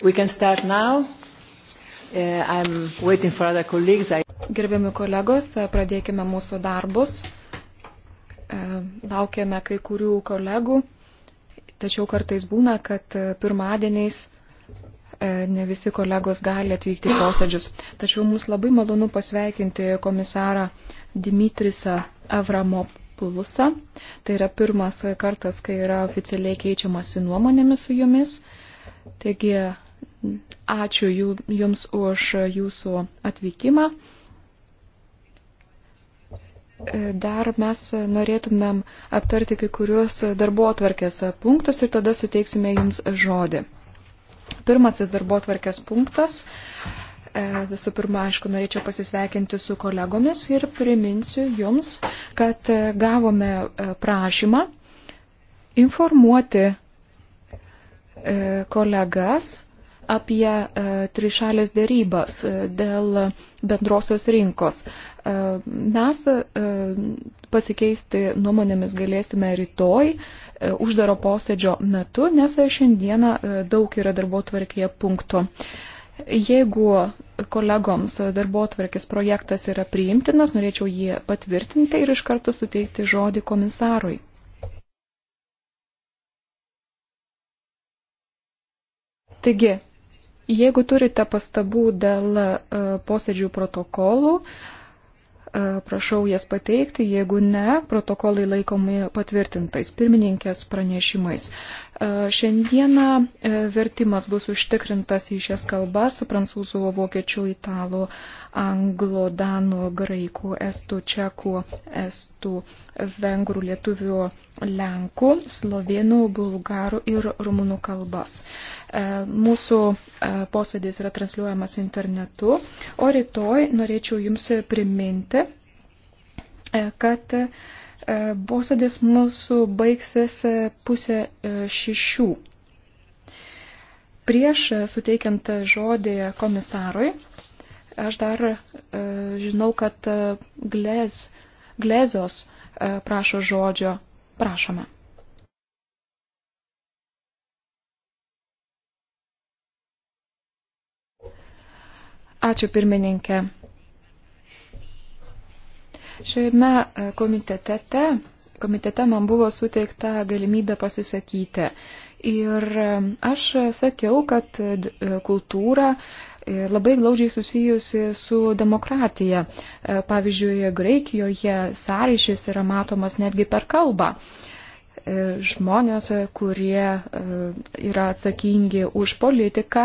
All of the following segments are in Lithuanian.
We can start now. Uh, I'm waiting for other colleagues. I... Gerbiami kolegos, pradėkime mūsų darbus. Uh, laukiame kai kurių kolegų, tačiau kartais būna, kad uh, pirmadieniais uh, ne visi kolegos gali atvykti į posėdžius. Tačiau mums labai malonu pasveikinti komisarą Dimitrisą Avramopulusą. Tai yra pirmas kartas, kai yra oficialiai keičiamasi nuomonėmis su jumis. Taigi Ačiū Jums už Jūsų atvykimą. E, dar mes norėtumėm aptarti kai kuriuos darbo atvarkės punktus ir tada suteiksime Jums žodį. Pirmasis darbo atvarkės punktas. E, visų pirma, aišku, norėčiau pasisveikinti su kolegomis ir priminsiu Jums, kad e, gavome prašymą informuoti kolegas apie e, trišalės dėrybas e, dėl bendrosios rinkos. E, mes pasikeisti nuomonėmis galėsime rytoj uždaro posėdžio metu, nes šiandieną daug yra darbo tvarkėje punktų. Jeigu kolegoms darbo tvarkės projektas yra priimtinas, norėčiau jį patvirtinti ir iš karto suteikti žodį komisarui. Taigi, Jeigu turite pastabų dėl e, posėdžių protokolų, e, prašau jas pateikti, jeigu ne, protokolai laikomi patvirtintais pirmininkės pranešimais. E, šiandieną vertimas bus užtikrintas į šias kalbas - prancūzų, vokiečių, italų, anglo, danų, graikų, estų, čekų, estų, vengrų, lietuvių, lenkų, slovenų, bulgarų ir rumunų kalbas. E, mūsų e, posėdis yra transliuojamas internetu, o rytoj norėčiau Jums priminti, e, kad posėdis mūsų baigsis pusę šešių. Prieš suteikiant žodį komisarui, aš dar žinau, kad glez, glezos prašo žodžio. Prašome. Ačiū pirmininkė. Šiame e, komitete, komitete man buvo suteikta galimybė pasisakyti. Ir e, aš sakiau, kad e, kultūra labai glaudžiai susijusi su demokratija. Pavyzdžiui, Graikijoje sąryšis yra matomas netgi per kalbą žmonės, kurie yra atsakingi už politiką,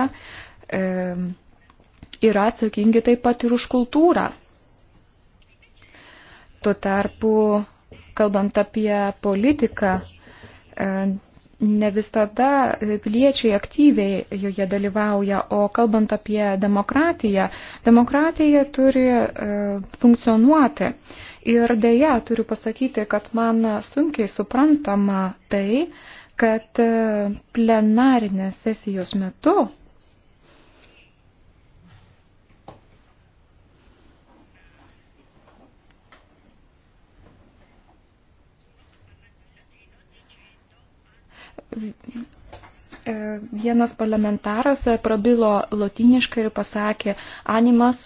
yra atsakingi taip pat ir už kultūrą. Tuo tarpu, kalbant apie politiką, e, ne visada piliečiai aktyviai joje dalyvauja, o kalbant apie demokratiją, demokratija turi e, funkcionuoti. Ir dėja, turiu pasakyti, kad man sunkiai suprantama tai, kad e, plenarinės sesijos metu E, vienas parlamentaras e, prabilo lotyniškai ir pasakė animas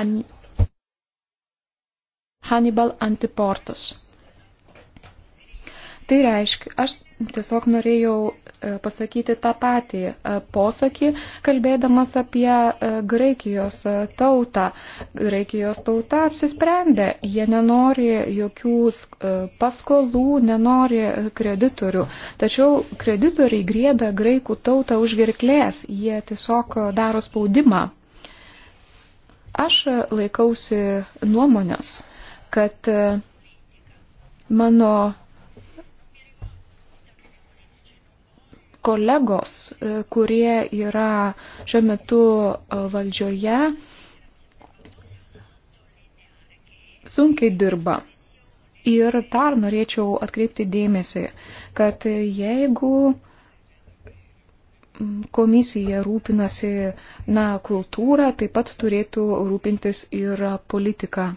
an, Hannibal antiportus. Tai reiškia, aš tiesiog norėjau E, pasakyti tą patį e, posakį, kalbėdamas apie e, Graikijos tautą. Graikijos tauta apsisprendė, jie nenori jokių paskolų, nenori kreditorių. Tačiau kreditoriai griebė graikų tautą už gerklės, jie tiesiog daro spaudimą. Aš laikausi nuomonės, kad mano kolegos, e, kurie yra šiuo metu e, valdžioje, sunkiai dirba. Ir dar norėčiau atkreipti dėmesį, kad jeigu komisija rūpinasi na, kultūrą, taip pat turėtų rūpintis ir politiką.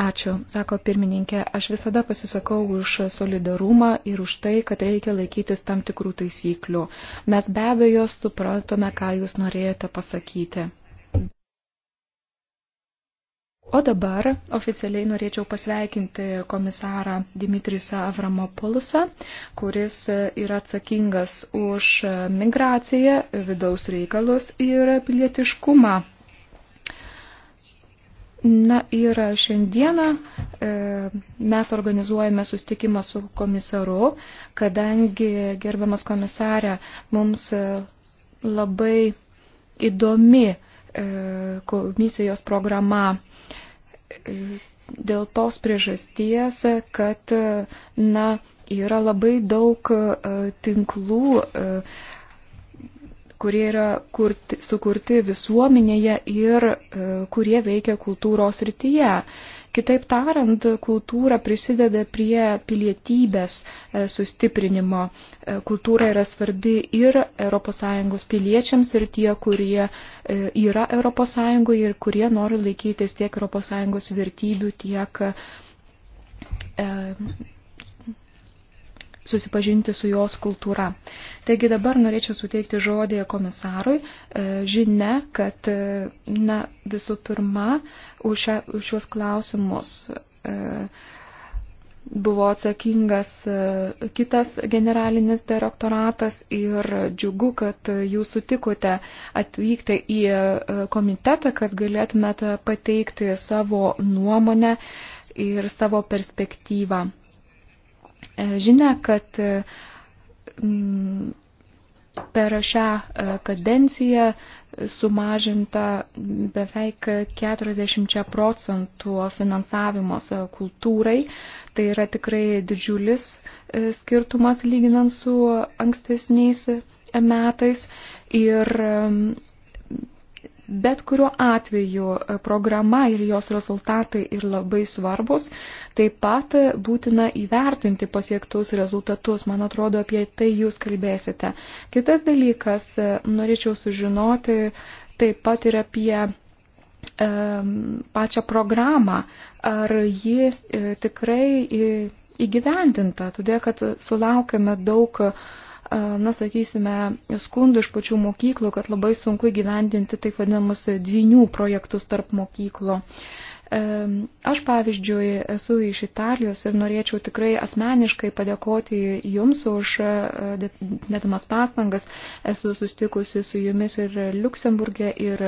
Ačiū, sako pirmininkė, aš visada pasisakau už solidarumą ir už tai, kad reikia laikytis tam tikrų taisyklių. Mes be abejo supratome, ką jūs norėjote pasakyti. O dabar oficialiai norėčiau pasveikinti komisarą Dimitrisą Avramopolusą, kuris yra atsakingas už migraciją, vidaus reikalus ir pilietiškumą Na ir šiandieną e, mes organizuojame sustikimą su komisaru, kadangi gerbiamas komisarė mums e, labai įdomi e, komisijos programa. E, dėl tos priežasties, kad e, na, yra labai daug tinklų. E, kurie yra kurti, sukurti visuomenėje ir e, kurie veikia kultūros rytyje. Kitaip tariant, kultūra prisideda prie pilietybės e, sustiprinimo. E, kultūra yra svarbi ir ES piliečiams, ir tie, kurie e, yra ES ir kurie nori laikytis tiek ES vertybių, tiek susipažinti su jos kultūra. Taigi dabar norėčiau suteikti žodį komisarui e, žinia, kad e, na, visų pirma už, šia, už šios klausimus e, buvo atsakingas kitas generalinis direktoratas ir džiugu, kad jūs sutikote atvykti į komitetą, kad galėtumėte pateikti savo nuomonę ir savo perspektyvą. E, žinia, kad e, per šią e, kadenciją sumažinta beveik 40 procentų finansavimas kultūrai. Tai yra tikrai didžiulis skirtumas lyginant su ankstesniais metais. Ir Bet kuriuo atveju e, programa ir jos rezultatai ir labai svarbus. Taip pat e, būtina įvertinti pasiektus rezultatus. Man atrodo, apie tai jūs kalbėsite. Kitas dalykas, e, norėčiau sužinoti taip pat ir apie e, pačią programą. Ar ji e, tikrai įgyvendinta, todėl kad sulaukėme daug na, sakysime, skundų iš pačių mokyklų, kad labai sunku įgyvendinti taip vadinamus dvinių projektus tarp mokyklų. E, aš, pavyzdžiui, esu iš Italijos ir norėčiau tikrai asmeniškai padėkoti Jums už netamas pastangas. Esu sustikusi su Jumis ir Luksemburgė, ir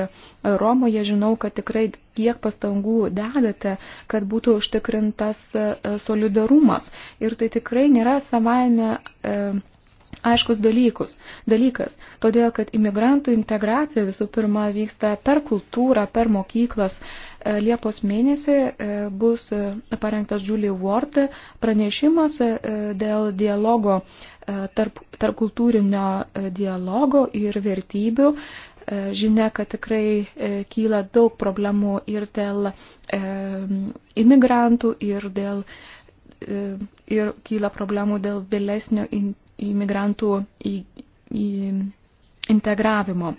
Romoje. Žinau, kad tikrai kiek pastangų dedate, kad būtų užtikrintas e, solidarumas. Ir tai tikrai nėra savaime. E, aiškus dalykus, dalykas, todėl kad imigrantų integracija visų pirma vyksta per kultūrą, per mokyklas. E, Liepos mėnesį e, bus e, parengtas Julie Ward pranešimas dėl dialogo, tarp, tarp kultūrinio dialogo ir vertybių žinia, kad tikrai kyla daug problemų ir dėl e, imigrantų, ir, dėl, e, ir kyla problemų dėl vėlesnio in, imigrantų į, į integravimo.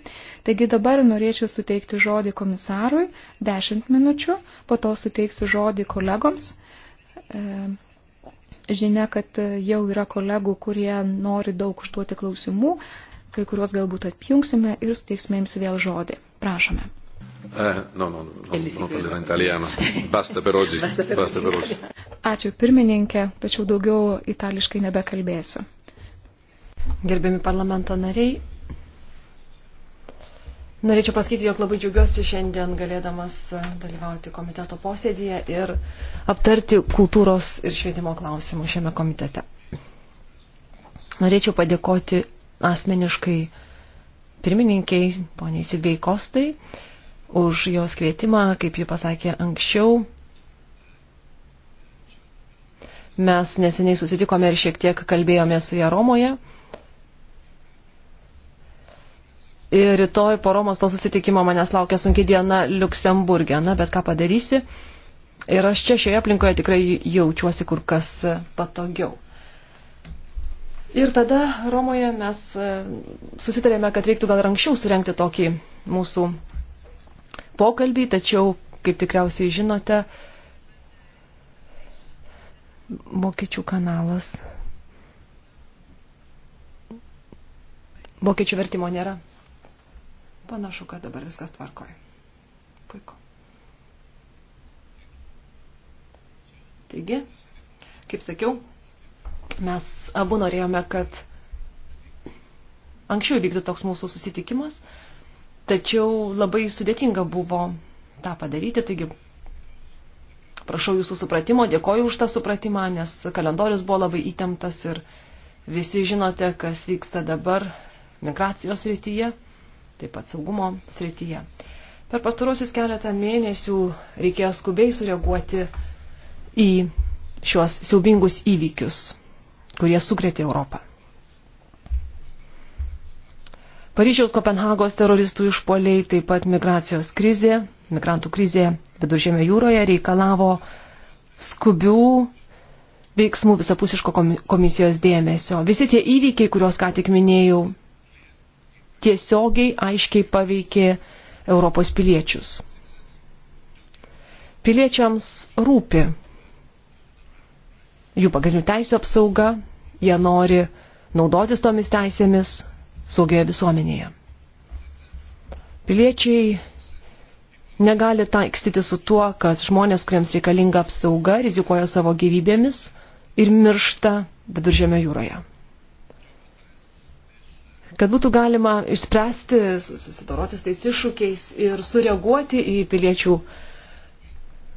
Taigi dabar norėčiau suteikti žodį komisarui 10 minučių, po to suteiksiu žodį kolegoms. E, žinia, kad jau yra kolegų, kurie nori daug užduoti klausimų, kai kuriuos galbūt atjungsime ir suteiksime jums vėl žodį. Prašome. Eh, no, no, no, non parlerò in italiano. Basta per oggi. Basta per oggi. Ačiū pirmininkė, tačiau daugiau itališkai nebekalbėsiu. Gerbiami parlamento nariai, norėčiau pasakyti, jog labai džiugiuosi šiandien galėdamas dalyvauti komiteto posėdėje ir aptarti kultūros ir švietimo klausimų šiame komitete. Norėčiau padėkoti asmeniškai pirmininkiai, poniai Silvijai Kostai, už jos kvietimą, kaip ji pasakė anksčiau, Mes neseniai susitikome ir šiek tiek kalbėjome su ją Romoje. Ir rytoj po Romos to susitikimo manęs laukia sunki diena Luksemburgė. Na, bet ką padarysi? Ir aš čia šioje aplinkoje tikrai jaučiuosi kur kas patogiau. Ir tada Romoje mes e, susitarėme, kad reiktų gal anksčiau surenkti tokį mūsų pokalbį, tačiau, kaip tikriausiai žinote, Vokiečių kanalas. Vokiečių vertimo nėra. Panašu, kad dabar viskas tvarkoja. Puiku. Taigi, kaip sakiau, mes abu norėjome, kad anksčiau vyktų toks mūsų susitikimas, tačiau labai sudėtinga buvo tą padaryti, taigi prašau jūsų supratimo, dėkoju už tą supratimą, nes kalendorius buvo labai įtemptas ir visi žinote, kas vyksta dabar migracijos rytyje taip pat saugumo srityje. Per pastarosius keletą mėnesių reikėjo skubiai sureaguoti į šiuos siaubingus įvykius, kurie sukrėtė Europą. Paryžiaus Kopenhagos teroristų išpoliai, taip pat migracijos krizė, migrantų krizė Viduržėmio jūroje reikalavo skubių veiksmų visapusiško komisijos dėmesio. Visi tie įvykiai, kuriuos ką tik minėjau, tiesiogiai aiškiai paveikė Europos piliečius. Piliečiams rūpi jų pagrindinių teisų apsauga, jie nori naudotis tomis teisėmis saugioje visuomenėje. Piliečiai negali taikstyti su tuo, kad žmonės, kuriems reikalinga apsauga, rizikuoja savo gyvybėmis ir miršta viduržėme jūroje kad būtų galima išspręsti, susidoroti su tais iššūkiais ir sureaguoti į piliečių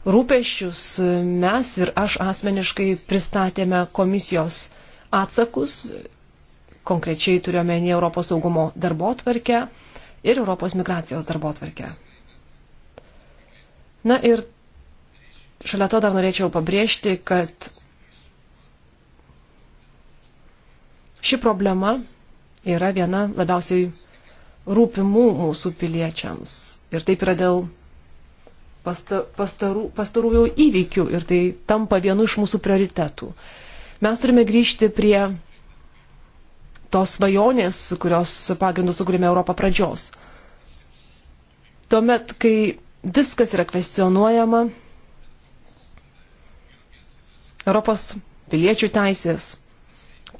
rūpeščius, mes ir aš asmeniškai pristatėme komisijos atsakus, konkrečiai turiuomenį Europos saugumo darbo tvarkę ir Europos migracijos darbo tvarkę. Na ir šalia to dar norėčiau pabrėžti, kad ši problema yra viena labiausiai rūpimų mūsų piliečiams. Ir taip yra dėl pasta, pastarų, pastarųjų įvykių ir tai tampa vienu iš mūsų prioritetų. Mes turime grįžti prie tos svajonės, kurios pagrindus sukūrėme Europą pradžios. Tuomet, kai viskas yra kvestionuojama, Europos piliečių teisės,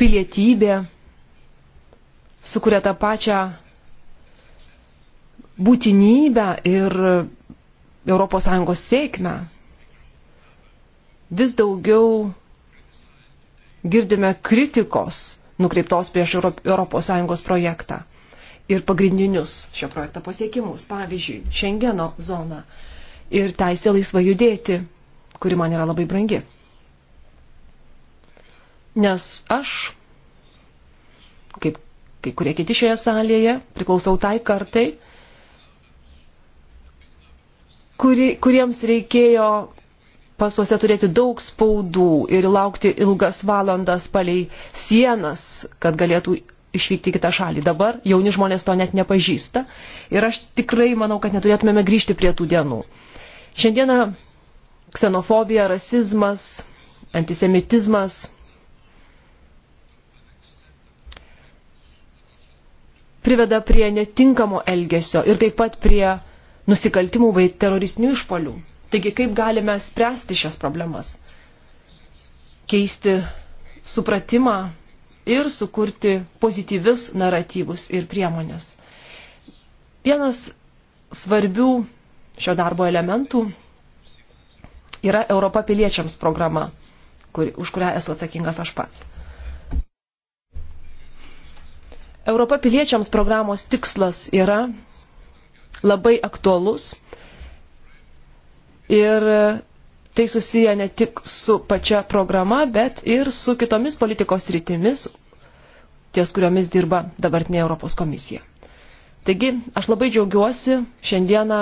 pilietybė, sukuria tą pačią būtinybę ir ES sėkmę. Vis daugiau girdime kritikos nukreiptos prieš ES projektą ir pagrindinius šio projekto pasiekimus, pavyzdžiui, Šengeno zoną ir teisė laisvai judėti, kuri man yra labai brangi. Nes aš, kaip kai kurie kiti šioje salėje, priklausau tai kartai, kuri, kuriems reikėjo pasuose turėti daug spaudų ir laukti ilgas valandas palei sienas, kad galėtų išvykti į kitą šalį. Dabar jauni žmonės to net nepažįsta ir aš tikrai manau, kad neturėtumėme grįžti prie tų dienų. Šiandieną ksenofobija, rasizmas, antisemitizmas priveda prie netinkamo elgesio ir taip pat prie nusikaltimų bei teroristinių išpolių. Taigi kaip galime spręsti šias problemas? Keisti supratimą ir sukurti pozityvius naratyvus ir priemonės. Vienas svarbių šio darbo elementų yra Europa piliečiams programa, kur, už kurią esu atsakingas aš pats. Europa piliečiams programos tikslas yra labai aktuolus ir tai susiję ne tik su pačia programa, bet ir su kitomis politikos rytimis, ties kuriomis dirba dabartinė Europos komisija. Taigi, aš labai džiaugiuosi šiandieną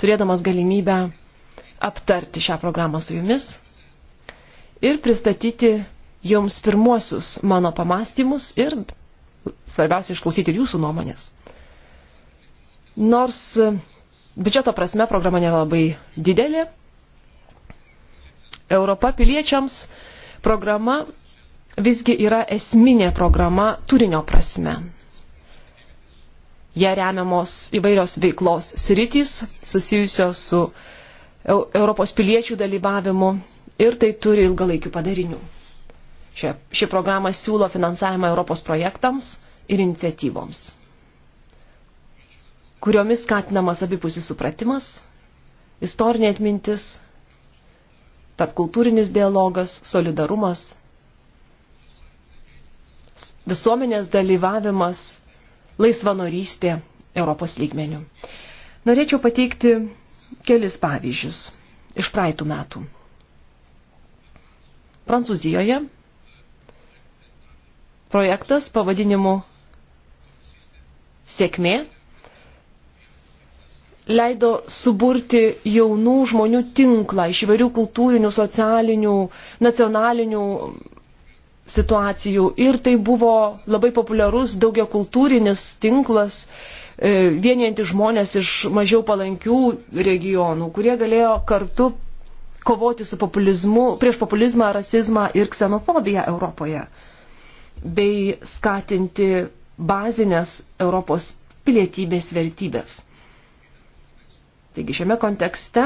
turėdamas galimybę aptarti šią programą su jumis ir pristatyti jums pirmuosius mano pamastymus ir svarbiausia išklausyti ir jūsų nuomonės. Nors e, biudžeto prasme programa nėra labai didelė, Europa piliečiams programa visgi yra esminė programa turinio prasme. Jie remiamos įvairios veiklos sritys susijusios su Europos piliečių dalyvavimu ir tai turi ilgalaikių padarinių. Šia, ši programa siūlo finansavimą Europos projektams ir iniciatyvoms, kuriomis skatinamas abipusis supratimas, istorinė atmintis, tarpkultūrinis dialogas, solidarumas, visuomenės dalyvavimas, laisvanorystė Europos lygmenių. Norėčiau pateikti kelis pavyzdžius iš praeitų metų. Prancūzijoje projektas pavadinimu Sėkmė leido suburti jaunų žmonių tinklą iš įvairių kultūrinių, socialinių, nacionalinių situacijų. Ir tai buvo labai populiarus daugia kultūrinis tinklas, e, vienijantis žmonės iš mažiau palankių regionų, kurie galėjo kartu kovoti su populizmu, prieš populizmą, rasizmą ir ksenofobiją Europoje bei skatinti bazinės Europos pilietybės vertybės. Taigi šiame kontekste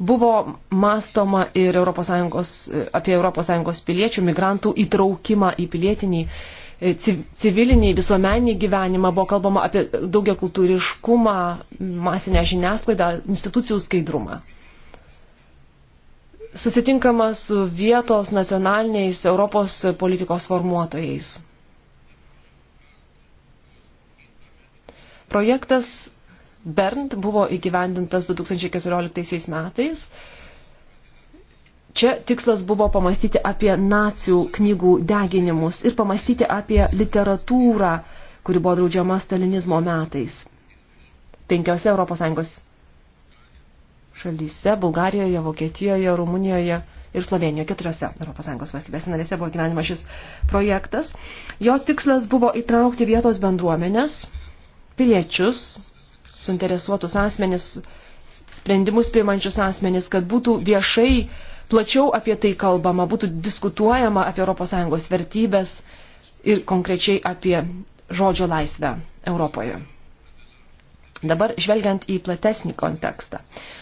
buvo mastoma ir ES, apie ES piliečių migrantų įtraukimą į pilietinį, e, civilinį, visuomenį gyvenimą, buvo kalbama apie daugia kultūriškumą, masinę žiniasklaidą, institucijų skaidrumą susitinkama su vietos nacionaliniais Europos politikos formuotojais. Projektas Bernd buvo įgyvendintas 2014 metais. Čia tikslas buvo pamastyti apie nacijų knygų deginimus ir pamastyti apie literatūrą, kuri buvo draudžiama stalinizmo metais. Penkiose ES šalyse – Bulgarijoje, Vokietijoje, Rumunijoje ir Slovenijoje, keturiose ES valstybės narėse buvo gyvenimas šis projektas. Jo tikslas buvo įtraukti vietos bendruomenės, piliečius, suinteresuotus asmenis, sprendimus priimančius asmenis, kad būtų viešai plačiau apie tai kalbama, būtų diskutuojama apie ES vertybės ir konkrečiai apie žodžio laisvę Europoje. Dabar žvelgiant į platesnį kontekstą.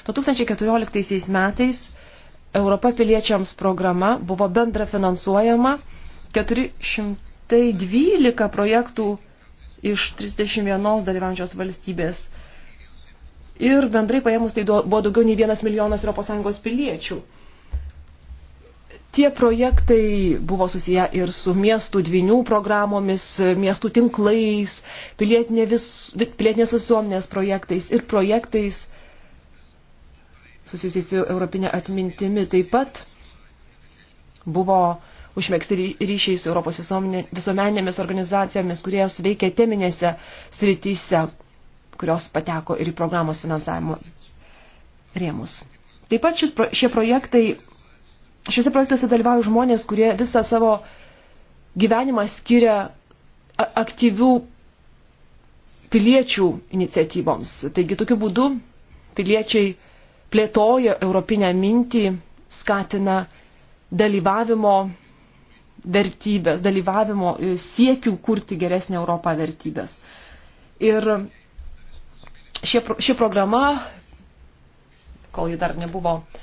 2014 metais Europa piliečiams programa buvo bendra finansuojama 412 projektų iš 31 dalyvančios valstybės. Ir bendrai paėmus tai buvo daugiau nei 1 milijonas ES piliečių. Tie projektai buvo susiję ir su miestų dvinių programomis, miestų tinklais, pilietinė vis, pilietinės visuomenės projektais ir projektais susijusiais su Europinė atmintimi. Taip pat buvo užmėgsti ryšiai su Europos visuomenėmis organizacijomis, kurie veikia teminėse srityse, kurios pateko ir į programos finansavimo rėmus. Taip pat šis, šie projektai Šiuose projektuose dalyvauja žmonės, kurie visą savo gyvenimą skiria aktyvių piliečių iniciatyvoms. Taigi tokiu būdu piliečiai plėtoja europinę mintį, skatina dalyvavimo vertybės, dalyvavimo e, siekių kurti geresnę Europą vertybės. Ir ši, ši programa, kol ji dar nebuvo uh,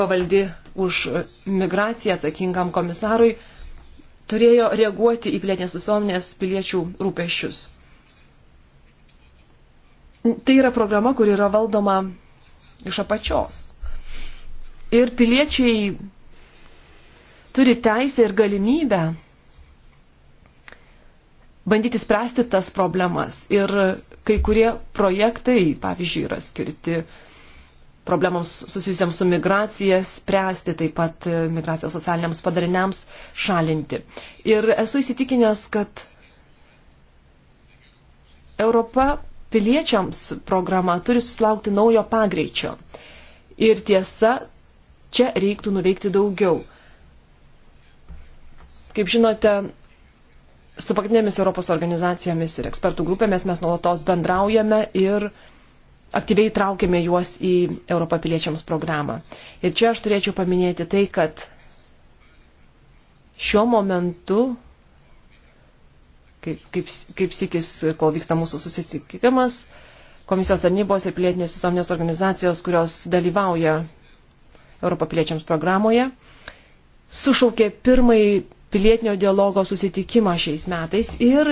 pavaldi už migraciją atsakingam komisarui, turėjo reaguoti į plėtinės visuomenės piliečių rūpešius. Tai yra programa, kur yra valdoma iš apačios. Ir piliečiai turi teisę ir galimybę bandyti spręsti tas problemas. Ir kai kurie projektai, pavyzdžiui, yra skirti uh, problemams susijusiams su migracija spręsti, taip pat e, migracijos socialiniams padariniams šalinti. Ir esu įsitikinęs, kad Europa piliečiams programa turi susilaukti naujo pagreičio. Ir tiesa, čia reiktų nuveikti daugiau. Kaip žinote, su pagrindinėmis Europos organizacijomis ir ekspertų grupėmis mes nuolatos bendraujame ir uh, aktyviai traukėme juos į Europą piliečiams programą. Ir čia aš turėčiau paminėti tai, kad šiuo momentu, kaip, kaip, kaip sikis, kol vyksta mūsų susitikimas, komisijos tarnybos ir pilietinės visuomenės organizacijos, kurios dalyvauja Europą piliečiams programoje, sušaukė pirmąjį pilietinio dialogo susitikimą šiais metais ir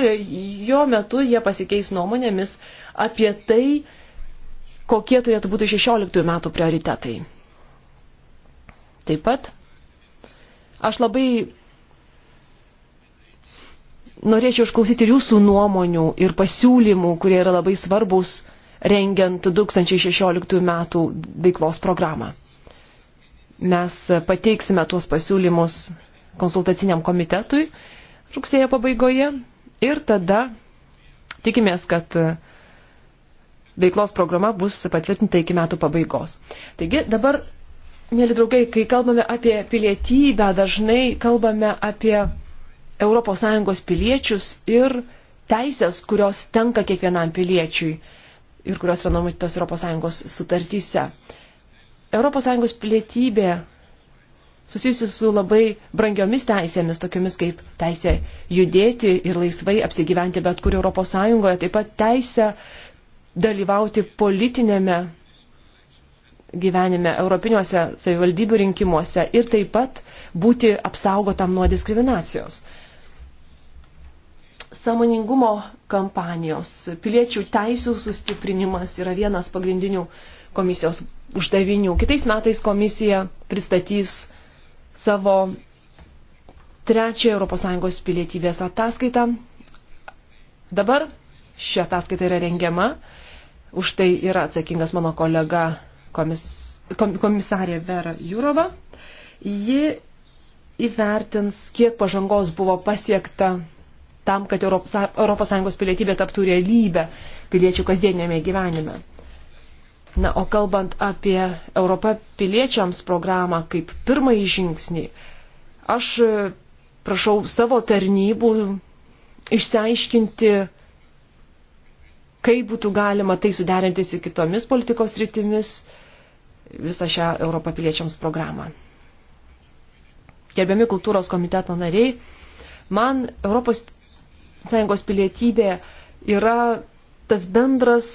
jo metu jie pasikeis nuomonėmis apie tai, kokie turėtų būti 16 metų prioritetai. Taip pat aš labai norėčiau išklausyti ir jūsų nuomonių ir pasiūlymų, kurie yra labai svarbus rengiant 2016 metų veiklos programą. Mes pateiksime tuos pasiūlymus konsultaciniam komitetui rugsėjo pabaigoje ir tada tikimės, kad veiklos programa bus patvirtinta iki metų pabaigos. Taigi dabar, mėly draugai, kai kalbame apie pilietybę, dažnai kalbame apie ES piliečius ir teisės, kurios tenka kiekvienam piliečiui ir kurios yra numatytos ES sutartyse. ES pilietybė susijusi su labai brangiomis teisėmis, tokiomis kaip teisė judėti ir laisvai apsigyventi bet kur ES, taip pat teisė dalyvauti politinėme gyvenime, europiniuose savivaldybių rinkimuose ir taip pat būti apsaugotam nuo diskriminacijos. Samoningumo kampanijos, piliečių teisų sustiprinimas yra vienas pagrindinių komisijos uždavinių. Kitais metais komisija pristatys savo trečią ES pilietybės ataskaitą. Dabar ši ataskaita yra rengiama Už tai yra atsakingas mano kolega komis, komisarė Vera Jurova. Ji įvertins, kiek pažangos buvo pasiekta tam, kad ES pilietybė taptų realybę piliečių kasdienėme gyvenime. Na, o kalbant apie Europą piliečiams programą kaip pirmąjį žingsnį, aš prašau savo tarnybų išsiaiškinti, kaip būtų galima tai suderinti su kitomis politikos rytimis visą šią Europą piliečiams programą. Gerbiami kultūros komiteto nariai, man Europos Sąjungos pilietybė yra tas bendras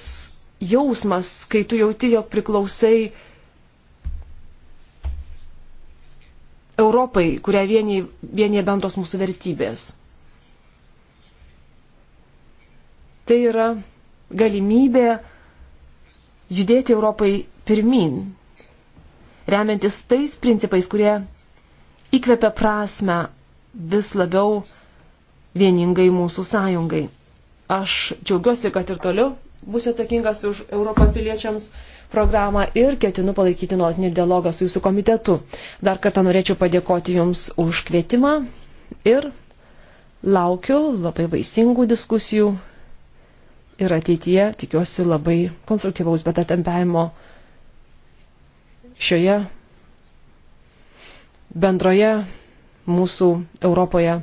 jausmas, kai tu jauti, jog priklausai Europai, kurią vienyje vienyje bendros mūsų vertybės. Tai yra galimybė judėti Europai pirmin, remiantis tais principais, kurie įkvepia prasme vis labiau vieningai mūsų sąjungai. Aš džiaugiuosi, kad ir toliau būsiu atsakingas už Europą piliečiams programą ir ketinu palaikyti nuolatinį dialogą su jūsų komitetu. Dar kartą norėčiau padėkoti jums už kvietimą ir laukiu labai vaisingų diskusijų ir ateityje tikiuosi labai konstruktyvaus betatempiavimo šioje bendroje mūsų Europoje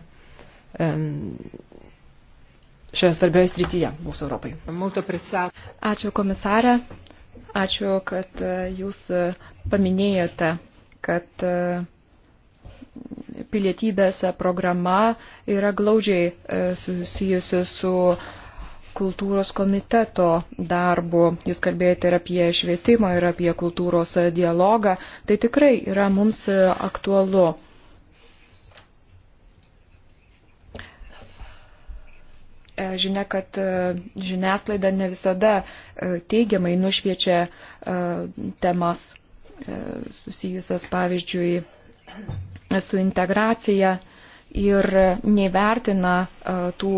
šioje svarbioje srityje mūsų Europai. Ačiū komisarė, ačiū, kad e, jūs paminėjote, kad e, pilietybės programa yra glaudžiai e, susijusi su kultūros komiteto darbu. Jūs kalbėjote ir apie švietimą, ir apie kultūros dialogą. Tai tikrai yra mums aktualu. E, žinia, kad e, žiniasklaida ne visada e, teigiamai nušviečia temas susijusias, pavyzdžiui, su integracija ir nevertina tų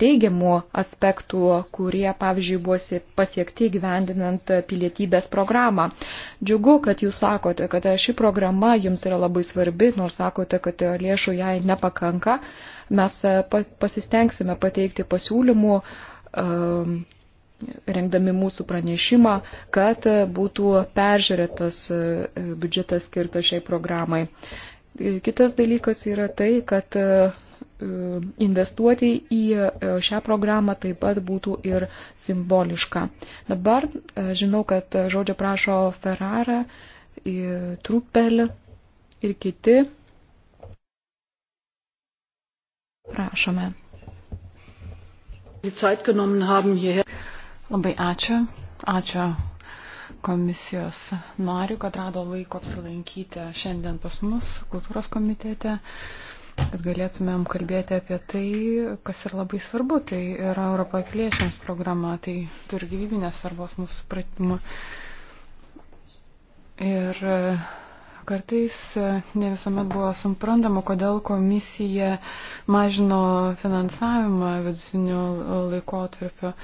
teigiamų aspektų, kurie, pavyzdžiui, buvo pasiekti gyvendinant pilietybės programą. Džiugu, kad jūs sakote, kad ši programa jums yra labai svarbi, nors sakote, kad lėšų jai nepakanka. Mes e, pasistengsime pateikti pasiūlymų, e, rengdami mūsų pranešimą, kad būtų peržiūrėtas e, biudžetas skirtas šiai programai. Kitas dalykas yra tai, kad E, investuoti į e, šią programą taip pat būtų ir simboliška. Dabar e, žinau, kad žodžio prašo Ferrara, Trupel ir kiti. Prašome. Labai ačiū. Ačiū komisijos nariu, kad rado laiko apsilankyti šiandien pas mus kultūros komitete kad galėtumėm kalbėti apie tai, kas yra labai svarbu. Tai yra Europoje piliečiams programa, tai turi gyvybinės svarbos mūsų supratimu. Ir e, kartais e, ne visuomet buvo suprantama, kodėl komisija mažino finansavimą vidutiniu laikotarpiu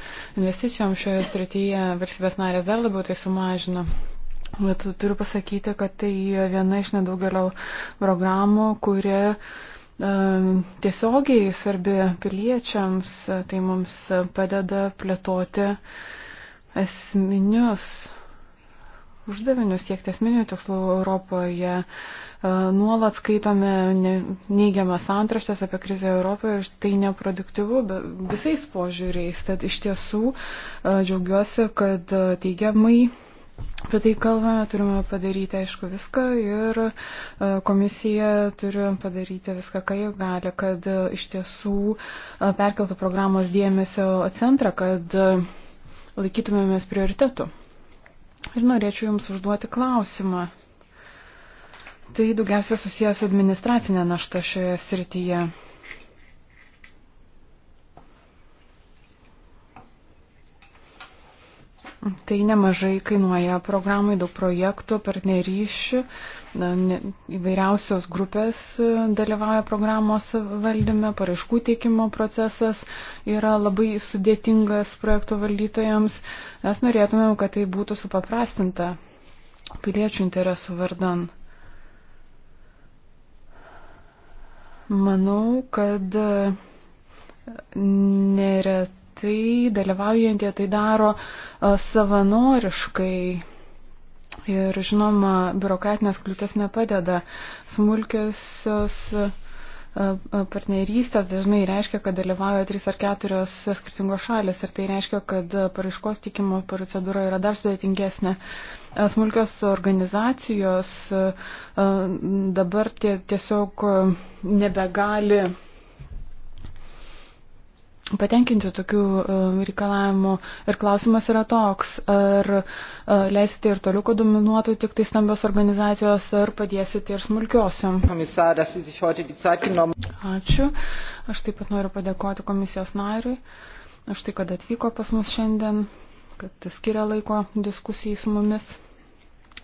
investicijom šioje srityje, valstybės narės dar labiau tai sumažino. Bet turiu pasakyti, kad tai viena iš nedaugelio programų, kuri uh, tiesiogiai svarbi piliečiams, tai mums padeda plėtoti esminius uždavinius, siekti esminių tikslų Europoje. Nuolat skaitome neigiamas antraštės apie krizę Europoje ir tai neproduktyvu visais požiūriais. Tad iš tiesų džiaugiuosi, kad teigiamai Apie tai kalbame, turime padaryti, aišku, viską ir e, komisija turi padaryti viską, ką jau gali, kad e, iš tiesų e, perkeltų programos dėmesio centrą, kad laikytumėmės prioritetų. Ir norėčiau Jums užduoti klausimą. Tai daugiausia susijęs su administracinė našta šioje srityje. Tai nemažai kainuoja programai, daug projektų, partnerysčių, įvairiausios grupės e, dalyvauja programos valdyme, paraiškų teikimo procesas yra labai sudėtingas projektų valdytojams. Mes norėtumėm, kad tai būtų supaprastinta piliečių interesų vardan. Manau, kad e, neretai tai dalyvaujantie tai daro savanoriškai. Ir žinoma, biurokratinės kliūtės nepadeda. Smulkiosios partnerystės dažnai reiškia, kad dalyvauja trys ar keturios skirtingos šalis ir tai reiškia, kad paraiškos tikimo procedūra yra dar sudėtingesnė. Smulkios organizacijos dabar tie, tiesiog nebegali patenkinti tokių e, reikalavimų. Ir klausimas yra toks, ar e, leisite ir toliau, kad dominuotų tik tai stambios organizacijos, ar padėsite ir smulkiosiam. Ačiū. Aš taip pat noriu padėkoti komisijos nariui. Aš tai, kad atvyko pas mus šiandien, kad skiria laiko diskusijai su mumis.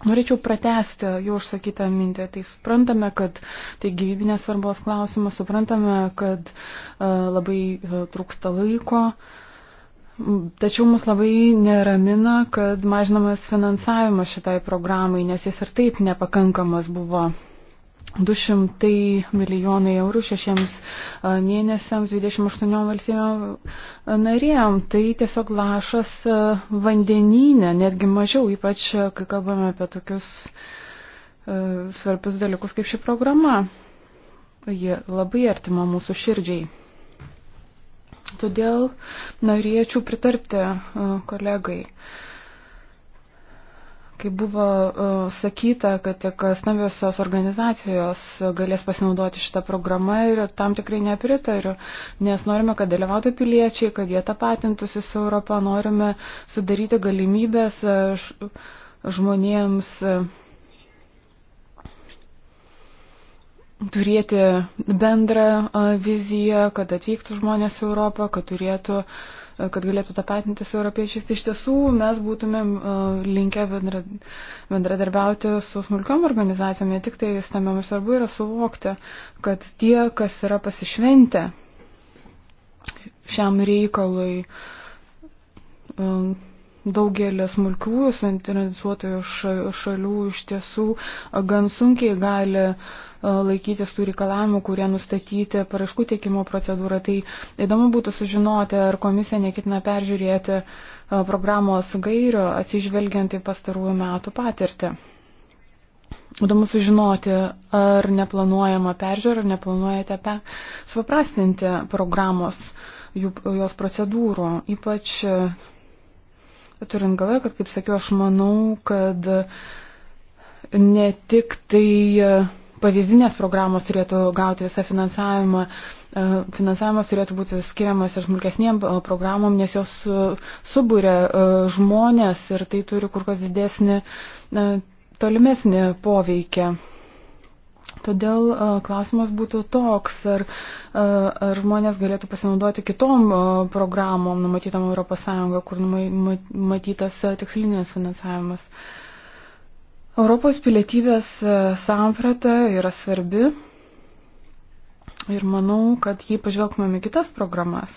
Norėčiau pratesti jau užsakytą mintį. Tai suprantame, kad tai gyvybinės svarbos klausimas, suprantame, kad uh, labai uh, trūksta laiko. Tačiau mus labai neramina, kad mažinamas finansavimas šitai programai, nes jis ir taip nepakankamas buvo 200 milijonai eurų šešiems mėnesiams 28 valstybėm narėm. Tai tiesiog lašas vandeninė, netgi mažiau, ypač kai kalbame apie tokius svarbius dalykus kaip ši programa. Ji labai artima mūsų širdžiai. Todėl norėčiau pritarti kolegai. Uh, Kaip buvo e, sakyta, kad tik stambiosios organizacijos galės pasinaudoti šitą programą ir tam tikrai nepritariu, nes norime, kad dalyvautų piliečiai, kad jie tapatintųsi su Europą, norime sudaryti galimybės e, žmonėms e, turėti bendrą viziją, kad atvyktų žmonės į Europą, kad turėtų uh, E, kad galėtų tapatinti su europiečiais, tai iš tiesų mes būtumėm e, linkę bendradarbiauti su smulkiom organizacijom, ne tik tai stambiam. Ir svarbu yra suvokti, kad tie, kas yra pasišventę šiam reikalui, e, daugelį smulkiųjų suinteresuotojų šalių iš tiesų gan sunkiai gali uh, E, laikytis tų reikalavimų, kurie nustatyti paraškų teikimo procedūrą. Tai įdomu būtų sužinoti, ar komisija nekitina peržiūrėti e, programos gairių atsižvelgiant į pastarųjų metų patirtį. Įdomu sužinoti, ar neplanuojama peržiūra, ar neplanuojate pe... supaprastinti programos, jų, jos procedūrų, ypač e, turint galvoje, kad, kaip sakiau, aš manau, kad ne tik tai pavyzdinės programos turėtų gauti visą finansavimą. E, finansavimas turėtų būti skiriamas ir smulkesniem e, programom, nes jos e, subūrė žmonės ir tai turi kur kas didesnį tolimesnį poveikį. Todėl klausimas būtų toks, ar, ar žmonės galėtų pasinaudoti kitom programom numatytam ES, kur numatytas tikslinis finansavimas. Uh, Europos pilietybės e, samprata yra svarbi ir manau, kad jei pažvelgtumėm į kitas programas,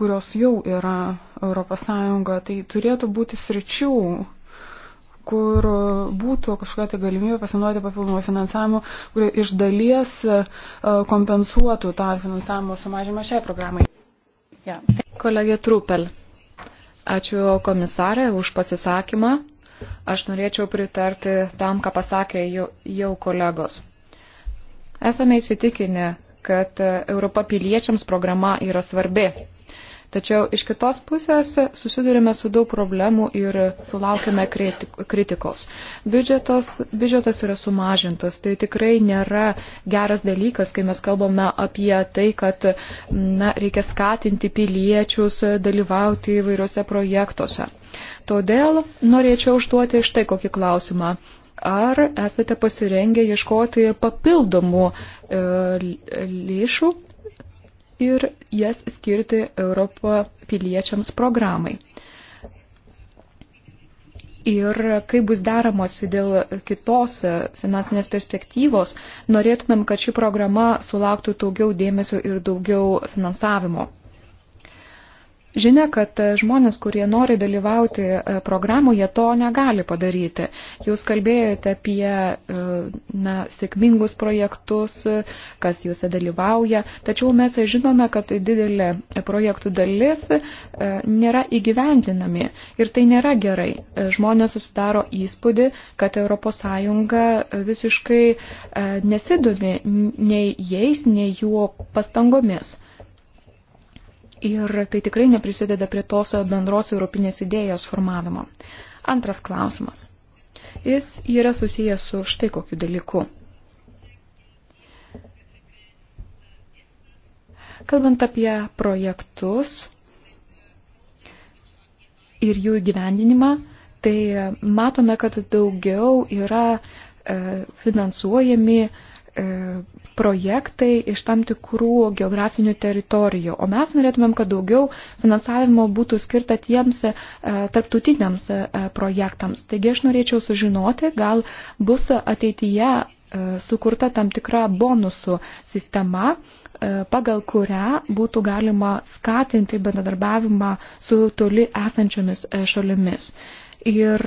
kurios jau yra ES, tai turėtų būti sričių, kur būtų kažkokia tai galimybė pasinaudoti papildomą finansavimą, kuri iš dalies e, kompensuotų tą finansavimo sumažimą šiai programai. Ja. Kolegė Trupel, ačiū komisarė už pasisakymą. Aš norėčiau pritarti tam, ką pasakė jau, jau kolegos. Esame įsitikinę, kad Europa piliečiams programa yra svarbi. Tačiau iš kitos pusės susidurime su daug problemų ir sulaukime kritikos. Biudžetas, biudžetas yra sumažintas. Tai tikrai nėra geras dalykas, kai mes kalbame apie tai, kad na, reikia skatinti piliečius dalyvauti įvairiuose projektuose. Todėl norėčiau užduoti štai kokį klausimą. Ar esate pasirengę ieškoti papildomų e, lėšų ir jas skirti Europo piliečiams programai? Ir kai bus daromosi dėl kitos finansinės perspektyvos, norėtumėm, kad ši programa sulauktų daugiau dėmesio ir daugiau finansavimo žinia, kad e, žmonės, kurie nori dalyvauti e, programoje, to negali padaryti. Jūs kalbėjote apie e, na, sėkmingus projektus, kas juose dalyvauja, tačiau mes žinome, kad didelė projektų dalis nėra įgyvendinami ir tai nėra gerai. Žmonės susidaro įspūdį, kad ES visiškai nesidomi nei jais, nei jų pastangomis ir tai tikrai neprisideda prie tos bendros europinės idėjos formavimo. Antras klausimas. Jis yra susijęs su štai kokiu dalyku. Kalbant apie projektus ir jų gyvendinimą, tai matome, kad daugiau yra e, finansuojami e, projektai iš tam tikrų geografinių teritorijų. O mes norėtumėm, kad daugiau finansavimo būtų skirta tiems e, tarptautiniams e, projektams. Taigi aš norėčiau sužinoti, gal bus ateityje e, sukurta tam tikra bonusų sistema, e, pagal kurią būtų galima skatinti bendradarbiavimą su toli esančiomis e, šalimis. Ir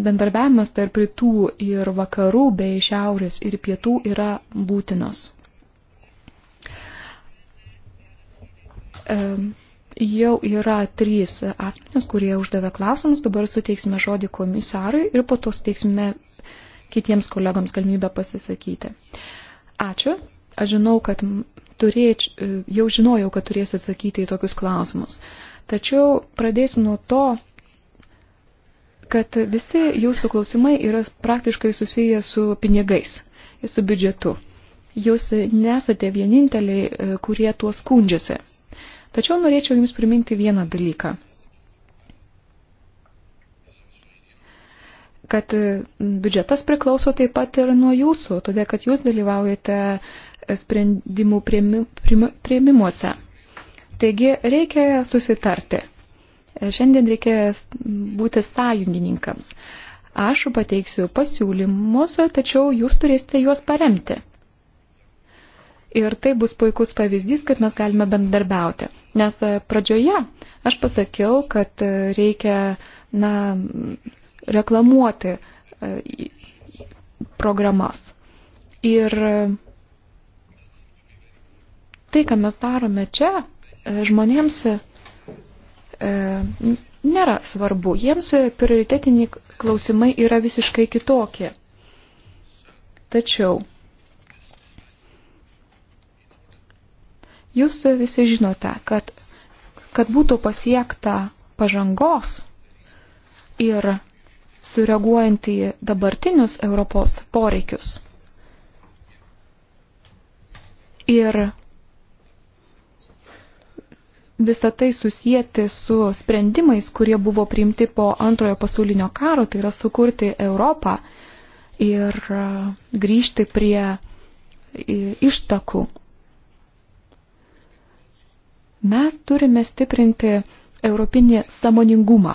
bendarbiavimas tarp rytų ir vakarų bei šiaurės ir pietų yra būtinas. Jau yra trys asmenys, kurie uždavė klausimus, dabar suteiksime žodį komisarui ir po to suteiksime kitiems kolegams galimybę pasisakyti. Ačiū. Aš žinau, kad turėč, e, jau žinojau, kad turėsiu atsakyti į tokius klausimus. Tačiau pradėsiu nuo to, kad visi jūsų klausimai yra praktiškai susiję su pinigais, su biudžetu. Jūs nesate vieninteliai, e, kurie tuo skundžiasi. Tačiau norėčiau Jums priminti vieną dalyką. Kad e, biudžetas priklauso taip pat ir nuo Jūsų, todėl kad Jūs dalyvaujate e, sprendimų prieimimuose. Taigi reikia susitarti Šiandien reikia būti sąjungininkams. Aš pateiksiu pasiūlymus, tačiau jūs turėsite juos paremti. Ir tai bus puikus pavyzdys, kad mes galime bendarbiauti. Nes pradžioje aš pasakiau, kad reikia na, reklamuoti e, programas. Ir tai, ką mes darome čia, e, žmonėms E, nėra svarbu. Jiems prioritetiniai klausimai yra visiškai kitokie. Tačiau jūs visi žinote, kad, kad būtų pasiekta pažangos ir sureaguojant į dabartinius Europos poreikius. Ir visą tai susijęti su sprendimais, kurie buvo priimti po antrojo pasaulinio karo, tai yra sukurti Europą ir grįžti prie ištakų. Mes turime stiprinti europinį samoningumą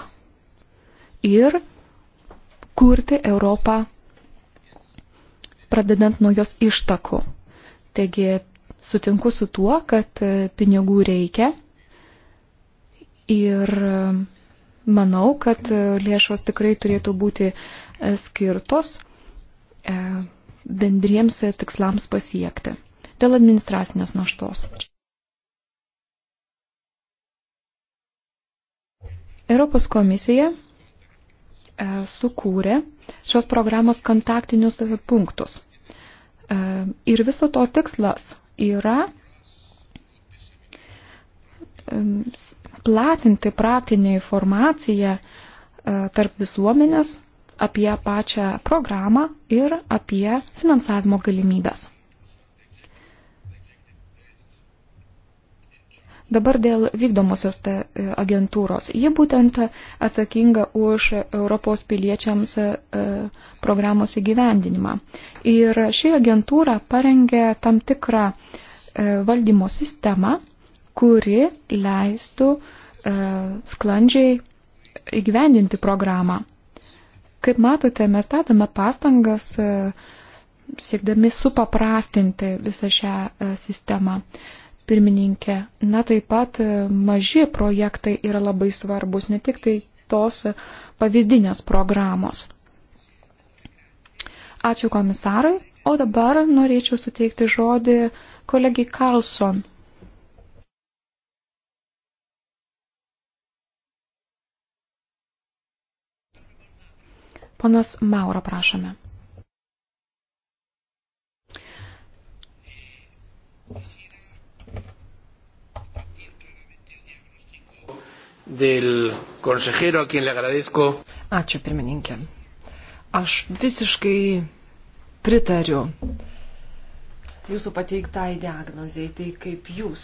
ir kurti Europą, pradedant nuo jos ištakų. Taigi sutinku su tuo, kad e, pinigų reikia Ir e, manau, kad e, lėšos tikrai turėtų būti e, skirtos bendriems tikslams pasiekti dėl administracinės naštos. Europos komisija sukūrė šios programos kontaktinius punktus. Ir viso to tikslas yra platinti praktinę informaciją e, tarp visuomenės apie pačią programą ir apie finansavimo galimybės. Dabar dėl vykdomosios e, agentūros. Ji būtent atsakinga už Europos piliečiams e, programos įgyvendinimą. Ir ši agentūra parengė tam tikrą valdymo sistemą, kuri leistų e, sklandžiai įgyvendinti programą. Kaip matote, mes statome pastangas e, siekdami supaprastinti visą šią e, sistemą. Pirmininkė, na taip pat e, maži projektai yra labai svarbus, ne tik tai tos e, pavyzdinės programos. Ačiū komisarai, o dabar norėčiau suteikti žodį kolegiai Karlson Ponas Mauro, prašome. Del consejero, a quien le agradezco. Ačiū, pirmininkė. Aš visiškai pritariu jūsų pateiktai diagnozijai, tai kaip jūs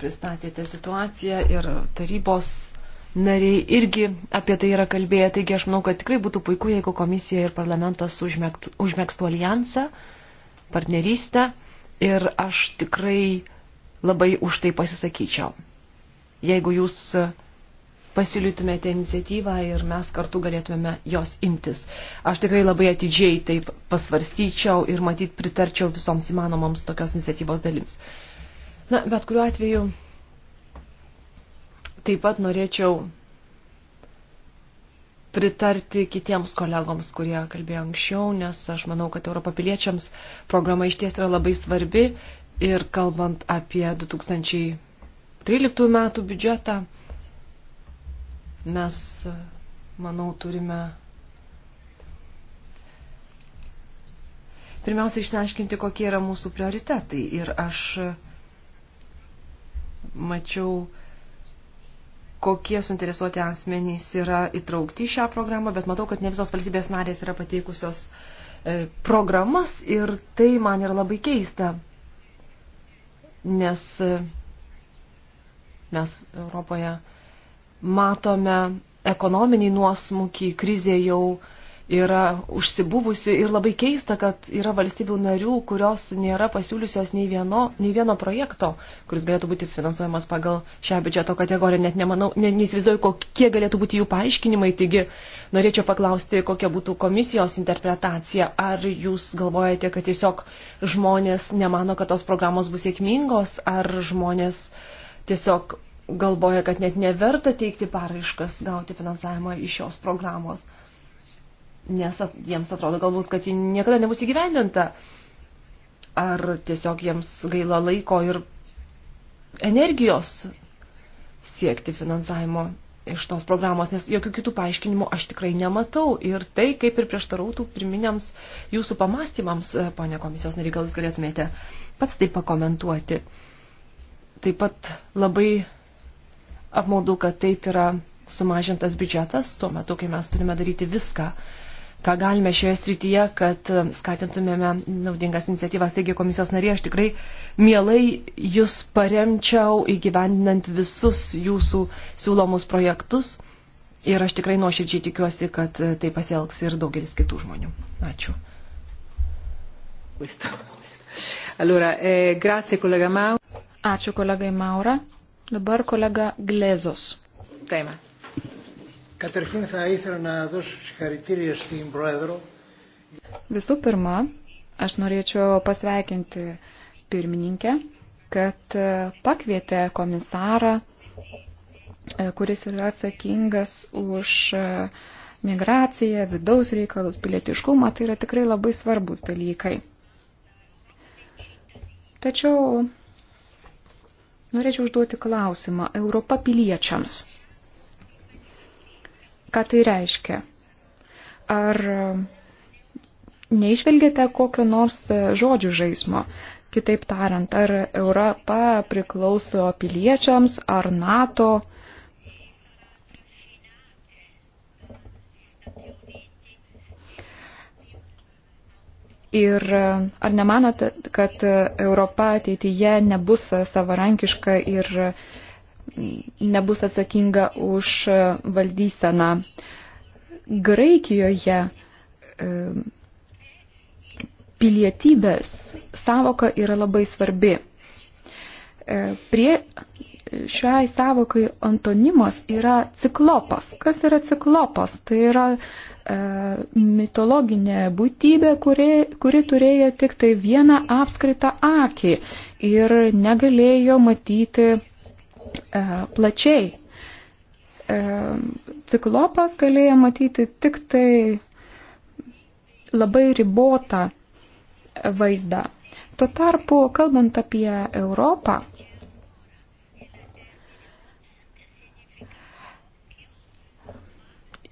pristatėte situaciją ir tarybos nariai irgi apie tai yra kalbėję, taigi aš manau, kad tikrai būtų puiku, jeigu komisija ir parlamentas užmėgtų, užmėgstų alijansą, partnerystę ir aš tikrai labai už tai pasisakyčiau. Jeigu jūs pasiūlytumėte iniciatyvą ir mes kartu galėtumėme jos imtis. Aš tikrai labai atidžiai taip pasvarstyčiau ir matyt pritarčiau visoms įmanomoms tokios iniciatyvos dalims. Na, bet kuriuo atveju Taip pat norėčiau pritarti kitiems kolegoms, kurie kalbėjo anksčiau, nes aš manau, kad Europapiliečiams programa išties yra labai svarbi ir kalbant apie 2013 metų biudžetą, mes, manau, turime pirmiausia išsiaiškinti, kokie yra mūsų prioritetai. Ir aš mačiau kokie suinteresuoti asmenys yra įtraukti šią programą, bet matau, kad ne visos valstybės narės yra pateikusios e, programas ir tai man yra labai keista, nes e, mes Europoje matome ekonominį nuosmukį, krizė jau uh, yra užsibuvusi ir labai keista, kad yra valstybių narių, kurios nėra pasiūliusios nei vieno, nei vieno projekto, kuris galėtų būti finansuojamas pagal šią biudžeto kategoriją. Net nemanau, ne, neįsivaizduoju, kokie galėtų būti jų paaiškinimai. Taigi norėčiau paklausti, kokia būtų komisijos interpretacija. Ar jūs galvojate, kad tiesiog žmonės nemano, kad tos programos bus sėkmingos, ar žmonės tiesiog galvoja, kad net neverta teikti paraiškas gauti finansavimą iš šios programos nes jiems atrodo galbūt, kad ji niekada nebus įgyvendinta. Ar tiesiog jiems gaila laiko ir energijos siekti finansavimo iš tos programos, nes jokių kitų paaiškinimų aš tikrai nematau. Ir tai kaip ir prieštarautų pirminiams jūsų pamastymams, e, ponė komisijos nariai, gal jūs galėtumėte pats tai pakomentuoti. Taip pat labai apmaudu, kad taip yra sumažintas biudžetas tuo metu, kai mes turime daryti viską, ką galime šioje srityje, kad skatintumėme naudingas iniciatyvas. Taigi, komisijos narė, aš tikrai mielai jūs paremčiau įgyvendinant visus jūsų siūlomus projektus. Ir aš tikrai nuoširdžiai tikiuosi, kad tai pasielgs ir daugelis kitų žmonių. Ačiū. Allora, eh, grazie, kolega Maura. Ačiū kolegai Maura. Dabar kolega Glezos. Taima. Καταρχήν θα ήθελα να δώσω συγχαρητήρια στην Πρόεδρο. Visų pirma, aš norėčiau pasveikinti pirmininkę, kad e, pakvietė komisarą, e, kuris yra atsakingas už e, migraciją, vidaus reikalus, pilietiškumą. Tai yra tikrai labai svarbus dalykai. Tačiau norėčiau užduoti klausimą Europa piliečiams. Ką tai reiškia? Ar neišvelgėte kokio nors e, žodžių žaismo? Kitaip tariant, ar Europa priklauso piliečiams, ar NATO? Ir e, ar nemanote, kad Europa ateityje nebus savarankiška ir uh, nebus atsakinga už e, valdyseną. Graikijoje e, pilietybės savoka yra labai svarbi. E, prie šiai savokai antonimas yra ciklopas. Kas yra ciklopas? Tai yra e, mitologinė būtybė, kuri, kuri turėjo tik tai vieną apskritą akį ir negalėjo matyti E, plačiai. E, ciklopas galėjo matyti tik tai labai ribotą vaizdą. Tuo tarpu, kalbant apie Europą,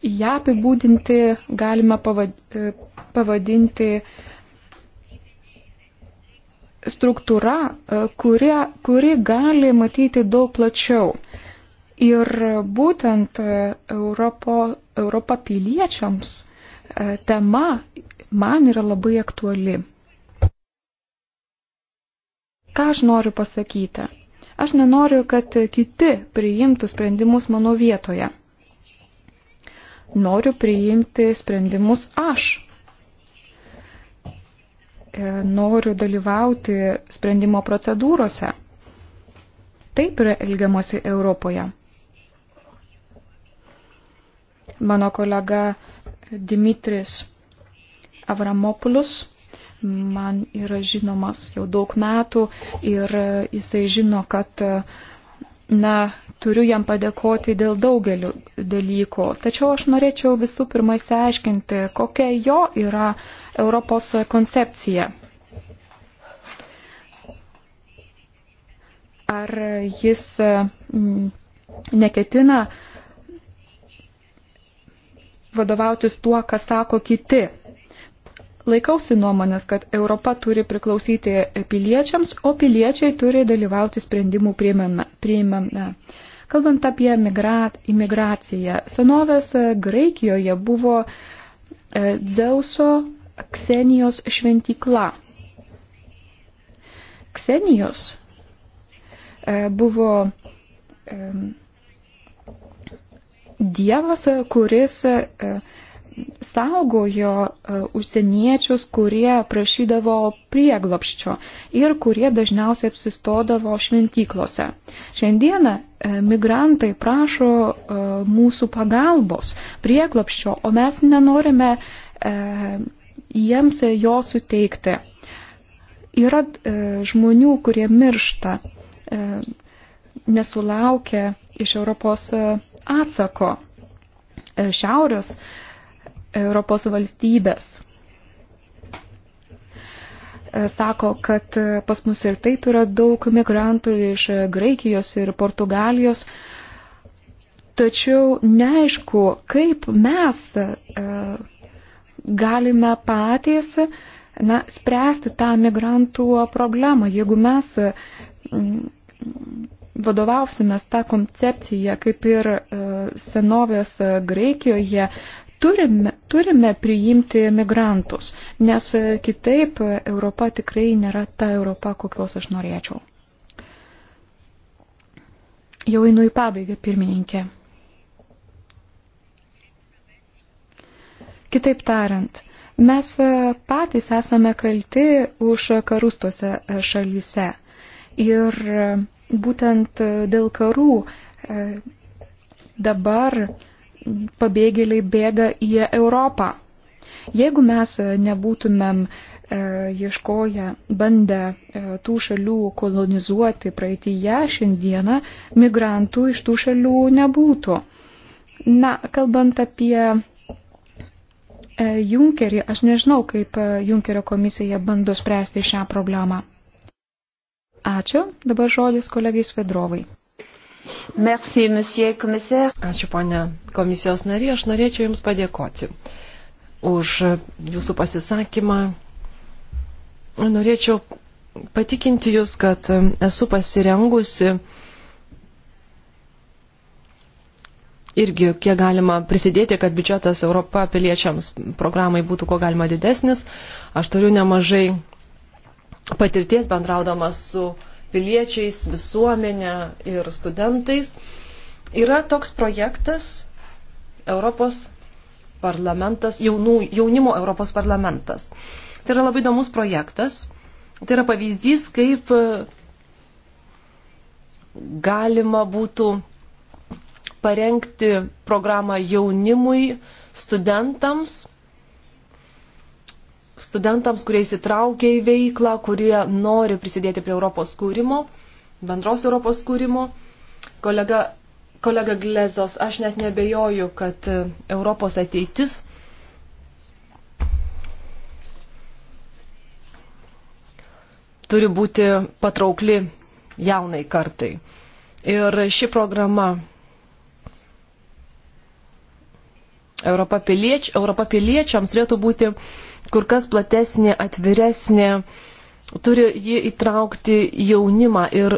ją apibūdinti galima pavadinti struktūra, e, kuri, kuri gali matyti daug plačiau. Ir būtent e, Europo, Europa piliečiams e, tema man yra labai aktuali. Ką aš noriu pasakyti? Aš nenoriu, kad kiti priimtų sprendimus mano vietoje. Noriu priimti sprendimus aš, E, noriu dalyvauti sprendimo procedūrose. Taip yra elgiamasi Europoje. Mano kolega Dimitris Avramopoulos man yra žinomas jau daug metų ir jisai žino, kad uh, na, turiu jam padėkoti dėl daugelių dalykų. Tačiau aš norėčiau visų pirma įsiaiškinti, kokia jo yra Europos koncepcija. Ar jis mm, neketina vadovautis tuo, ką sako kiti laikausi nuomonės, kad Europa turi priklausyti piliečiams, o piliečiai turi dalyvauti sprendimų priimame. Kalbant apie migrat, imigraciją, senovės e, Graikijoje buvo e, Dzeuso Ksenijos šventykla. Ksenijos e, buvo dievas, kuris saugojo e, užsieniečius, kurie prašydavo prieglopščio ir kurie dažniausiai apsistodavo šventyklose. Šiandieną e, migrantai prašo e, mūsų pagalbos prieglopščio, o mes nenorime jiems jo suteikti. Yra žmonių, kurie miršta, nesulaukia iš Europos atsako. Šiaurės Europos valstybės e, sako, kad pas mus ir taip yra daug migrantų iš Graikijos ir Portugalijos, tačiau neaišku, kaip mes e, galime patys na, spręsti tą migrantų problemą, jeigu mes vadovausimės tą koncepciją, kaip ir e, senovės Graikijoje, turime, turime priimti migrantus, nes e, kitaip e, Europa tikrai nėra ta Europa, kokios aš norėčiau. Jau einu į pabaigą, pirmininkė. Kitaip tariant, mes e, patys esame kalti už karus tose šalyse. Ir būtent dėl karų dabar pabėgėliai bėga į Europą. Jeigu mes e, nebūtumėm e, ieškoję, bandę e, tų šalių kolonizuoti praeitįje, šiandieną migrantų iš tų šalių nebūtų. Na, kalbant apie Junkerį, aš nežinau, kaip Junkerio komisija bando spręsti šią problemą. Ačiū, dabar žodis kolegai Svedrovai. Merci, monsieur komisar. Ačiū, ponė komisijos narė. Aš norėčiau Jums padėkoti už Jūsų pasisakymą. Norėčiau patikinti Jūs, kad esu pasirengusi irgi kiek galima prisidėti, kad biudžetas Europa piliečiams programai būtų kuo galima didesnis. Aš turiu nemažai patirties bendraudamas su uh, piliečiais, visuomenė ir studentais. Yra toks projektas Europos parlamentas, jaunų, jaunimo Europos parlamentas. Tai yra labai įdomus projektas. Tai yra pavyzdys, kaip galima būtų parengti programą jaunimui, studentams studentams, kurie įsitraukia į veiklą, kurie nori prisidėti prie Europos kūrimo, bendros Europos kūrimo. Kolega, kolega Glezos, aš net nebejoju, kad e, Europos ateitis turi būti patraukli jaunai kartai. Ir ši programa Europa, pilieč, Europa piliečiams turėtų būti uh, kur kas platesnė, atviresnė, turi jį įtraukti jaunimą ir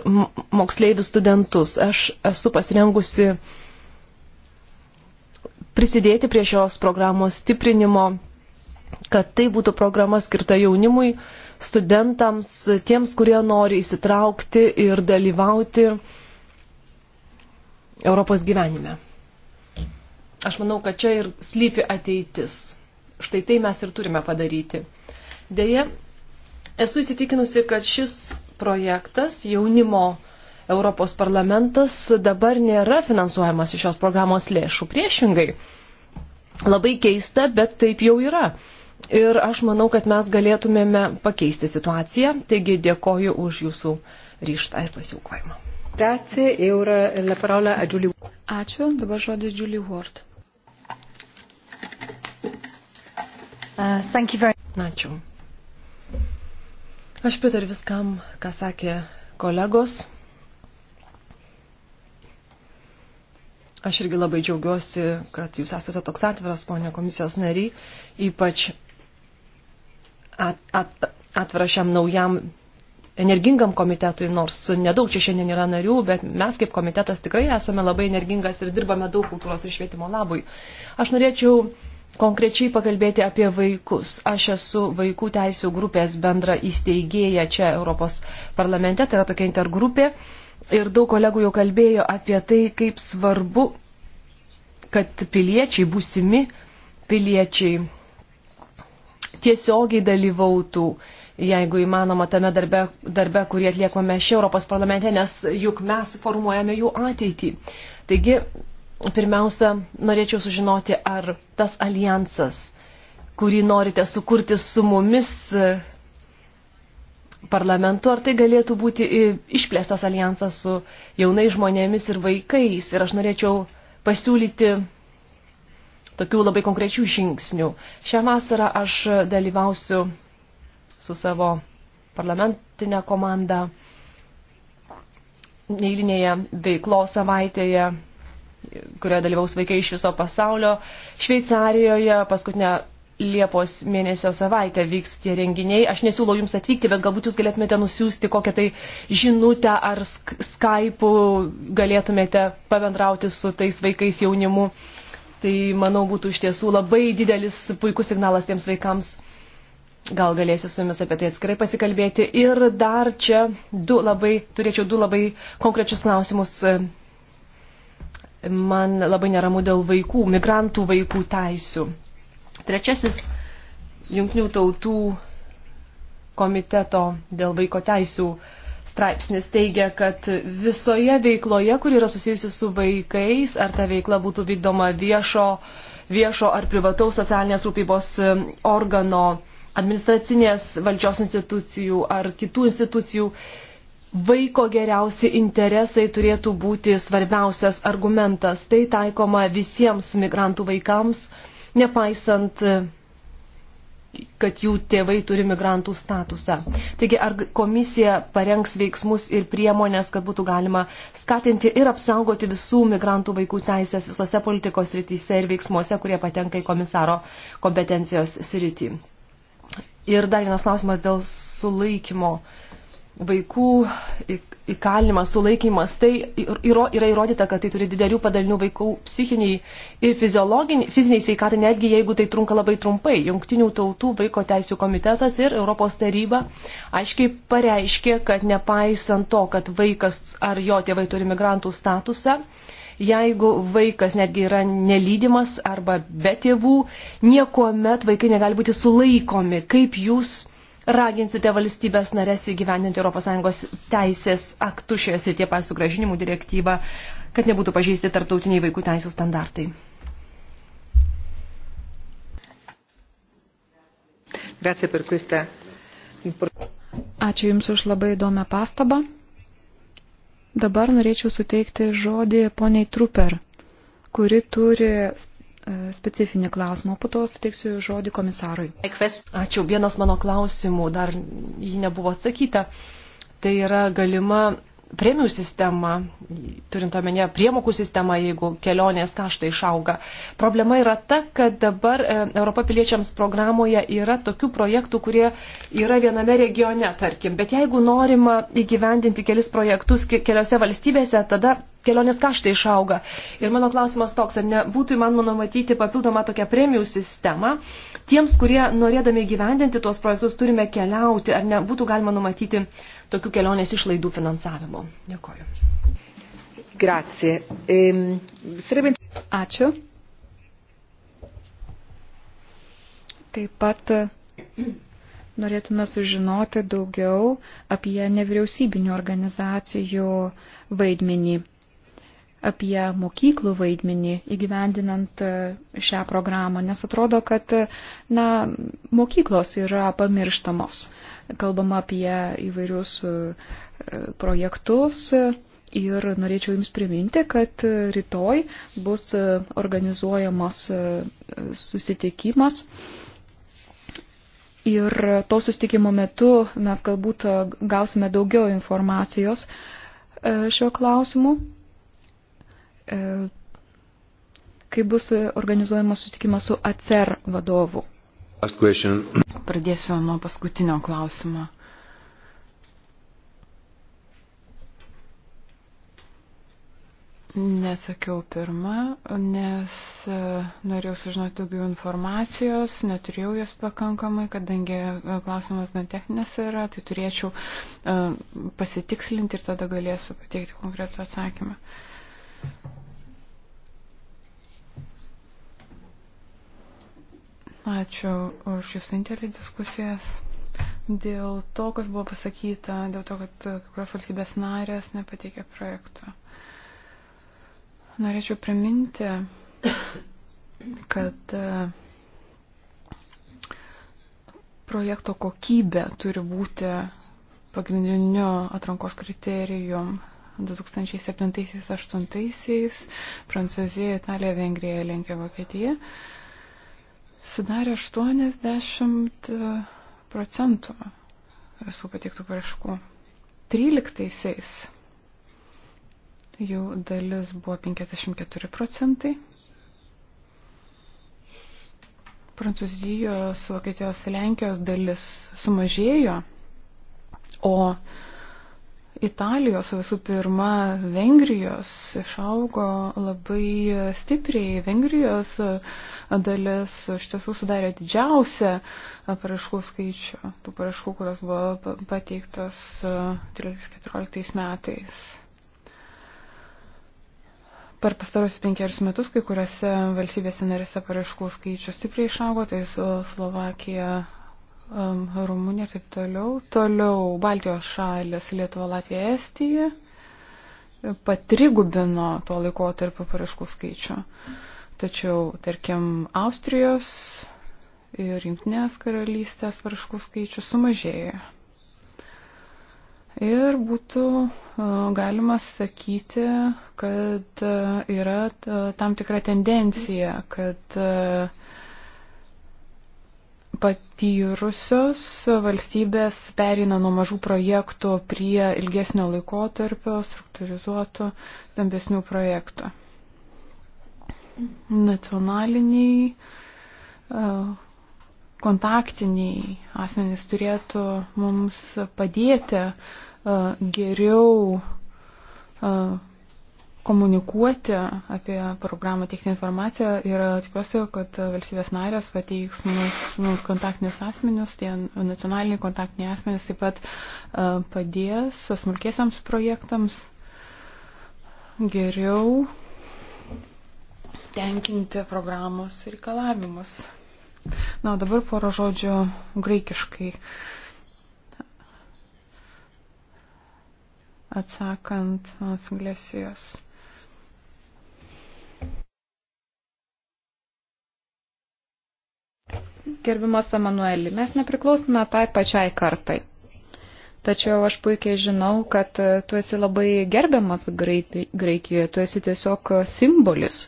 moksleivių studentus. Aš esu pasirengusi prisidėti prie šios programos stiprinimo, kad tai būtų programa skirta jaunimui, studentams, tiems, kurie nori įsitraukti ir dalyvauti Europos gyvenime. Aš manau, kad čia ir slypi ateitis. Štai tai mes ir turime padaryti. Deja, esu įsitikinusi, kad šis projektas jaunimo Europos parlamentas dabar nėra finansuojamas iš šios programos lėšų. Priešingai, labai keista, bet taip jau yra. Ir aš manau, kad mes galėtumėme pakeisti situaciją. Taigi dėkoju už jūsų ryštą ir pasiaukojimą. E Ačiū. Dabar žodis Julie Ward. Uh, very... Ačiū. Aš pritariu viskam, ką sakė kolegos. Aš irgi labai džiaugiuosi, kad jūs esate toks atviras, ponė komisijos nariai, ypač at, at, atvira šiam naujam energingam komitetui, nors nedaug čia šiandien yra narių, bet mes kaip komitetas tikrai esame labai energingas ir dirbame daug kultūros ir švietimo labui. Aš norėčiau konkrečiai pakalbėti apie vaikus. Aš esu vaikų teisų grupės bendra įsteigėja čia Europos parlamente, tai yra tokia intergrupė. Ir daug kolegų jau kalbėjo apie tai, kaip svarbu, kad piliečiai, būsimi piliečiai tiesiogiai dalyvautų, jeigu įmanoma, tame darbe, darbe kurį atliekame šį Europos parlamente, nes juk mes formuojame jų ateitį. Taigi pirmiausia, norėčiau sužinoti, ar tas alijansas, kurį norite sukurti su mumis e, parlamentu, ar tai galėtų būti e, išplėstas alijansas su jaunai žmonėmis ir vaikais. Ir aš norėčiau pasiūlyti tokių labai konkrečių žingsnių. Šią vasarą aš dalyvausiu su savo parlamentinė komanda neįlinėje veiklos savaitėje kurioje dalyvaus vaikai iš viso pasaulio. Šveicarijoje paskutinę Liepos mėnesio savaitę vyks tie renginiai. Aš nesiūlau jums atvykti, bet galbūt jūs galėtumėte nusiųsti kokią tai žinutę ar Skype'u galėtumėte pavendrauti su tais vaikais jaunimu. Tai manau būtų iš tiesų labai didelis puikus signalas tiems vaikams. Gal galėsiu su jumis apie tai atskirai pasikalbėti. Ir dar čia du labai, turėčiau du labai konkrečius klausimus man labai neramu dėl vaikų, migrantų vaikų teisių. Trečiasis Junktinių tautų komiteto dėl vaiko teisių straipsnis teigia, kad visoje veikloje, kur yra susijusi su vaikais, ar ta veikla būtų vykdoma viešo, viešo ar privataus socialinės rūpybos organo, administracinės valdžios institucijų ar kitų institucijų, vaiko geriausi interesai turėtų būti svarbiausias argumentas. Tai taikoma visiems migrantų vaikams, nepaisant, kad jų tėvai turi migrantų statusą. Taigi, ar komisija parengs veiksmus ir priemonės, kad būtų galima skatinti ir apsaugoti visų migrantų vaikų teisės visose politikos rytise ir veiksmuose, kurie patenka į komisaro kompetencijos sritį. Ir dar vienas klausimas dėl sulaikymo uh, vaikų įkalinimas, sulaikymas, tai yra įrodyta, kad tai turi didelių padarinių vaikų psichiniai ir fiziniai sveikatai, netgi jeigu tai trunka labai trumpai. Jungtinių tautų vaiko teisų komitetas ir Europos taryba aiškiai pareiškė, kad nepaisant to, kad vaikas ar jo tėvai turi migrantų statusą, jeigu vaikas netgi yra nelydimas arba be tėvų, niekuomet vaikai negali būti sulaikomi. Kaip jūs raginsite valstybės narės įgyvendinti ES teisės aktų šioje srityje pasugražinimų direktyvą, kad nebūtų pažeisti tarptautiniai vaikų teisų standartai? Ačiū Jums už labai įdomią pastabą. Dabar norėčiau suteikti žodį poniai Truper, kuri turi E, specifinį klausimą, po to suteiksiu žodį komisarui. Ačiū. Vienas mano klausimų, dar jį nebuvo atsakyta. Tai yra galima premijų sistemą, turint omenyje priemokų sistemą, jeigu kelionės kaštai išauga. Problema yra ta, kad dabar e, Europa piliečiams programoje yra tokių projektų, kurie yra viename regione, tarkim. Bet jeigu norima įgyvendinti kelis projektus keliose valstybėse, tada kelionės kaštai išauga. Ir mano klausimas toks, ar nebūtų įmanoma numatyti papildomą tokią premijų sistemą. Tiems, kurie norėdami gyvendinti tuos projektus turime keliauti, ar nebūtų galima numatyti uh, tokių kelionės išlaidų finansavimo. Dėkoju. Grazie. Ehm, Ačiū. Taip pat e, norėtume sužinoti daugiau apie nevyriausybinių organizacijų vaidmenį, apie mokyklų vaidmenį įgyvendinant e, šią programą, nes atrodo, kad e, na, mokyklos yra pamirštamos. Uh, kalbama apie įvairius e, projektus. Ir norėčiau Jums priminti, kad e, rytoj bus e, organizuojamas susitikimas. Ir to susitikimo metu mes galbūt gausime daugiau informacijos šiuo klausimu. Kai bus organizuojamas susitikimas su ACER vadovu. Pradėsiu nuo paskutinio klausimo. Nesakiau pirmą, nes e, norėjau sužinoti daugiau informacijos, neturėjau jos pakankamai, kadangi e, klausimas gan techninis yra, tai turėčiau e, pasitikslinti ir tada galėsiu pateikti konkretų atsakymą. Ačiū už Jūsų intelį diskusijas. Dėl to, kas buvo pasakyta, dėl to, kad kai kurios valstybės narės nepateikė projektų. Norėčiau priminti, kad e, projekto kokybė turi būti pagrindiniu atrankos kriterijum 2007-2008 Prancūzija, Italija, Vengrija, Lenkija, Vokietija sudarė 80 e, procentų visų pateiktų paraškų. 13-aisiais jau dalis buvo 54 procentai. Prancūzijos, Vokietijos, Lenkijos dalis sumažėjo, o Italijos, visų pirma, Vengrijos išaugo labai stipriai. Vengrijos dalis iš tiesų sudarė didžiausią paraškų skaičių, tų paraškų, kurios buvo pateiktas 13-14 e, metais. Per pastarosius penkerius metus kai kuriuose valstybėse narėse paraškų skaičius stipriai išaugo, tai Slovakija, Rumunija ir taip toliau. Toliau Baltijos šalis Lietuva, Latvija, Estija patrigubino to laiko tarp paraškų skaičių. Tačiau, tarkim, Austrijos ir Junktinės karalystės paraškų skaičius sumažėjo. Ir būtų galima sakyti, kad yra tam tikra tendencija, kad uh, patyrusios valstybės perina nuo mažų projektų prie ilgesnio laikotarpio, struktūrizuotų, stambesnių projektų. Nacionaliniai e, kontaktiniai asmenys turėtų mums padėti e, geriau e, komunikuoti apie programą techninę informaciją ir e, tikiuosi, kad e, valstybės narės pateiks mums nu, kontaktinius asmenius, tie nacionaliniai kontaktiniai asmenys taip pat uh, padės smulkėsiams projektams geriau tenkinti programos reikalavimus. Na, dabar poro žodžių graikiškai. Atsakant, man singlesijos. Gerbimas Emanueli, mes nepriklausome tai pačiai kartai. Tačiau aš puikiai žinau, kad e, tu esi labai gerbiamas Graikijoje, tu esi tiesiog e, simbolis.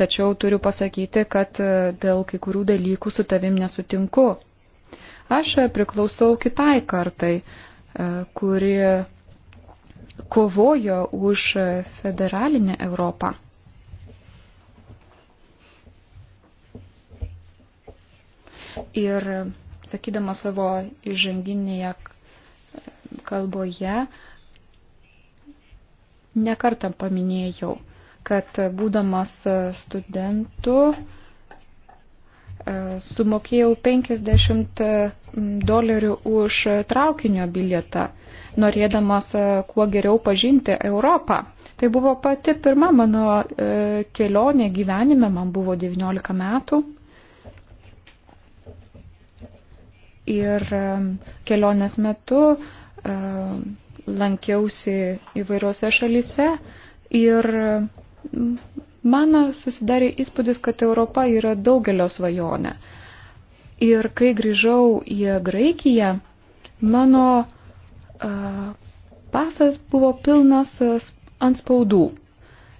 Tačiau turiu pasakyti, kad e, dėl kai kurių dalykų su tavim nesutinku. Aš priklausau kitai kartai, kuri kovojo už federalinę Europą. Ir sakydama savo įžanginėje kalboje, nekartą paminėjau, kad būdamas studentu e, sumokėjau 50 dolerių už traukinio bilietą, norėdamas e, kuo geriau pažinti Europą. Tai buvo pati pirma mano e, kelionė gyvenime, man buvo 19 metų. ir kelionės metu lankiausi įvairiose šalyse ir man susidarė įspūdis, kad Europa yra daugelio svajonė. Ir kai grįžau į Graikiją, mano pasas buvo pilnas ant spaudų.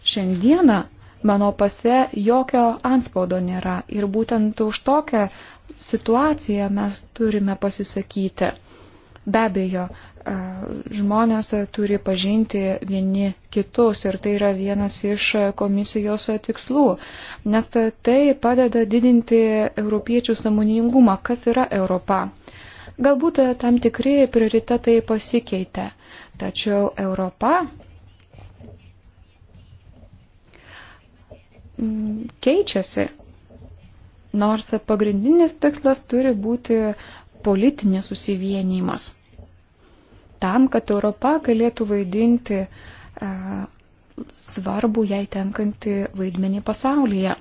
Šiandieną mano pase jokio antspaudo nėra ir būtent už tokią uh, situaciją mes turime pasisakyti. Be abejo, e, žmonės turi pažinti vieni kitus ir tai yra vienas iš komisijos tikslų, nes tai padeda didinti europiečių samoningumą, kas yra Europa. Galbūt tam tikri prioritetai pasikeitė, tačiau Europa keičiasi nors pagrindinis tikslas turi būti politinis susivienimas. Tam, kad Europa galėtų vaidinti e, svarbu jai tenkantį vaidmenį pasaulyje.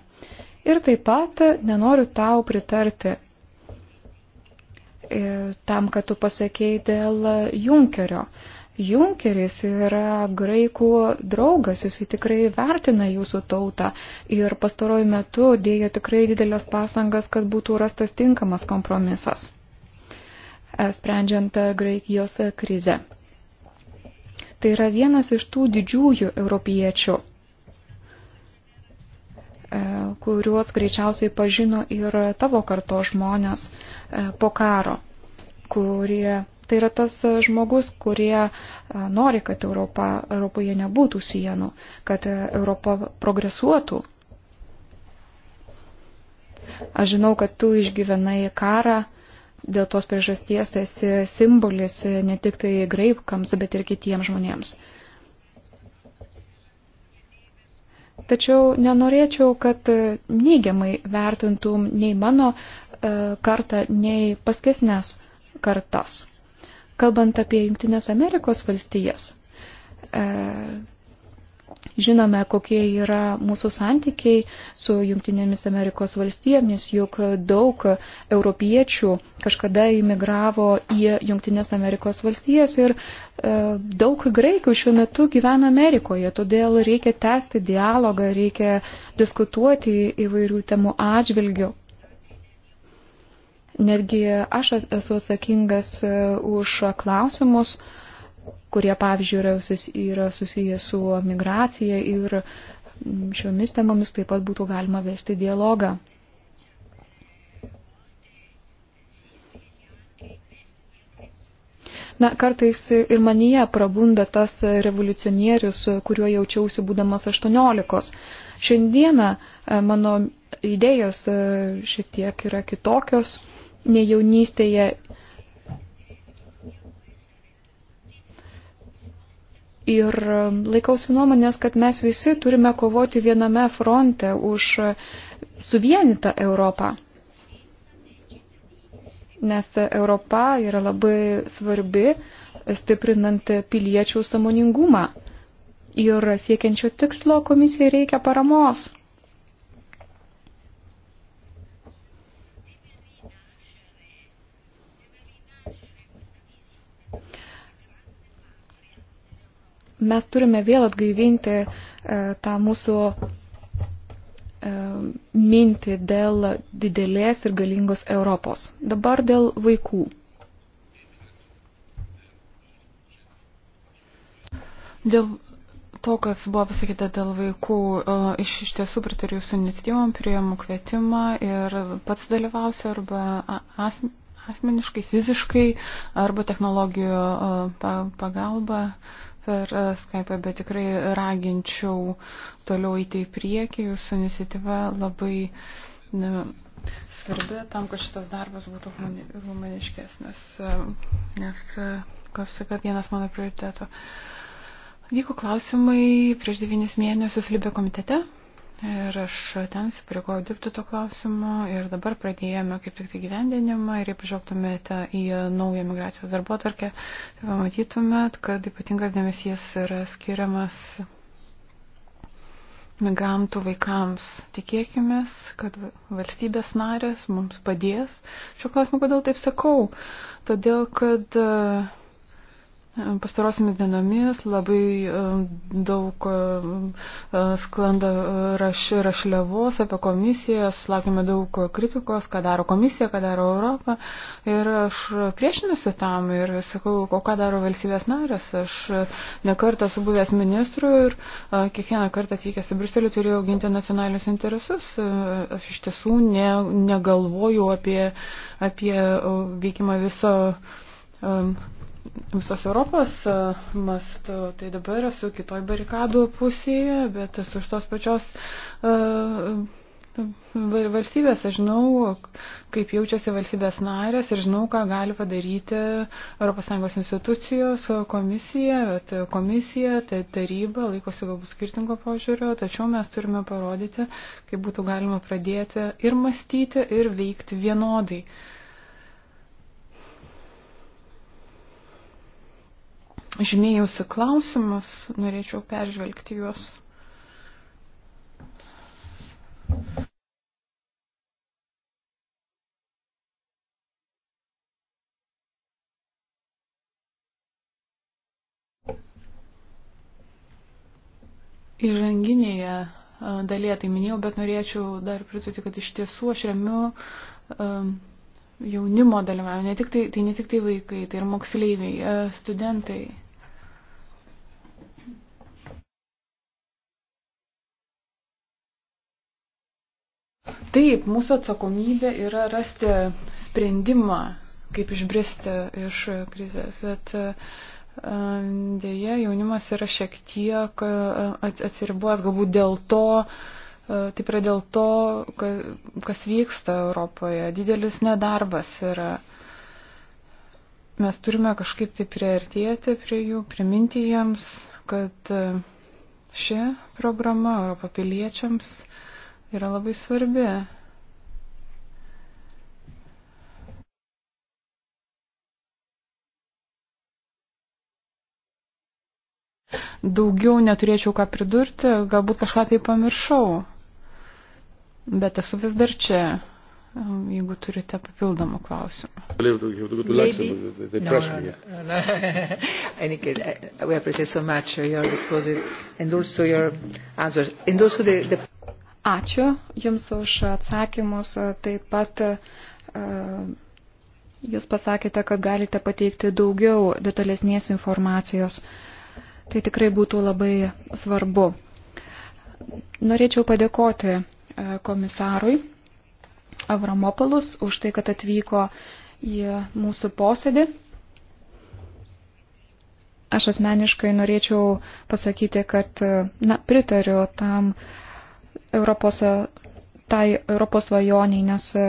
Ir taip pat nenoriu tau pritarti e, tam, kad tu pasakėjai dėl Junkerio. E, Junkeris yra graikų draugas, jisai tikrai vertina jūsų tautą ir pastaruoju metu dėjo tikrai didelės pastangas, kad būtų rastas tinkamas kompromisas, e, sprendžiant e, Graikijos e, krizę. Tai yra vienas iš tų didžiųjų europiečių, kuriuos greičiausiai pažino ir tavo karto žmonės po karo, kurie tai yra tas e, žmogus, kurie e, nori, kad Europa, Europoje nebūtų sienų, kad e, Europa progresuotų. Aš žinau, kad tu išgyvenai karą, dėl tos priežasties esi simbolis ne tik tai graikams, bet ir kitiems žmonėms. Tačiau nenorėčiau, kad neigiamai vertintum nei mano kartą, nei paskesnės kartas. Kalbant apie Junktinės Amerikos valstijas, e, žinome, kokie yra mūsų santykiai su Junktinėmis Amerikos valstijomis, juk daug europiečių kažkada imigravo į Junktinės Amerikos valstijas ir e, daug graikų šiuo metu gyvena Amerikoje, todėl reikia tęsti dialogą, reikia diskutuoti įvairių temų atžvilgių. Netgi aš esu atsakingas e, už klausimus, kurie, pavyzdžiui, yra susijęs su migracija ir šiomis temomis taip pat būtų galima vesti dialogą. Na, kartais ir manyje prabunda tas revoliucionierius, kuriuo jaučiausi būdamas 18. Šiandieną e, mano idėjos e, šiek tiek yra kitokios nei jaunystėje. Ir laikausi nuomonės, kad mes visi turime kovoti viename fronte už suvienytą Europą. Nes Europa yra labai svarbi, stiprinant piliečių samoningumą. Ir siekiančio tikslo komisijai reikia paramos. mes turime vėl atgaivinti e, tą mūsų e, mintį dėl didelės ir galingos Europos. Dabar dėl vaikų. Dėl to, kas buvo pasakyta dėl vaikų, e, iš, iš tiesų pritariu jūsų iniciatyvom, priimu kvietimą ir pats dalyvausiu arba asmeniškai, fiziškai, arba technologijų e, pagalba per e, Skype, bet tikrai raginčiau toliau įti į priekį. Jūsų iniciatyva labai ne, svarbi tam, kad šitas darbas būtų humaniškesnis, e, nes, e, kaip sakau, vienas mano prioritetų. Vyko klausimai prieš devynis mėnesius Libė komitete. Ir aš ten įsipareigoju dirbti to klausimu ir dabar pradėjome kaip tik tai gyvendinimą ir jei pažvelgtumėte į naują migracijos darbo tarkę, tai pamatytumėt, kad ypatingas dėmesys yra skiriamas migrantų vaikams. Tikėkime, kad valstybės narės mums padės. Šiuo klausimu kodėl taip sakau? Todėl, kad uh, Pastarosiamis dienomis labai um, daug um, uh, sklando uh, raš, rašliavos apie komisiją, sulaukime daug kritikos, ką daro komisija, ką daro Europa. Ir aš priešinusi tam ir sakau, o ką daro valstybės narės. Aš nekartą esu buvęs ministru ir uh, kiekvieną kartą atvykęs į Briuselį turėjau ginti nacionalinius interesus. Aš iš tiesų ne, negalvoju apie, apie veikimą viso um, visos Europos e, mastu, tai dabar esu kitoj barikadų pusėje, bet esu iš tos pačios uh, valstybės, aš žinau, kaip jaučiasi valstybės narės ir žinau, ką gali padaryti ES institucijos, komisija, bet komisija, tai taryba laikosi galbūt skirtingo požiūrio, tačiau mes turime parodyti, kaip būtų galima pradėti ir mąstyti, ir veikti vienodai. Uh, žymėjusi klausimus, norėčiau peržvelgti juos. Įžanginėje dalyje tai minėjau, bet norėčiau dar pridurti, kad iš tiesų aš remiu um, jaunimo dalyvavimą. Ne tik tai, tai ne tik tai vaikai, tai ir moksleiviai, studentai, Taip, mūsų atsakomybė yra rasti sprendimą, kaip išbristi iš krizės. Bet, e, Dėja, jaunimas yra šiek tiek e, atsiribuos, galbūt dėl to, e, taip yra dėl to, kas vyksta Europoje. Didelis nedarbas yra. Mes turime kažkaip tai priartėti prie jų, priminti jiems, kad ši programa Europapiliečiams piliečiams yra labai svarbi. Daugiau neturėčiau ką pridurti, galbūt kažką tai pamiršau, bet esu vis dar čia jeigu turite papildomų klausimų. Maybe. No, no, no. Ačiū Jums už atsakymus. Taip pat e, Jūs pasakėte, kad galite pateikti daugiau detalesnės informacijos. Tai tikrai būtų labai svarbu. Norėčiau padėkoti e, komisarui Avramopolus už tai, kad atvyko į mūsų posėdį. Aš asmeniškai norėčiau pasakyti, kad e, na, pritariu tam uh, Europos, tai Europos svajoniai, nes e,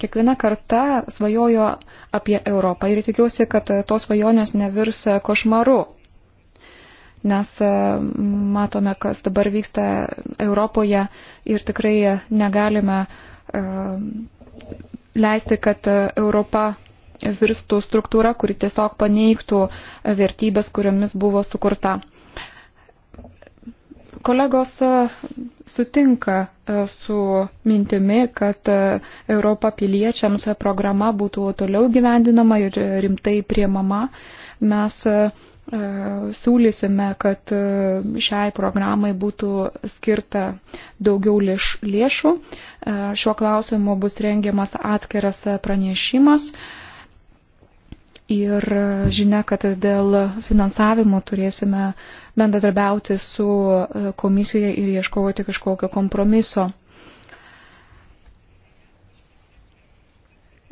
kiekviena karta svajojo apie Europą ir tikiuosi, kad e, tos svajonės nevirs e, košmaru. Nes matome, kas dabar vyksta Europoje ir tikrai negalime leisti, kad Europa virstų struktūra, kuri tiesiog paneigtų vertybės, kuriomis buvo sukurta. Kolegos e, sutinka e, su mintimi, kad e, Europa piliečiams programa būtų toliau gyvendinama ir rimtai priemama. Mes siūlysime, kad šiai programai būtų skirta daugiau lėšų. Šiuo klausimu bus rengiamas atskiras pranešimas. Ir žinia, kad dėl finansavimo turėsime uh, bendradarbiauti su e, komisija ir ieškoti kažkokio kompromiso.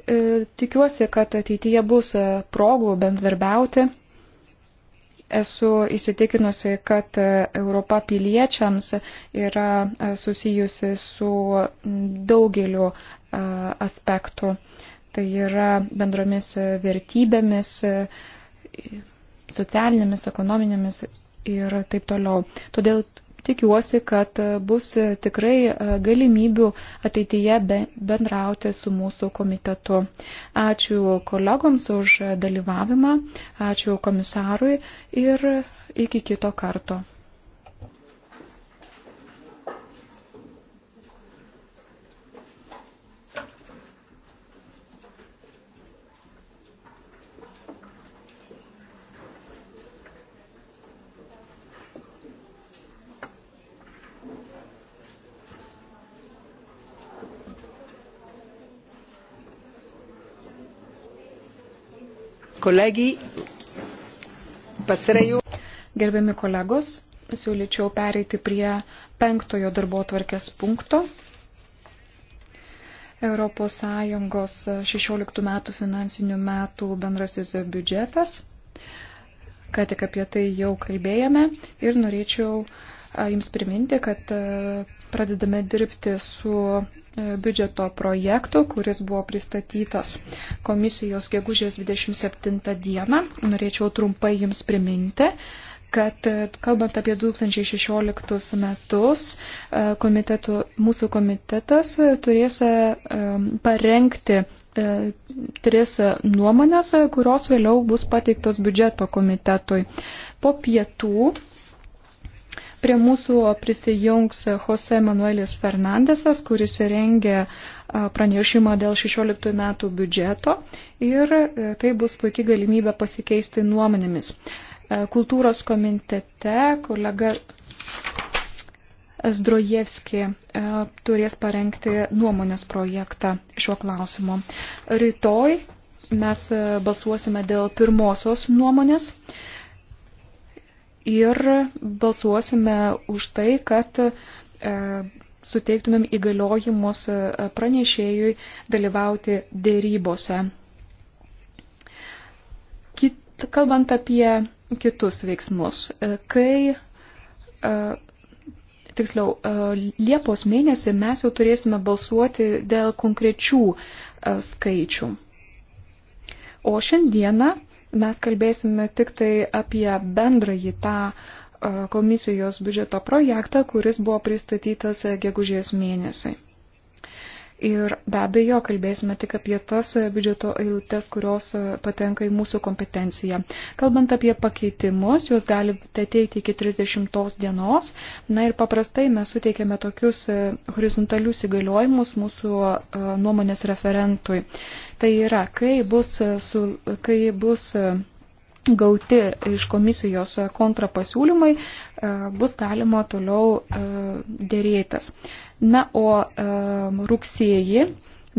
E, tikiuosi, kad ateityje bus e, progų bendradarbiauti. Esu įsitikinusi, kad Europa piliečiams yra susijusi su daugeliu aspektų. Tai yra bendromis vertybėmis, socialinėmis, ekonominėmis ir taip toliau. Todėl tikiuosi, kad bus tikrai e, galimybių ateityje bendrauti su mūsų komitetu. Ačiū kolegoms už dalyvavimą, ačiū komisarui ir iki kito karto. Kolegi, pasirejau. Gerbiami kolegos, siūlyčiau pereiti prie penktojo darbo tvarkės punkto. Europos Sąjungos 16 metų finansinių metų bendrasis biudžetas. Ką tik apie tai jau kalbėjome ir norėčiau Jums priminti, kad pradedame dirbti su e, biudžeto projektu, kuris buvo pristatytas komisijos gegužės 27 dieną. Norėčiau trumpai jums priminti, kad e, kalbant apie 2016 metus, e, komitetų, mūsų komitetas turės parengti tris nuomonės, kurios vėliau bus pateiktos biudžeto komitetui. Po pietų Prie mūsų prisijungs Jose Manuelis Fernandesas, kuris rengia pranešimą dėl 16 metų biudžeto ir e, tai bus puikiai galimybė pasikeisti nuomonėmis. E, kultūros komitete kolega Zdrojevski e, turės parengti nuomonės projektą šiuo klausimu. Rytoj mes balsuosime dėl pirmosios nuomonės ir balsuosime už tai, kad e, suteiktumėm įgaliojimus e, pranešėjui dalyvauti dėrybose. Kit, kalbant apie kitus veiksmus, e, kai, tiksliau, Liepos mėnesį mes jau turėsime balsuoti dėl konkrečių skaičių. O šiandieną mes kalbėsime tik tai apie bendrąjį tą e, komisijos biudžeto projektą, kuris buvo pristatytas e, gegužės mėnesiai. Ir be abejo, kalbėsime tik apie tas biudžeto eilutes, kurios e, patenka į mūsų kompetenciją. Kalbant apie pakeitimus, juos galite teikti iki 30 dienos. Na ir paprastai mes suteikėme tokius e, horizontalius įgaliojimus mūsų e, nuomonės referentui. Tai yra, kai bus, su, kai bus gauti iš komisijos kontrapasiūlymai, bus galima toliau dėrėtas. Na, o rugsėjį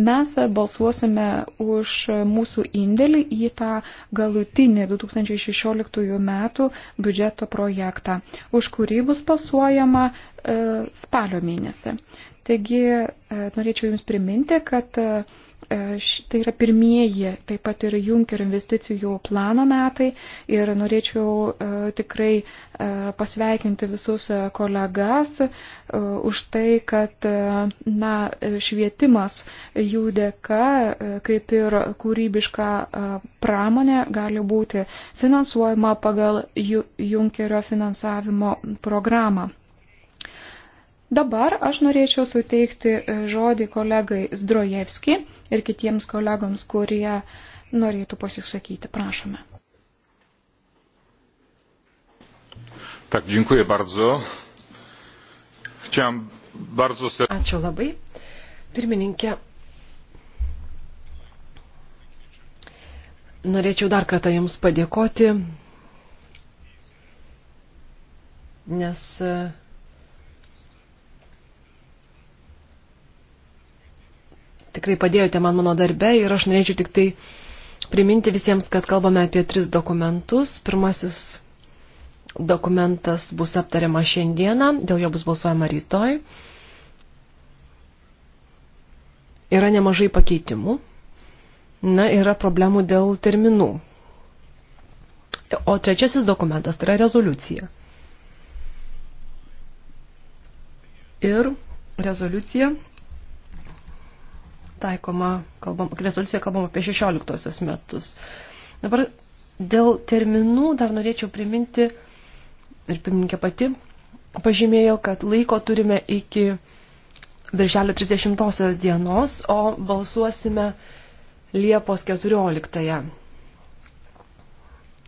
mes balsuosime už mūsų indėlį į tą galutinį 2016 metų biudžeto projektą, už kurį bus pasuojama spalio mėnesį. Taigi norėčiau Jums priminti, kad E, tai yra pirmieji taip pat ir Junkerio investicijų plano metai ir norėčiau e, tikrai e, pasveikinti visus kolegas už tai, kad na, švietimas jų dėka, kaip ir kūrybiška pramonė, gali būti finansuojama pagal Junkerio finansavimo programą. Dabar aš norėčiau suteikti e, žodį kolegai Zdrojevski ir kitiems kolegoms, kurie norėtų pasisakyti. Prašome. Tak, dziękuję bardzo. Chciałem bardzo serdecznie. Ačiū labai. Pirmininkė. Norėčiau dar kartą Jums padėkoti, nes uh, tikrai padėjote man mano darbe ir aš norėčiau tik tai priminti visiems, kad kalbame apie tris dokumentus. Pirmasis dokumentas bus aptariama šiandieną, dėl jo bus balsuojama rytoj. Yra nemažai pakeitimų. Na, yra problemų dėl terminų. O trečiasis dokumentas tai yra rezoliucija. Ir rezoliucija taikoma, kalbam, rezoliucija kalbam apie 16 metus. Dabar dėl terminų dar norėčiau priminti, ir pirmininkė pati pažymėjo, kad laiko turime iki birželio 30 dienos, o balsuosime Liepos 14. -ąją.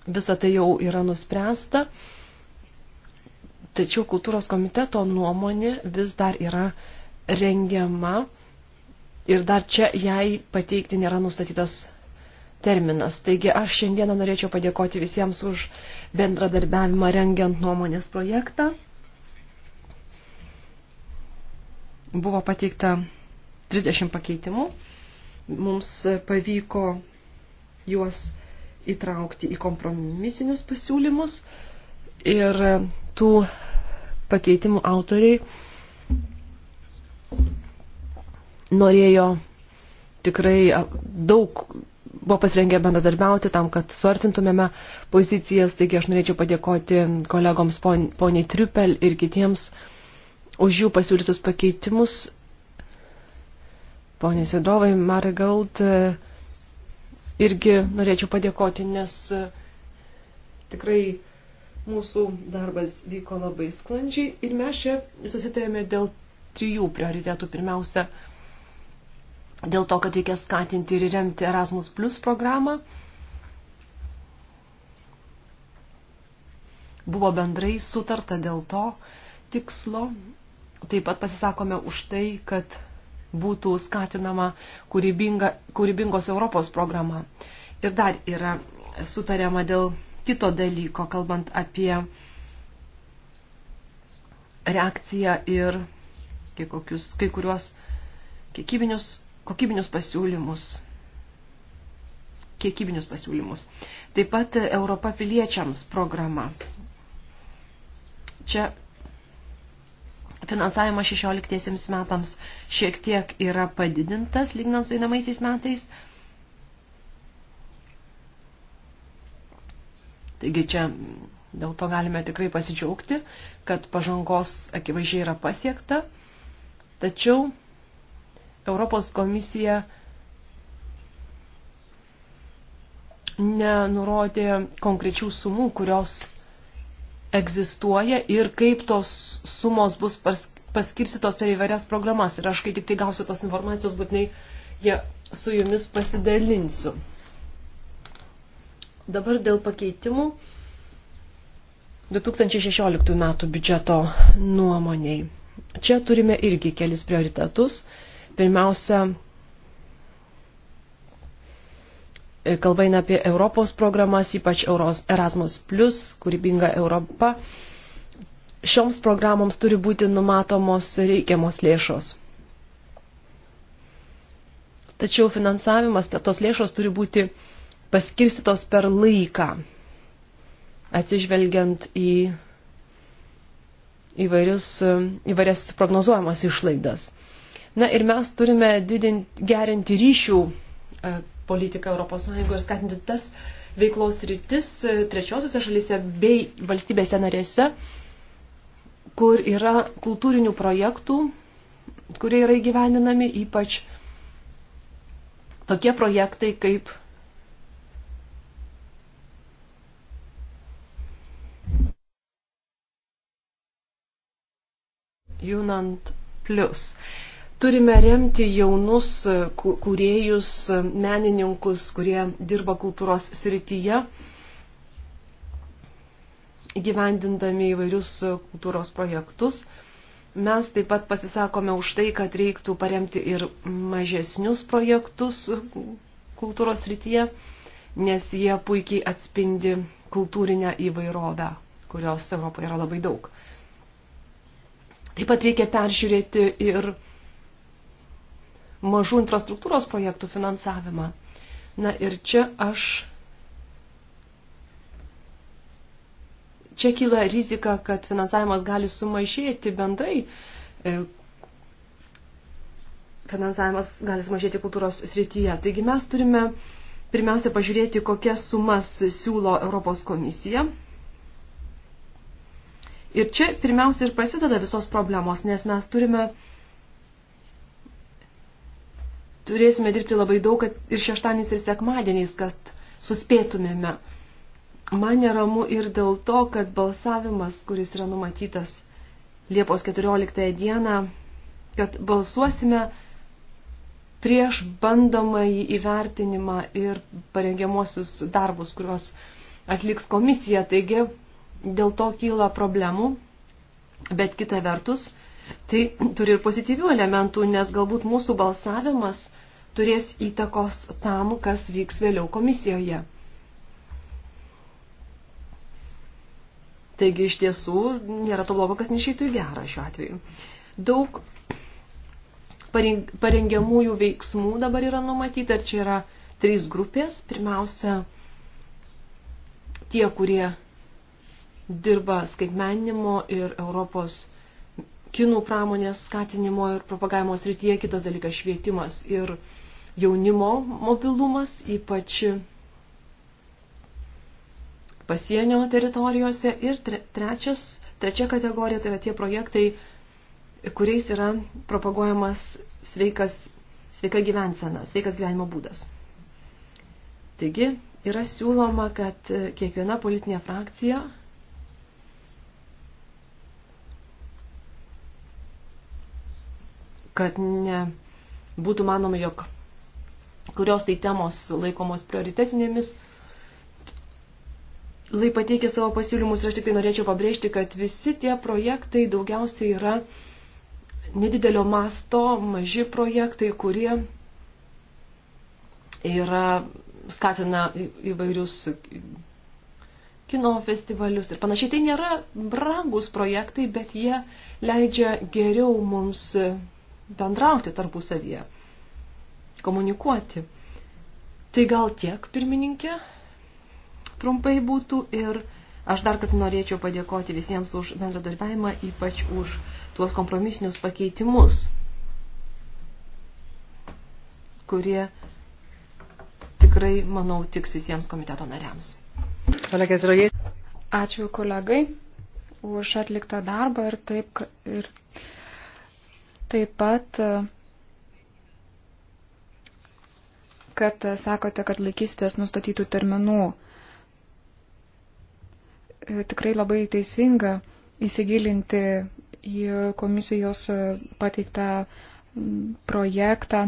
Visa tai jau yra nuspręsta, tačiau kultūros komiteto nuomonė vis dar yra rengiama ir dar čia jai pateikti nėra nustatytas terminas. Taigi aš šiandieną norėčiau padėkoti visiems už bendradarbiavimą rengiant nuomonės projektą. Buvo pateikta 30 pakeitimų. Mums pavyko juos įtraukti į kompromisinius pasiūlymus ir tų pakeitimų autoriai norėjo tikrai daug buvo pasirengę bendradarbiauti tam, kad suartintumėme pozicijas. Taigi aš norėčiau padėkoti kolegoms pon, poniai Triupel ir kitiems už jų pasiūlytus pakeitimus. Pone Sidovai, Marigald, e, irgi norėčiau padėkoti, nes e, tikrai mūsų darbas vyko labai sklandžiai ir mes čia susitarėme dėl trijų prioritetų. Pirmiausia, dėl to, kad reikia skatinti ir remti Erasmus Plus programą. Buvo bendrai sutarta dėl to tikslo. Taip pat pasisakome už tai, kad būtų skatinama kūrybinga, kūrybingos Europos programa. Ir dar yra sutariama dėl kito dalyko, kalbant apie reakciją ir kai, kokius, kai kuriuos kiekybinius kokybinius pasiūlymus, kiekybinius pasiūlymus. Taip pat Europa piliečiams programa. Čia finansavimas 16 metams šiek tiek yra padidintas, lygnant su einamaisiais metais. Taigi čia dėl to galime tikrai pasidžiaugti, kad pažangos akivaizdžiai yra pasiekta, tačiau Europos komisija nenurodė konkrečių sumų, kurios egzistuoja ir kaip tos sumos bus paskirstytos per įvairias programas. Ir aš, kai tik tai gausiu tos informacijos, būtinai jie su jumis pasidalinsiu. Dabar dėl pakeitimų 2016 metų biudžeto nuomoniai. Čia turime irgi kelis prioritetus – Pirmiausia, kalba eina apie Europos programas, ypač Erasmus, kūrybinga Europa. Šioms programoms turi būti numatomos reikiamos lėšos. Tačiau finansavimas, tos lėšos turi būti paskirstytos per laiką, atsižvelgiant į įvairius, įvairias prognozuojamas išlaidas. Na ir mes turime didinti, gerinti ryšių e, politiką ES ir skatinti tas veiklos rytis e, trečiosiuose šalyse bei valstybėse narėse, kur yra kultūrinių projektų, kurie yra įgyvendinami, ypač tokie projektai kaip Junant Plus. Turime remti jaunus e, kūrėjus, e, menininkus, kurie dirba kultūros srityje, gyvendindami įvairius e, kultūros projektus. Mes taip pat pasisakome už tai, kad reiktų paremti ir mažesnius projektus kultūros rytyje, nes jie puikiai atspindi kultūrinę įvairovę, kurios Europoje yra labai daug. Taip pat reikia peržiūrėti ir mažų infrastruktūros projektų finansavimą. Na ir čia aš. Čia kyla rizika, kad finansavimas gali sumažėti bendrai. E, finansavimas gali sumažėti kultūros srityje. Taigi mes turime pirmiausia pažiūrėti, kokias sumas siūlo Europos komisija. Ir čia pirmiausia ir prasideda visos problemos, nes mes turime uh, turėsime dirbti labai daug ir šeštadieniais, ir sekmadieniais, kad suspėtumėme. Man neramu ir dėl to, kad balsavimas, kuris yra numatytas Liepos 14 dieną, kad balsuosime prieš bandomąjį įvertinimą ir parengiamuosius darbus, kuriuos atliks komisija. Taigi dėl to kyla problemų, bet kita vertus, tai turi ir pozityvių elementų, nes galbūt mūsų balsavimas – turės įtakos tam, kas vyks vėliau komisijoje. Taigi iš tiesų nėra to blogo, kas neišeitų į gerą šiuo atveju. Daug parengiamųjų veiksmų dabar yra numatyta ir čia yra trys grupės. Pirmiausia, tie, kurie dirba skaitmeninimo ir Europos kinų pramonės skatinimo ir propagavimo srityje, kitas dalykas švietimas ir švietimas jaunimo mobilumas, ypač pasienio teritorijose. Ir trečias, trečia kategorija tai yra tie projektai, kuriais yra propaguojamas sveikas, sveika gyvensena, sveikas gyvenimo būdas. Taigi yra siūloma, kad kiekviena politinė frakcija kad ne būtų manoma, jog kurios tai temos laikomos prioritetinėmis. Lai pateikė savo pasiūlymus ir aš tik tai norėčiau pabrėžti, kad visi tie projektai daugiausiai yra nedidelio masto, maži projektai, kurie yra skatina įvairius kino festivalius ir panašiai. Tai nėra brangus projektai, bet jie leidžia geriau mums bendrauti tarpusavyje komunikuoti. Tai gal tiek, pirmininkė, trumpai būtų ir aš dar kartą norėčiau padėkoti visiems už bendradarbiavimą, ypač už tuos kompromisinius pakeitimus, kurie tikrai, manau, tiks visiems komiteto nariams. Ačiū kolegai už atliktą darbą ir taip, ir taip pat kad sakote, kad laikysitės nustatytų terminų. E, tikrai labai teisinga įsigilinti į komisijos pateiktą projektą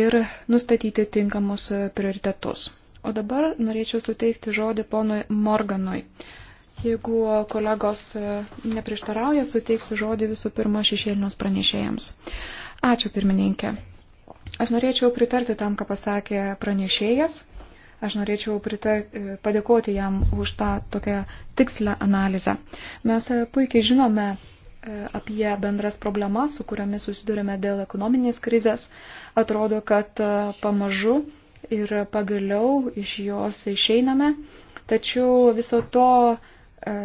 ir nustatyti tinkamus prioritetus. O dabar norėčiau suteikti žodį ponui Morganui. Jeigu kolegos neprieštarauja, suteiksiu žodį visų pirma šešėlinios pranešėjams. Ačiū pirmininkė. Aš norėčiau pritarti tam, ką pasakė pranešėjas. Aš norėčiau pritar, e, padėkoti jam už tą tokią tikslę analizę. Mes e, puikiai žinome e, apie bendras problemas, su kuriamis susidurime dėl ekonominės krizės. Atrodo, kad pamažu ir pagaliau iš jos išeiname. Tačiau viso to e,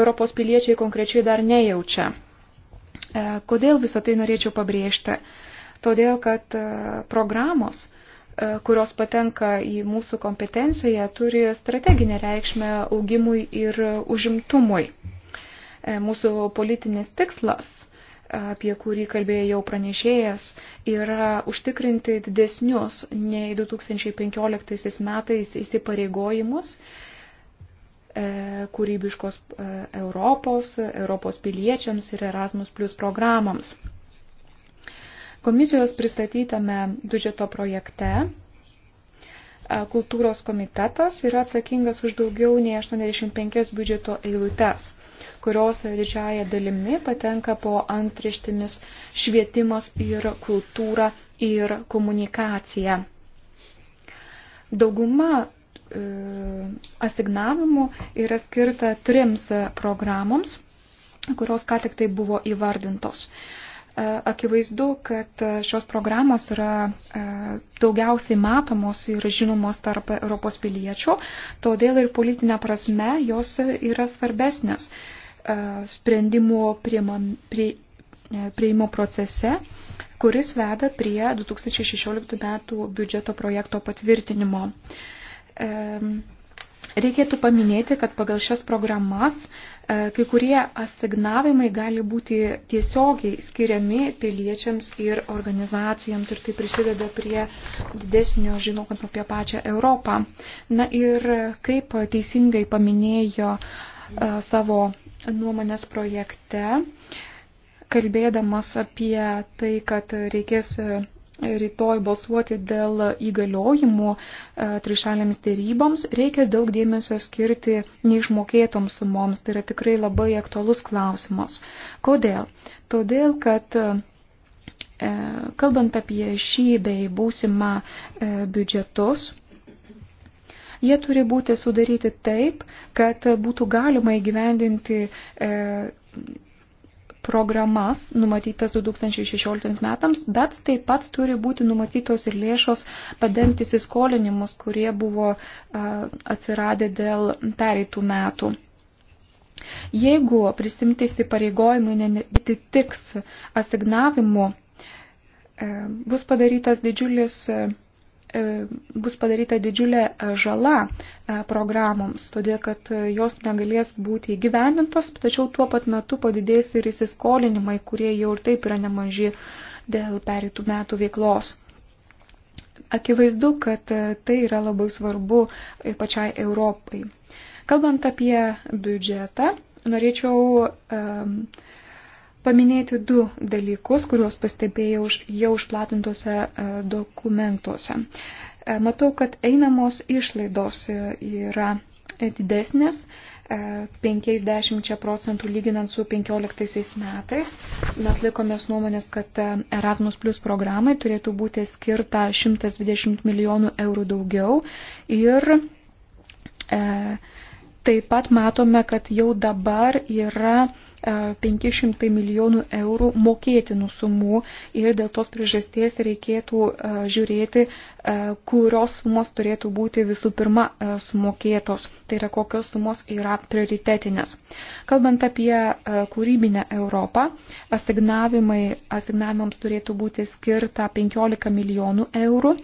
Europos piliečiai konkrečiai dar nejaučia. E, kodėl visą tai norėčiau pabrėžti? E, todėl kad e, programos, e, kurios patenka į mūsų kompetenciją, turi strateginę reikšmę augimui ir užimtumui. E, mūsų politinis tikslas, apie kurį kalbėjo jau pranešėjas, yra užtikrinti didesnius nei 2015 metais įsipareigojimus kūrybiškos Europos, Europos piliečiams ir Erasmus Plus programams. Komisijos pristatytame biudžeto projekte kultūros komitetas yra atsakingas už daugiau nei 85 biudžeto eilutes, kurios didžiaja dalimi patenka po antrištimis švietimas ir kultūra ir komunikacija. Dauguma e, asignavimų yra skirta trims programoms, kurios ką tik tai buvo įvardintos. E, akivaizdu, kad šios programos yra e, daugiausiai matomos ir žinomos tarp Europos piliečių, todėl ir politinė prasme jos yra svarbesnės e, sprendimų prieimo procese, kuris veda prie 2016 metų biudžeto projekto patvirtinimo Reikėtų paminėti, kad pagal šias programas e, kai kurie asignavimai gali būti tiesiogiai skiriami piliečiams ir organizacijoms ir tai prisideda prie didesnio žinojimo apie pačią Europą. Na ir kaip teisingai paminėjo e, savo nuomonės projekte, kalbėdamas apie tai, kad reikės rytoj balsuoti dėl įgaliojimų e, trišalėms dėryboms, reikia daug dėmesio skirti neišmokėtoms sumoms. Tai yra tikrai labai aktualus klausimas. Kodėl? Todėl, kad e, kalbant apie šį bei būsimą e, biudžetus, jie turi būti sudaryti taip, kad būtų galima įgyvendinti programas numatytas 2016 metams, bet taip pat turi būti numatytos ir lėšos padengti įsiskolinimus, kurie buvo atsiradę dėl pereitų metų. Jeigu prisimti įsipareigojimai netitiks asignavimu, e, bus padarytas didžiulis e, E, bus padaryta didžiulė e, žala e, programoms, todėl kad jos negalės būti įgyvendintos, tačiau tuo pat metu padidės ir įsiskolinimai, kurie jau ir taip yra nemaži dėl pereitų metų veiklos. Akivaizdu, kad tai yra labai svarbu pačiai Europai. Kalbant apie biudžetą, norėčiau um, e, paminėti du dalykus, kuriuos pastebėjau jau išplatintose e, dokumentuose. E, matau, kad einamos išlaidos e, yra didesnės 50 procentų lyginant su 15 metais. Mes laikomės nuomonės, kad Erasmus Plus programai turėtų būti skirta 120 milijonų eurų daugiau ir e, taip pat matome, kad jau dabar yra e, 500 e, milijonų eurų mokėtinų sumų ir dėl tos priežasties reikėtų e, žiūrėti, e, kurios sumos turėtų būti visų pirma sumokėtos, tai yra kokios sumos yra prioritetinės. Kalbant apie kūrybinę Europą, asignavimams turėtų būti skirta 15 milijonų eurų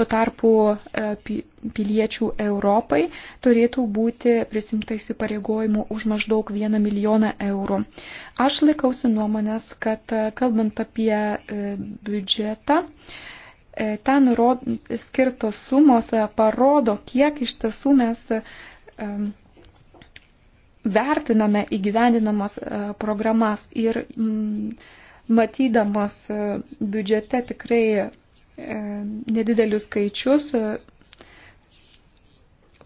Tuo tarpu e, piliečių Europai turėtų būti prisimta įsipareigojimų už maždaug 1 milijoną eurų. Aš laikausi nuomonės, kad e, kalbant apie e, biudžetą, ten skirtos sumos parodo, kiek iš tiesų mes vertiname įgyvendinamas programas ir matydamas biudžete tikrai E, nedidelius skaičius, e,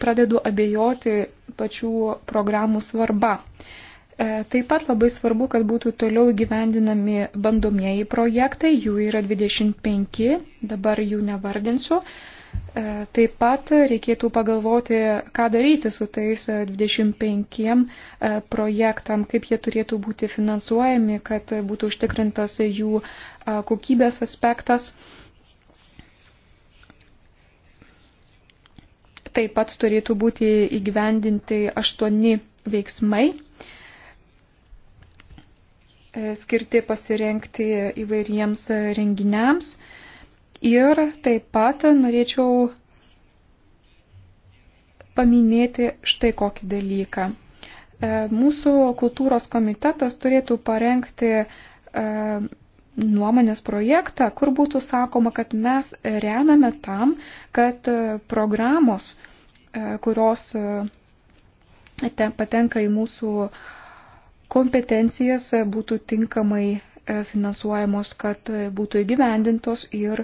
pradedu abejoti pačių programų svarba. E, taip pat labai svarbu, kad būtų toliau gyvendinami bandomieji projektai, jų yra 25, dabar jų nevardinsiu. Taip pat reikėtų pagalvoti, ką daryti su tais 25 projektam, kaip jie turėtų būti finansuojami, kad būtų užtikrintas jų kokybės aspektas. Taip pat turėtų būti įgyvendinti aštuoni veiksmai e, skirti pasirenkti įvairiems renginiams. Ir taip pat norėčiau paminėti štai kokį dalyką. E, mūsų kultūros komitetas turėtų parengti e, nuomonės projektą, kur būtų sakoma, kad mes remiame tam, kad e, programos, e, kurios e, patenka į mūsų kompetencijas, būtų tinkamai finansuojamos, kad būtų įgyvendintos ir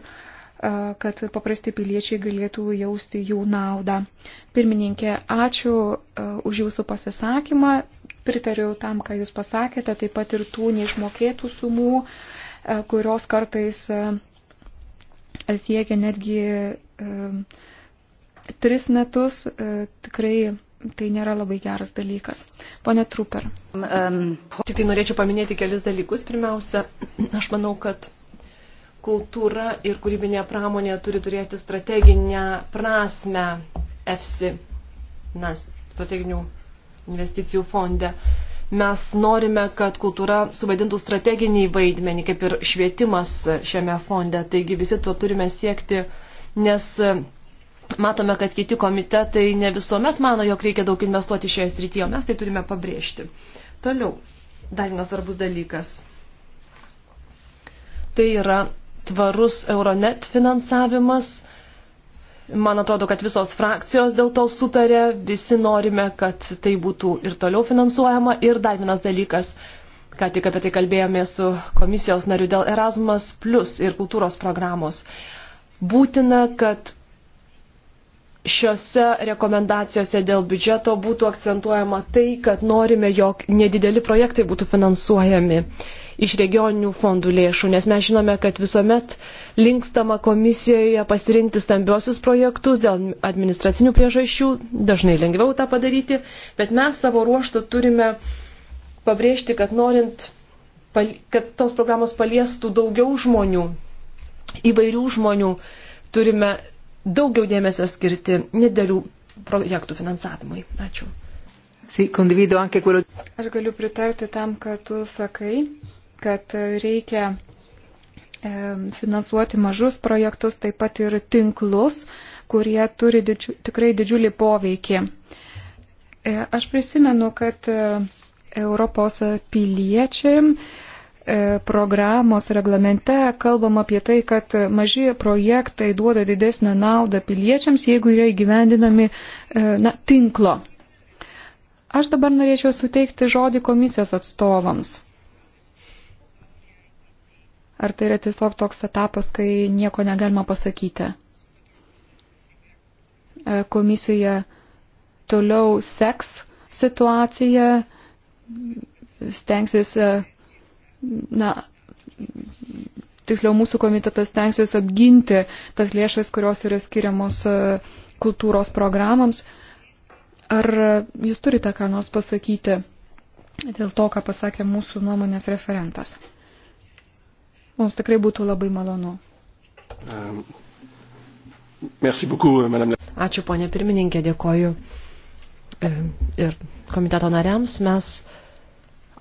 kad paprasti piliečiai galėtų jausti jų naudą. Pirmininkė, ačiū už jūsų pasisakymą, pritariu tam, ką jūs pasakėte, taip pat ir tų neišmokėtų sumų. Uh, E, kurios kartais e, siekia netgi e, tris metus, tikrai tai nėra labai geras dalykas. Pone Truper. Tik um, um, tai norėčiau paminėti kelis dalykus. Pirmiausia, aš manau, kad kultūra ir kūrybinė pramonė turi turėti strateginę prasme EFSI, na, strateginių investicijų fonde. Uh, Mes norime, kad kultūra suvaidintų strateginį vaidmenį, kaip ir švietimas šiame fonde. Taigi visi to turime siekti, nes matome, kad kiti komitetai ne visuomet mano, jog reikia daug investuoti šioje srityje, o mes tai turime pabrėžti. Toliau, dar vienas svarbus dalykas. Tai yra tvarus Euronet finansavimas Man atrodo, kad visos frakcijos dėl to sutarė, visi norime, kad tai būtų ir toliau finansuojama. Ir dar vienas dalykas, ką tik apie tai kalbėjome su komisijos nariu dėl Erasmus Plus ir kultūros programos. Būtina, kad šiose rekomendacijose dėl biudžeto būtų akcentuojama tai, kad norime, jog nedideli projektai būtų finansuojami. Uh, iš regioninių fondų lėšų, nes mes žinome, kad visuomet linkstama komisijoje pasirinkti stambiosius projektus dėl administracinių priežasčių, dažnai lengviau tą padaryti, bet mes savo ruoštų turime pabrėžti, kad norint, kad tos programos paliestų daugiau žmonių, įvairių žmonių, turime daugiau dėmesio skirti nedėlių projektų finansavimui. Ačiū. Aš galiu pritarti tam, ką tu sakai kad reikia e, finansuoti mažus projektus, taip pat ir tinklus, kurie turi didžiu, tikrai didžiulį poveikį. E, aš prisimenu, kad e, Europos piliečiai programos reglamente kalbam apie tai, kad maži projektai duoda didesnę naudą piliečiams, jeigu yra įgyvendinami na, tinklo. Aš dabar norėčiau suteikti žodį komisijos atstovams. Ar tai yra tiesiog toks etapas, kai nieko negalima pasakyti? E, komisija toliau seks situaciją, stengsis, e, na, tiksliau mūsų komitetas stengsis apginti tas lėšas, kurios yra skiriamos e, kultūros programams. Ar jūs turite ką nors pasakyti dėl to, ką pasakė mūsų nuomonės referentas? Mums tikrai būtų labai malonu. Um, euh, Ačiū, ponė pirmininkė, dėkoju e, ir komiteto nariams. Mes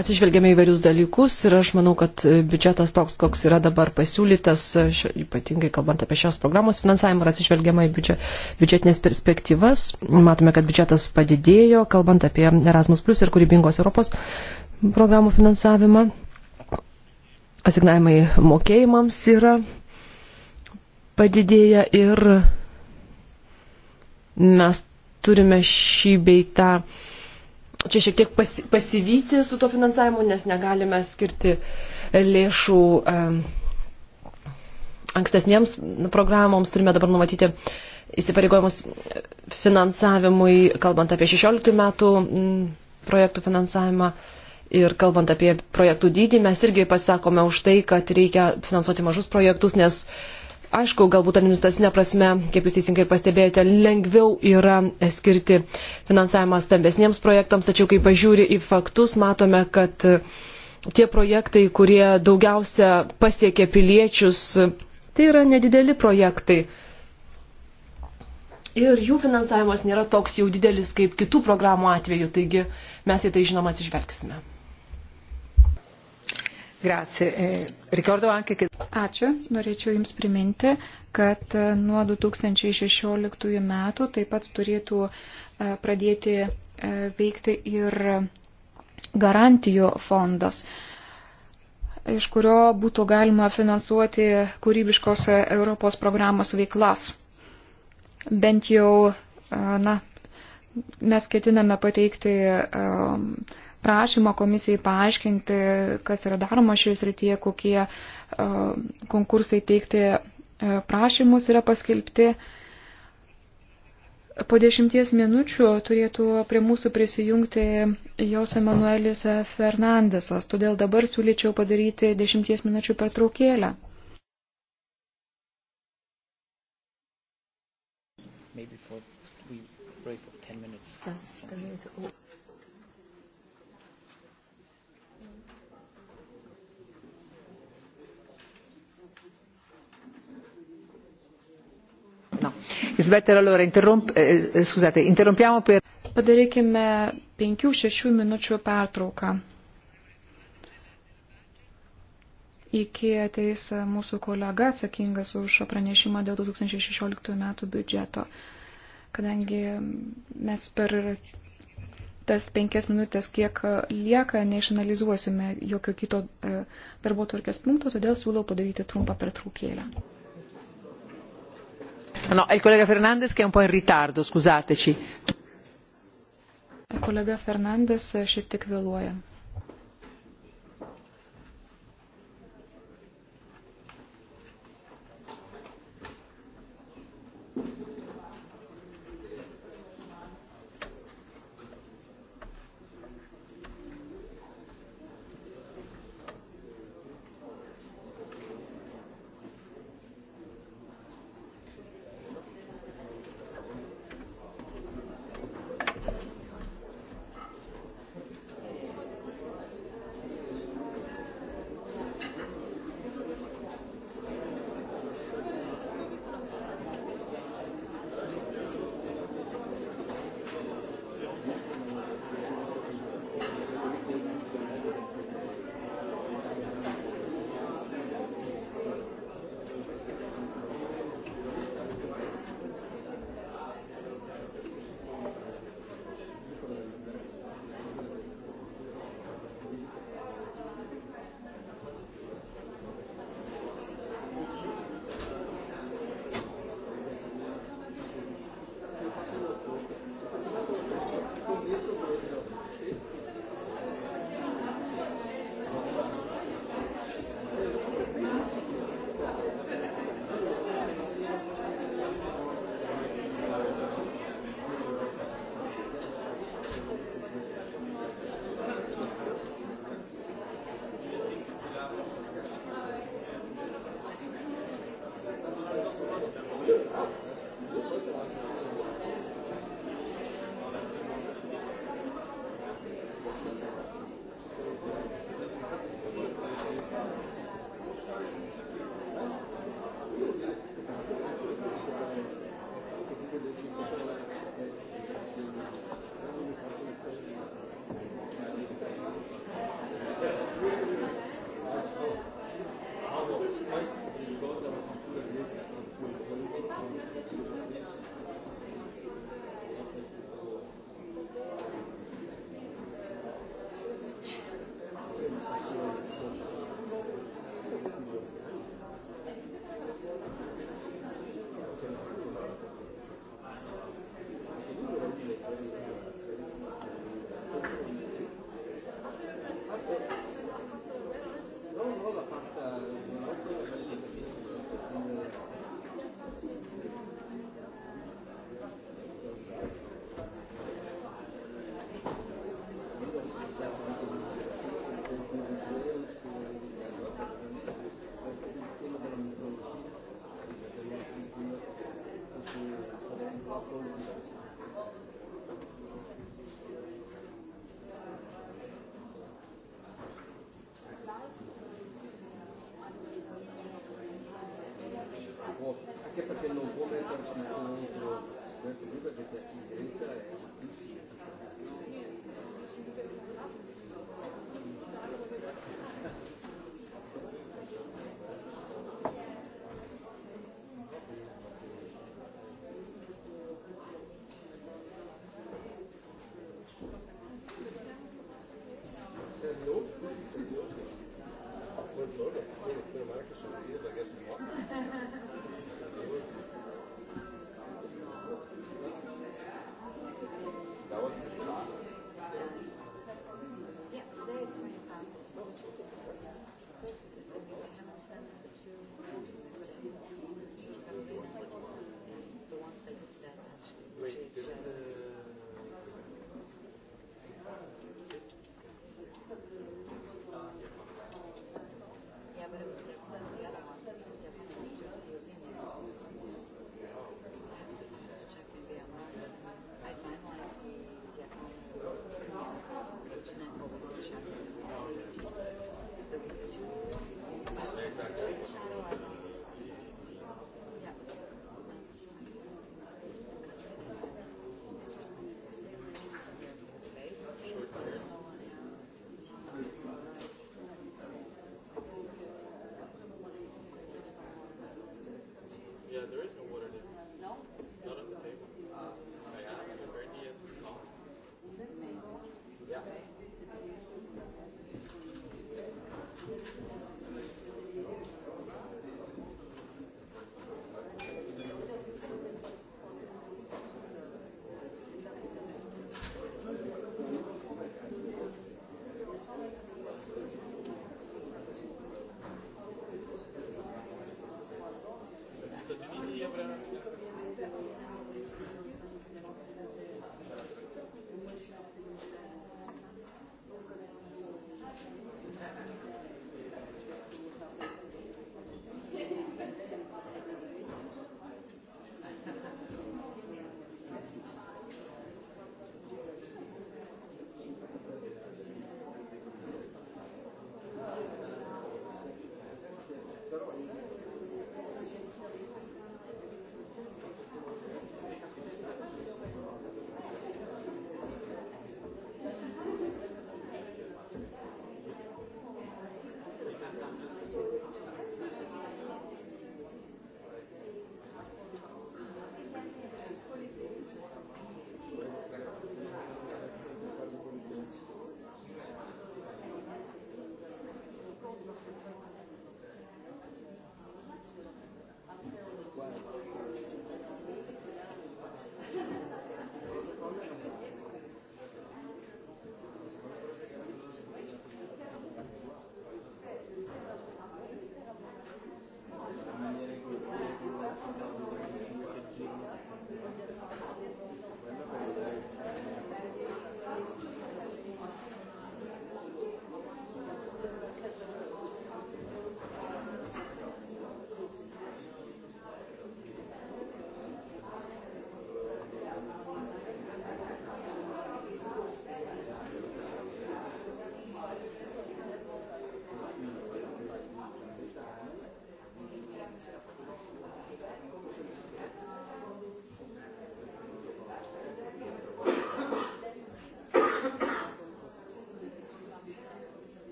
atsižvelgėme įvairius dalykus ir aš manau, kad e, biudžetas toks, koks yra dabar pasiūlytas, e, ypatingai kalbant apie šios programos finansavimą, yra atsižvelgiama į biudžet, biudžetinės perspektyvas. Matome, kad biudžetas padidėjo, kalbant apie Erasmus Plus ir kūrybingos Europos programų finansavimą asignavimai mokėjimams yra padidėję ir mes turime šį beitą čia šiek tiek pasi, pasivyti su to finansavimu, nes negalime skirti lėšų um, ankstesniems programoms, turime dabar numatyti įsipareigojimus finansavimui, kalbant apie 16 metų projektų finansavimą. Uh, Ir kalbant apie projektų dydį, mes irgi pasakome už tai, kad reikia finansuoti mažus projektus, nes, aišku, galbūt administracinė prasme, kaip jūs teisingai pastebėjote, lengviau yra skirti finansavimą stambesniems projektams, tačiau kai pažiūri į faktus, matome, kad tie projektai, kurie daugiausia pasiekia piliečius, tai yra nedideli projektai. Ir jų finansavimas nėra toks jau didelis kaip kitų programų atveju, taigi mes į tai žinoma atsižvelgsime. Eh, Ačiū. Norėčiau Jums priminti, kad e, nuo 2016 metų taip pat turėtų e, pradėti e, veikti ir garantijų fondas, iš kurio būtų galima finansuoti kūrybiškos Europos programos veiklas. Bent jau, na, mes ketiname pateikti uh, prašymą komisijai paaiškinti, kas yra daroma šioje srityje, kokie e, konkursai teikti e, prašymus yra paskelbti. Po dešimties minučių turėtų prie mūsų prisijungti jos Emanuelis Fernandesas, todėl dabar siūlyčiau padaryti dešimties minučių pertraukėlę. Svetter, allora interromp, eh, eh, scusate, interrompiamo per. Padarykime 5-6 minučių pertrauką. Iki ateis mūsų kolega atsakingas už pranešimą dėl 2016 metų biudžeto. Kadangi mes per tas penkias minutės, kiek lieka, neišanalizuosime jokio kito e, darbo tvarkės punkto, todėl siūlau padaryti trumpą pertraukėlę. No, è il collega Fernandez che è un po' in ritardo, scusateci. Kolega Fernandes šiek tiek vėluoja. together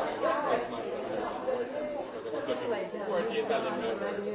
Because it was looking for the Italian members.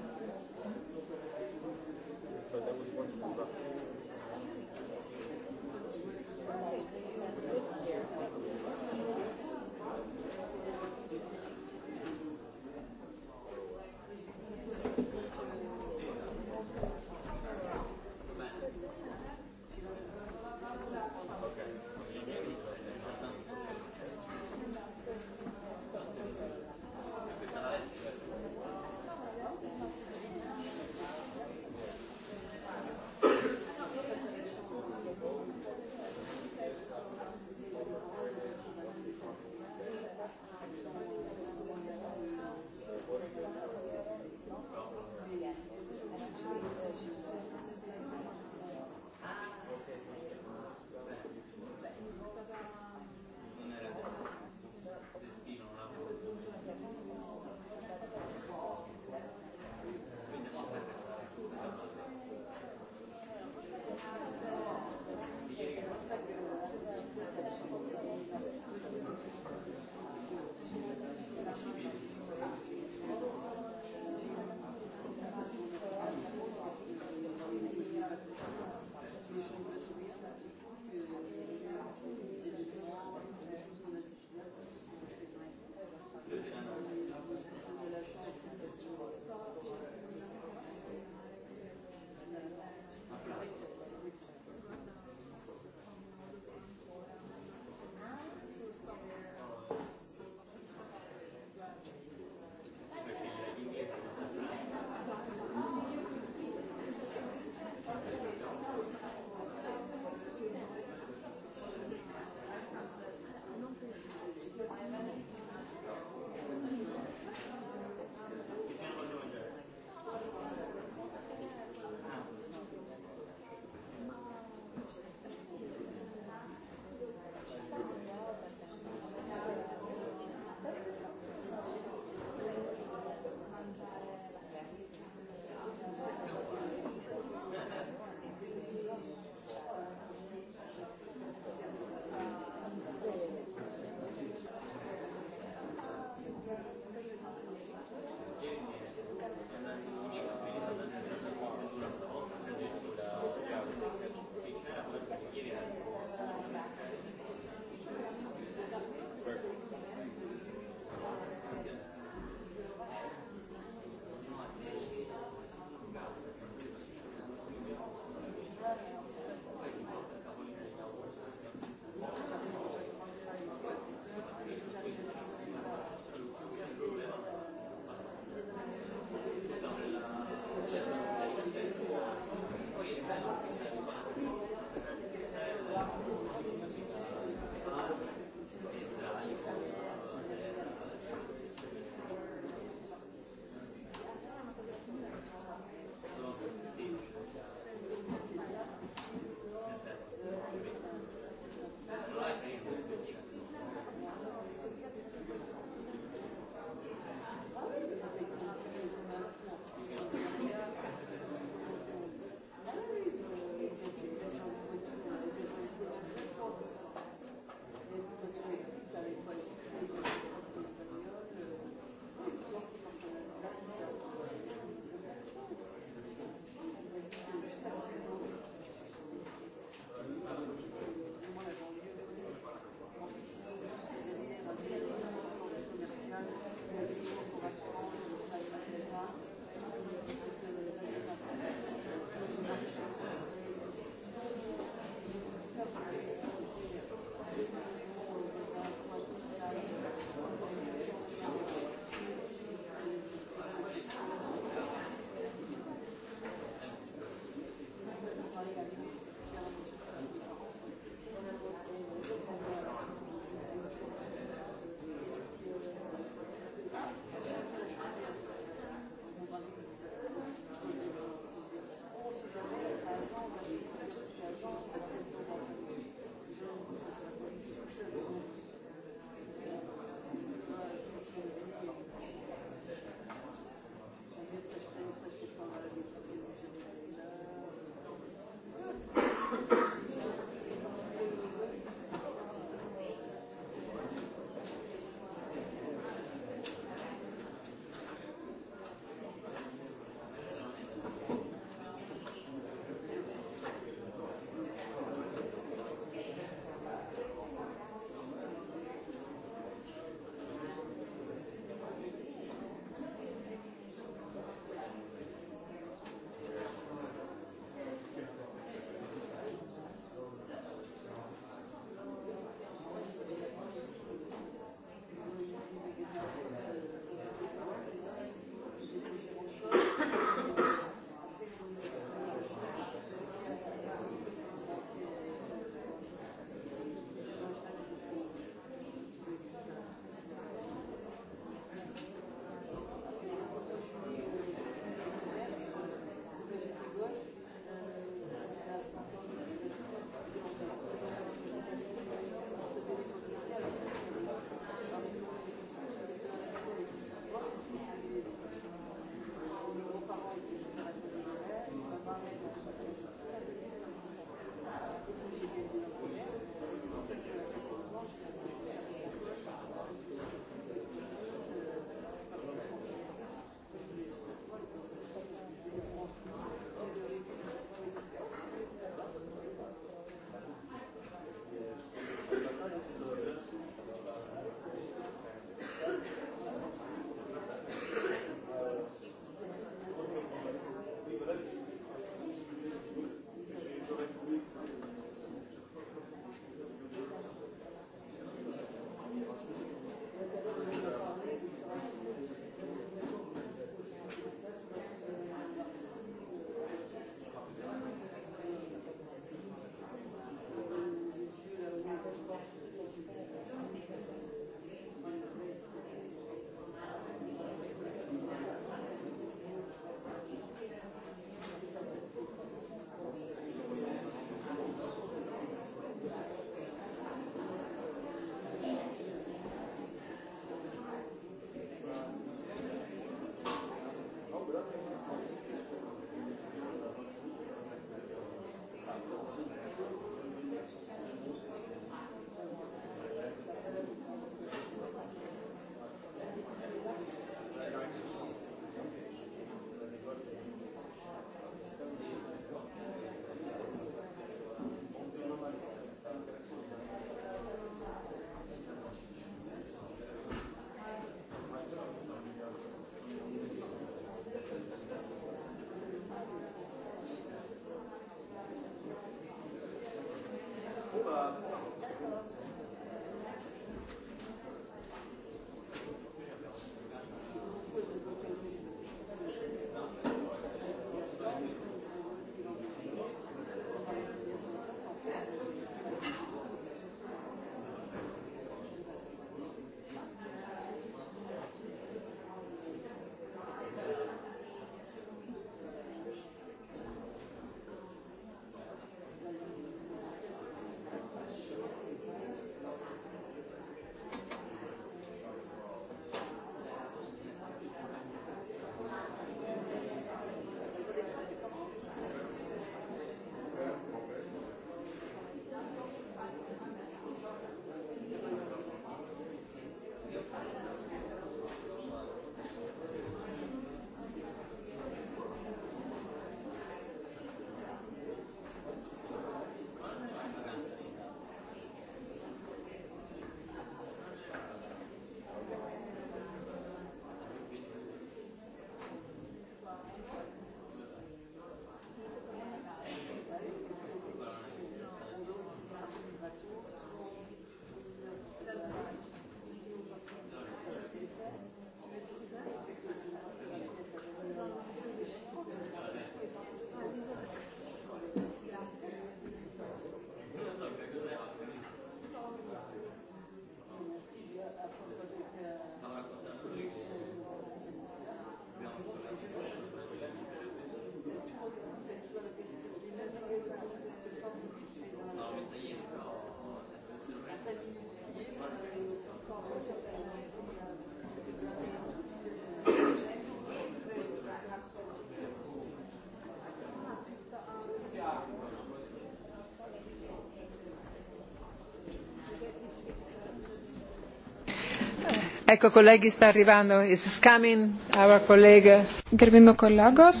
Eko kolegi sta arrivando, is coming, our colleague. Gerbimi kolegos,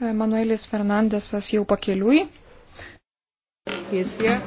Manuelis Fernandesas jau pakeliui. Jis here.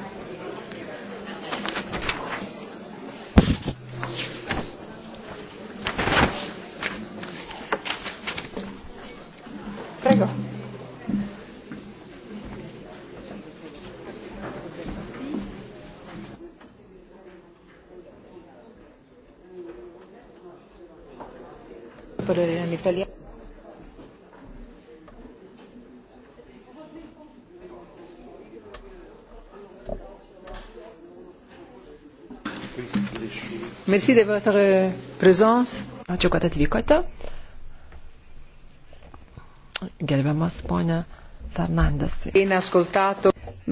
Merci de votre euh, présence. Ačiū, kad atvykote. Gerbiamas ponė Fernandas.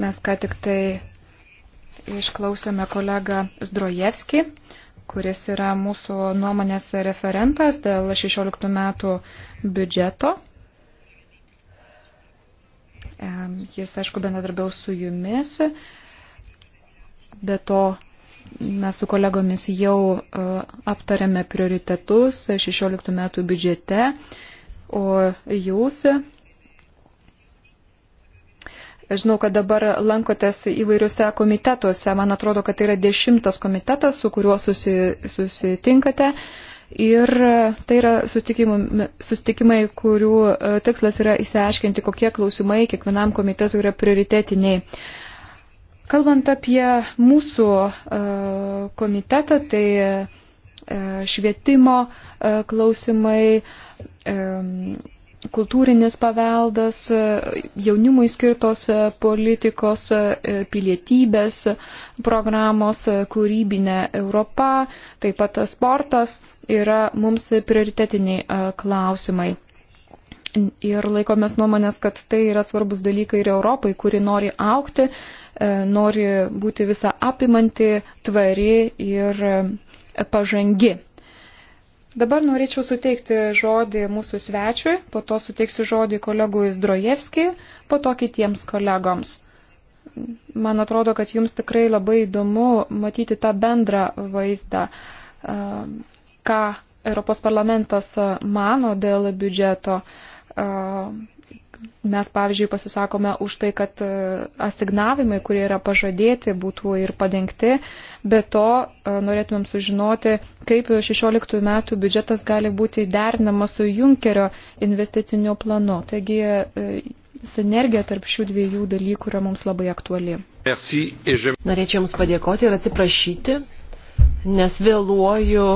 Mes ką tik tai išklausėme kolegą Zdrojevskį, kuris yra mūsų nuomonės referentas dėl 16 metų biudžeto. Jis, aišku, bendradarbiaus su jumis. Be to, Mes su kolegomis jau e, aptarėme prioritetus 16 metų biudžete, o jūs. Žinau, kad dabar lankotės įvairiuose komitetuose. Man atrodo, kad tai yra dešimtas komitetas, su kuriuo susi, susitinkate. Ir tai yra susitikimai, kurių e, tikslas yra įsiaiškinti, kokie klausimai kiekvienam komitetui yra prioritetiniai. Kalbant apie mūsų e, komitetą, tai e, švietimo e, klausimai, kultūrinis paveldas, jaunimui skirtos politikos, pilietybės programos, kūrybinė Europa, taip pat sportas yra mums prioritetiniai klausimai. Ir laikomės nuomonės, kad tai yra svarbus dalykai ir Europai, kuri nori aukti E, nori būti visą apimanti, tvari ir e, pažangi. Dabar norėčiau suteikti žodį mūsų svečiui, po to suteiksiu žodį kolegui Zdrojevskijui, po to kitiems kolegoms. Man atrodo, kad jums tikrai labai įdomu matyti tą bendrą vaizdą, e, ką Europos parlamentas mano dėl biudžeto, Mes, pavyzdžiui, pasisakome už tai, kad e, asignavimai, kurie yra pažadėti, būtų ir padengti. Be to, e, norėtumėm sužinoti, kaip 16 metų biudžetas gali būti derinamas su Junkerio investicinio planu. Taigi, e, sinergija tarp šių dviejų dalykų yra mums labai aktuali. Merci, je... Norėčiau Jums padėkoti ir atsiprašyti, nes vėluoju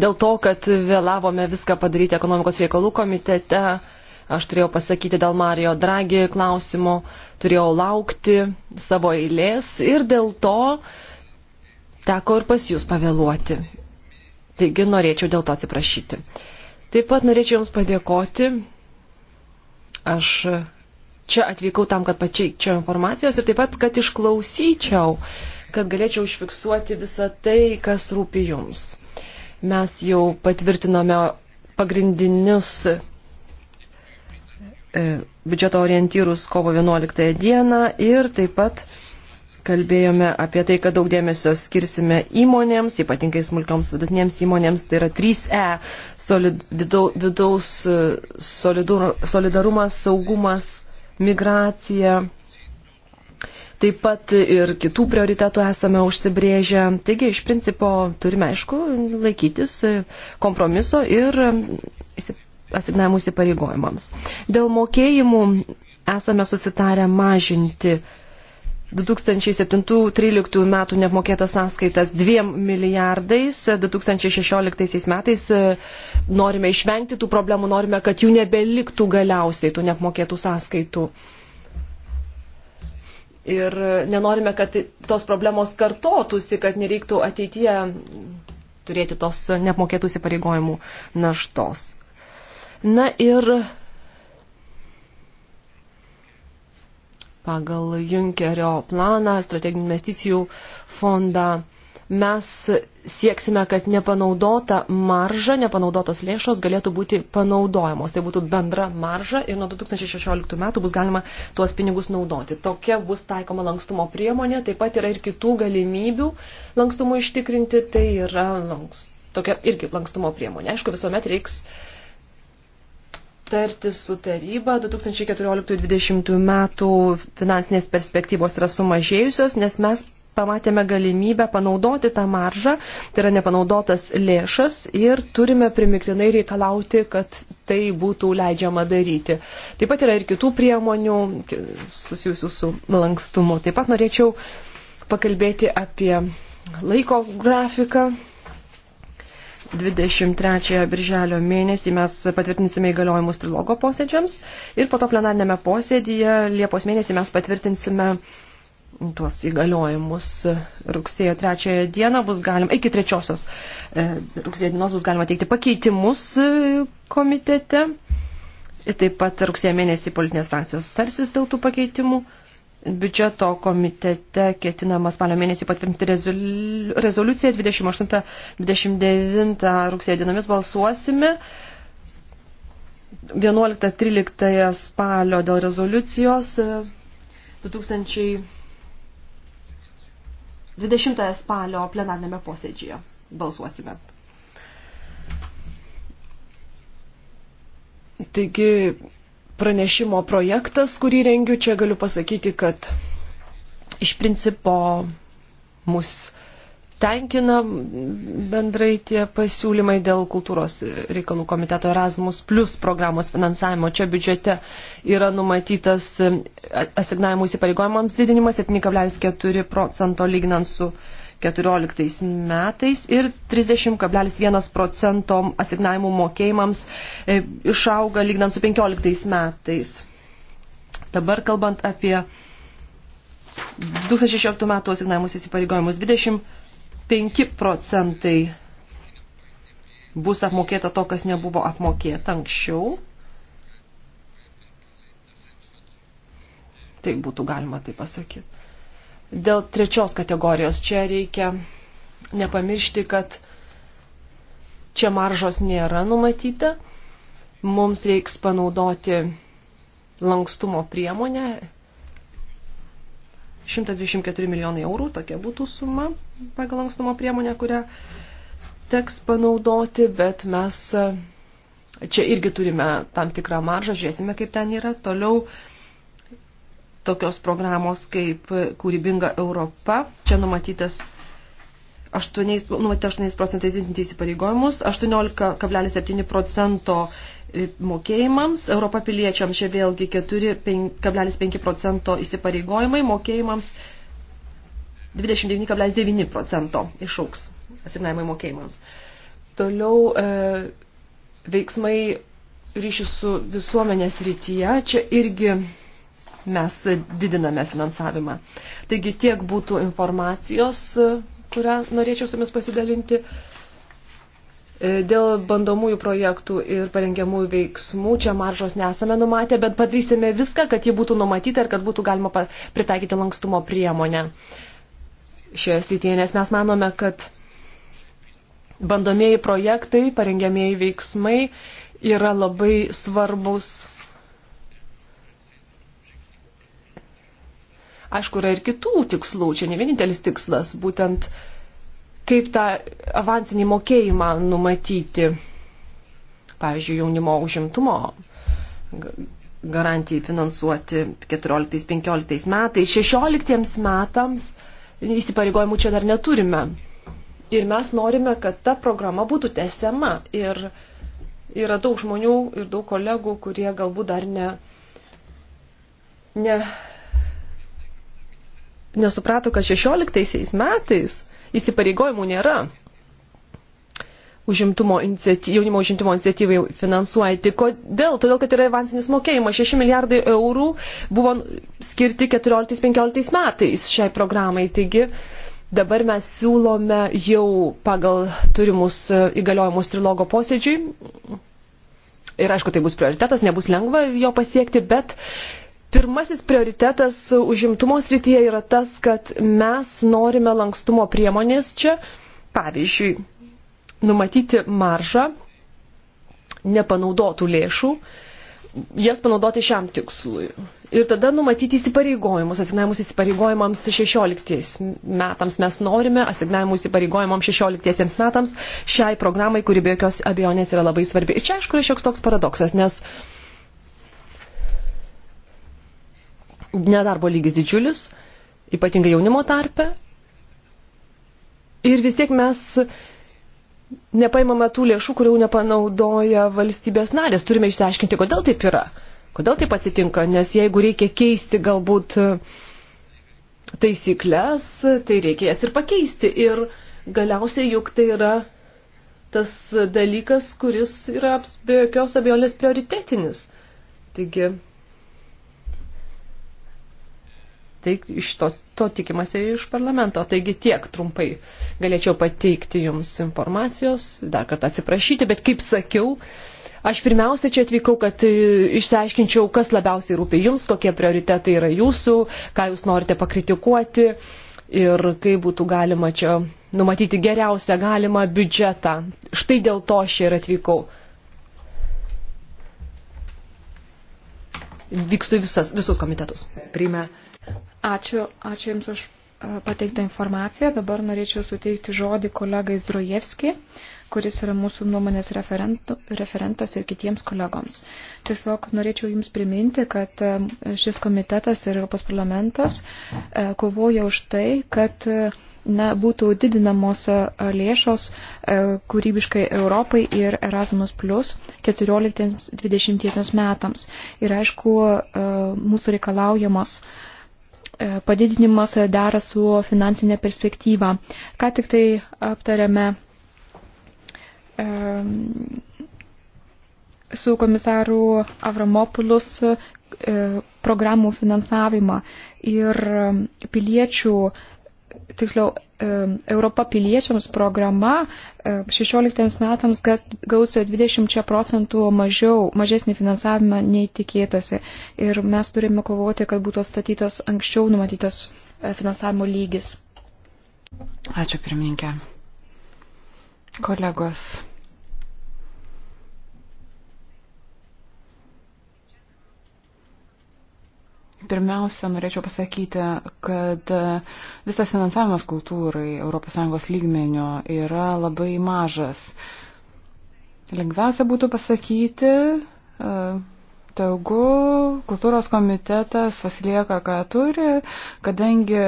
dėl to, kad vėlavome viską padaryti ekonomikos reikalų komitete Aš turėjau pasakyti dėl Mario Draghi klausimo, turėjau laukti savo eilės ir dėl to teko ir pas jūs pavėluoti. Taigi norėčiau dėl to atsiprašyti. Taip pat norėčiau Jums padėkoti. Aš čia atvykau tam, kad pačiaikčiau informacijos ir taip pat, kad išklausyčiau, kad galėčiau užfiksuoti visą tai, kas rūpi Jums. Mes jau patvirtinome pagrindinius E, biudžeto orientyrus kovo 11 dieną ir taip pat kalbėjome apie tai, kad daug dėmesio skirsime įmonėms, ypatingai smulkioms vidutinėms įmonėms, tai yra 3E solid, vidaus e, solidur, solidarumas, saugumas, migracija. Taip pat ir kitų prioritetų esame užsibrėžę. Taigi, iš principo, turime, aišku, laikytis kompromiso ir asignavimų įsipareigojimams. Dėl mokėjimų esame susitarę mažinti 2007-2013 metų neapmokėtas sąskaitas 2 milijardais, 2016 metais e, norime išvengti tų problemų, norime, kad jų nebeliktų galiausiai tų neapmokėtų sąskaitų. Ir e, nenorime, kad tos problemos kartotųsi, kad nereiktų ateityje turėti tos neapmokėtų įsipareigojimų naštos. Na ir pagal Junkerio planą, strateginių investicijų fondą, mes sieksime, kad nepanaudota marža, nepanaudotos lėšos galėtų būti panaudojamos. Tai būtų bendra marža ir nuo 2016 metų bus galima tuos pinigus naudoti. Tokia bus taikoma lankstumo priemonė, taip pat yra ir kitų galimybių lankstumo ištikrinti, tai yra lankst, tokia irgi lankstumo priemonė. Aišku, visuomet reiks uh, tartis su taryba 2014-2020 metų finansinės perspektyvos yra sumažėjusios, nes mes pamatėme galimybę panaudoti tą maržą, tai yra nepanaudotas lėšas ir turime primiktinai reikalauti, kad tai būtų leidžiama daryti. Taip pat yra ir kitų priemonių susijusių su lankstumu. Taip pat norėčiau pakalbėti apie laiko grafiką 23 birželio mėnesį mes patvirtinsime įgaliojimus trilogo posėdžiams ir po to plenarnėme posėdyje Liepos mėnesį mes patvirtinsime tuos įgaliojimus rugsėjo 3 dieną bus galima, iki 3 e, rugsėjo dienos bus galima teikti pakeitimus e, komitete ir taip pat rugsėjo mėnesį politinės frakcijos tarsis dėl tų pakeitimų biudžeto komitete ketinama spalio mėnesį patvirtinti rezoliuciją 28-29 rugsėjo dienomis balsuosime. 11-13 spalio dėl rezoliucijos 2020 spalio plenarnėme posėdžyje balsuosime. Taigi pranešimo projektas, kurį rengiu, čia galiu pasakyti, kad iš principo mus tenkina bendrai tie pasiūlymai dėl kultūros reikalų komiteto Erasmus plus programos finansavimo. Čia biudžete yra numatytas asignavimų įsipareigojimams didinimas 7,4 procento lyginant su 2014 2014 metais ir 30,1 procento asignavimų mokėjimams e, išauga lygnant su 15 metais. Dabar kalbant apie 2016 metų asignavimus įsipareigojimus, 25 procentai bus apmokėta to, kas nebuvo apmokėta anksčiau. Taip būtų galima tai pasakyti. Dėl trečios kategorijos čia reikia nepamiršti, kad čia maržos nėra numatyta. Mums reiks panaudoti lankstumo priemonę. 124 milijonai eurų, tokia būtų suma pagal lankstumo priemonę, kurią teks panaudoti, bet mes e, čia irgi turime tam tikrą maržą, žiūrėsime, kaip ten yra. Toliau tokios programos kaip Kūrybinga Europa. Čia numatytas 8, numatyti 8 procentai didinti įsipareigojimus, 18,7 procento e, mokėjimams, Europa piliečiams čia vėlgi 4,5 procento įsipareigojimai, mokėjimams 29,9 procento išauks asignavimai mokėjimams. Toliau e, veiksmai ryšių su visuomenės rytyje. Čia irgi mes didiname finansavimą. Taigi tiek būtų informacijos, kurią norėčiau su jumis pasidalinti. E, dėl bandomųjų projektų ir parengiamųjų veiksmų čia maržos nesame numatę, bet padarysime viską, kad ji būtų numatyta ir kad būtų galima pritaikyti lankstumo priemonę šioje srityje, nes mes manome, kad bandomieji projektai, parengiamieji veiksmai yra labai svarbus aišku, yra ir kitų tikslų, čia ne vienintelis tikslas, būtent kaip tą avansinį mokėjimą numatyti, pavyzdžiui, jaunimo užimtumo garantijai finansuoti 14-15 metais, 16 metams įsipareigojimų čia dar neturime. Ir mes norime, kad ta programa būtų tesiama. Ir yra daug žmonių ir daug kolegų, kurie galbūt dar ne, ne nesuprato, kad 16 metais įsipareigojimų nėra. Užimtumo jaunimo užimtumo iniciatyvai finansuoja. Tik kodėl? Todėl, kad yra avansinis mokėjimas. 6 milijardai eurų buvo skirti 14-15 metais šiai programai. Taigi dabar mes siūlome jau pagal turimus įgaliojimus trilogo posėdžiui. Ir aišku, tai bus prioritetas, nebus lengva jo pasiekti, bet Pirmasis prioritetas užimtumo srityje yra tas, kad mes norime lankstumo priemonės čia, pavyzdžiui, numatyti maržą nepanaudotų lėšų, jas panaudoti šiam tikslui. Ir tada numatyti įsipareigojimus, asignavimus įsipareigojimams 16 metams. Mes norime asignavimus įsipareigojimams 16 metams šiai programai, kuri be jokios abejonės yra labai svarbi. Ir čia, aišku, yra šioks toks paradoksas, nes uh, nedarbo lygis didžiulis, ypatingai jaunimo tarpe. Ir vis tiek mes nepaimame tų lėšų, kurių nepanaudoja valstybės narės. Turime išsiaiškinti, kodėl taip yra, kodėl taip atsitinka, nes jeigu reikia keisti galbūt taisyklės, tai reikia jas ir pakeisti. Ir galiausiai juk tai yra tas dalykas, kuris yra be jokios abejonės prioritetinis. Taigi tai iš to, to tikimasi iš parlamento. Taigi tiek trumpai galėčiau pateikti jums informacijos, dar kartą atsiprašyti, bet kaip sakiau, Aš pirmiausia čia atvykau, kad išsiaiškinčiau, kas labiausiai rūpi jums, kokie prioritetai yra jūsų, ką jūs norite pakritikuoti ir kaip būtų galima čia numatyti geriausią galimą biudžetą. Štai dėl to aš čia ir atvykau. Vykstu visas, visus komitetus. Prime. Ačiū, ačiū Jums už e, pateiktą informaciją. Dabar norėčiau suteikti žodį kolegai Zdrojevski, kuris yra mūsų nuomonės referentas ir kitiems kolegoms. Tiesiog norėčiau Jums priminti, kad e, šis komitetas ir Europos parlamentas e, kovoja už tai, kad na, būtų didinamos lėšos kūrybiškai Europai ir Erasmus Plus 14-20 metams. Ir aišku, mūsų reikalaujamos E, padidinimas dera su finansinė perspektyva. Ką tik tai aptarėme e, su komisaru Avramopulus e, programų finansavimą ir piliečių tiksliau, Europa piliečiams programa 16 metams gaus 20 procentų mažiau, mažesnį finansavimą nei tikėtasi. Ir mes turime kovoti, kad būtų atstatytas anksčiau numatytas e, finansavimo lygis. Ačiū pirmininkė. Kolegos. Pirmiausia, norėčiau pasakyti, kad visas finansavimas kultūrai ES lygmenio yra labai mažas. Lengviausia būtų pasakyti, e, tegu kultūros komitetas pasilieka, ką turi, kadangi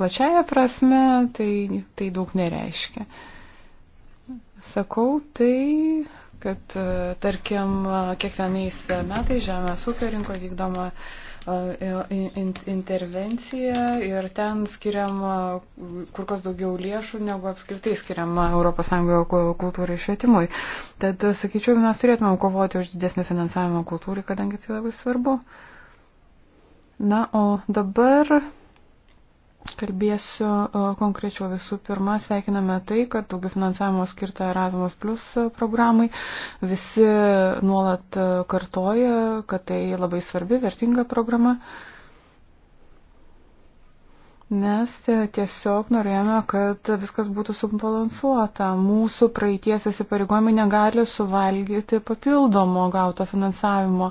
plačiaja prasme tai, tai daug nereiškia. Sakau tai, kad e, tarkim kiekvienais metais žemės ūkio rinko vykdoma uh, intervenciją ir ten skiriama kur kas daugiau lėšų negu apskritai skiriama ES kultūrai švietimui. Tad, sakyčiau, mes turėtumėm kovoti už didesnį finansavimą kultūrai, kadangi tai labai svarbu. Na, o dabar Kalbėsiu konkrečiau visų pirma, sveikiname tai, kad daugiau finansavimo skirta Erasmus Plus programai. Visi nuolat e, kartoja, kad tai labai svarbi, vertinga programa. Uh, Mes tiesiog norėjome, kad viskas būtų subalansuota. Mūsų praeities įsipareigojimai negali suvalgyti papildomo gauto finansavimo.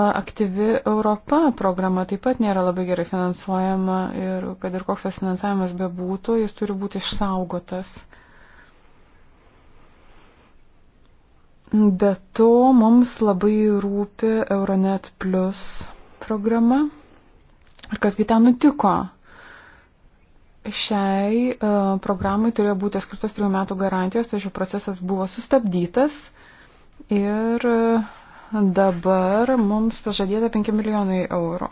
Aktyvi Europa programa taip pat nėra labai gerai finansuojama ir kad ir koks tas finansavimas bebūtų, jis turi būti išsaugotas. Be to mums labai rūpi Euronet Plus programa. Ir kas gi ten nutiko? Šiai uh, programai turėjo būti skirtas trijų metų garantijos, tačiau procesas buvo sustabdytas ir uh, dabar mums pažadėta 5 milijonai eurų.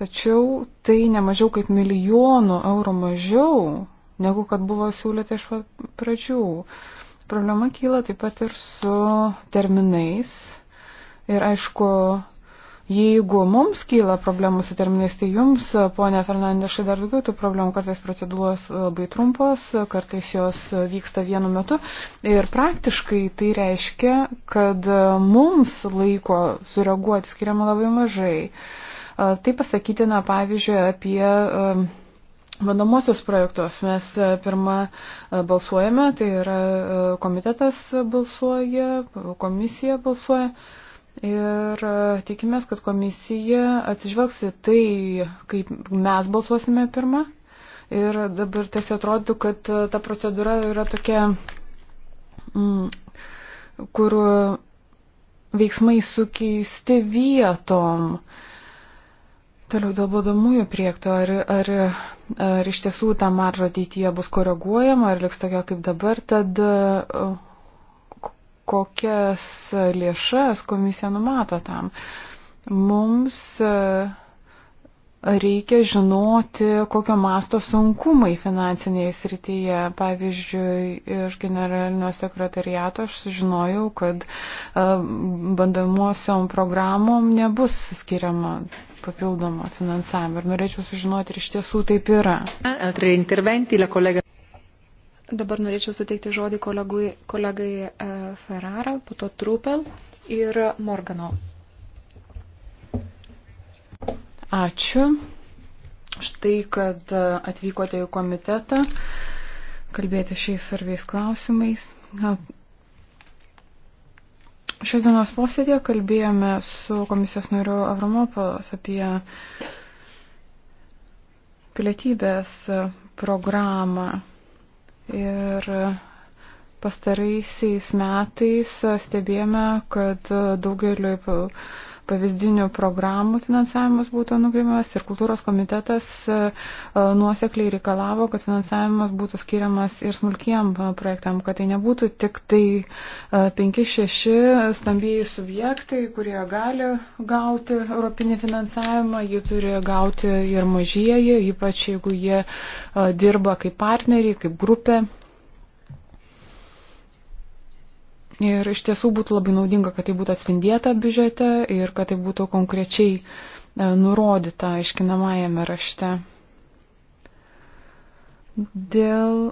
Tačiau tai nemažiau kaip milijonų eurų mažiau, negu kad buvo siūlyta iš pradžių. Problema kyla taip pat ir su terminais. Ir aišku, Jeigu mums kyla problemų su terminais, tai jums, ponė Fernandešai, dar daugiau tų problemų. Kartais procedūros labai trumpos, kartais jos vyksta vienu metu. Ir praktiškai tai reiškia, kad mums laiko sureaguoti skiriama labai mažai. Tai pasakytina, pavyzdžiui, apie Vandomosios projektos mes pirmą balsuojame, tai yra komitetas balsuoja, komisija balsuoja. Ir e, tikimės, kad komisija atsižvelgs į tai, kaip mes balsuosime pirmą. Ir dabar tiesiog atrodo, kad e, ta procedūra yra tokia, mm, kur veiksmai sukeisti vietom. Toliau dėl badomųjų priekto, ar, ar, ar iš tiesų ta marža ateityje bus koreguojama, ar liks tokia kaip dabar, tad e, kokias lėšas komisija numato tam. Mums e, reikia žinoti, kokio masto sunkumai finansiniai srityje. Pavyzdžiui, iš generalinio sekretariato aš sužinojau, kad e, bandomuosiom programom nebus skiriama papildomo finansavimo ir norėčiau sužinoti, ar iš tiesų taip yra. Dabar norėčiau suteikti žodį kolegui, kolegai e, Ferrara, po to Trupel ir Morgano. Ačiū. Štai, kad atvykote į komitetą kalbėti šiais svarbiais klausimais. Šios dienos posėdėje kalbėjome su komisijos nariu Avramopolas apie pilietybės programą Ir pastaraisiais metais stebėjome, kad daugeliu pavyzdinių programų finansavimas būtų nugrimas ir kultūros komitetas e, e, nuosekliai reikalavo, kad finansavimas būtų skiriamas ir smulkiem e, projektam, kad tai nebūtų tik tai 5-6 stambiai subjektai, kurie gali gauti europinį finansavimą, jį turi gauti ir mažieji, ypač jeigu jie dirba kaip partneriai, kaip grupė. Ir iš tiesų būtų labai naudinga, kad tai būtų atspindėta biudžete ir kad tai būtų konkrečiai e, nurodyta aiškinamajame rašte. Dėl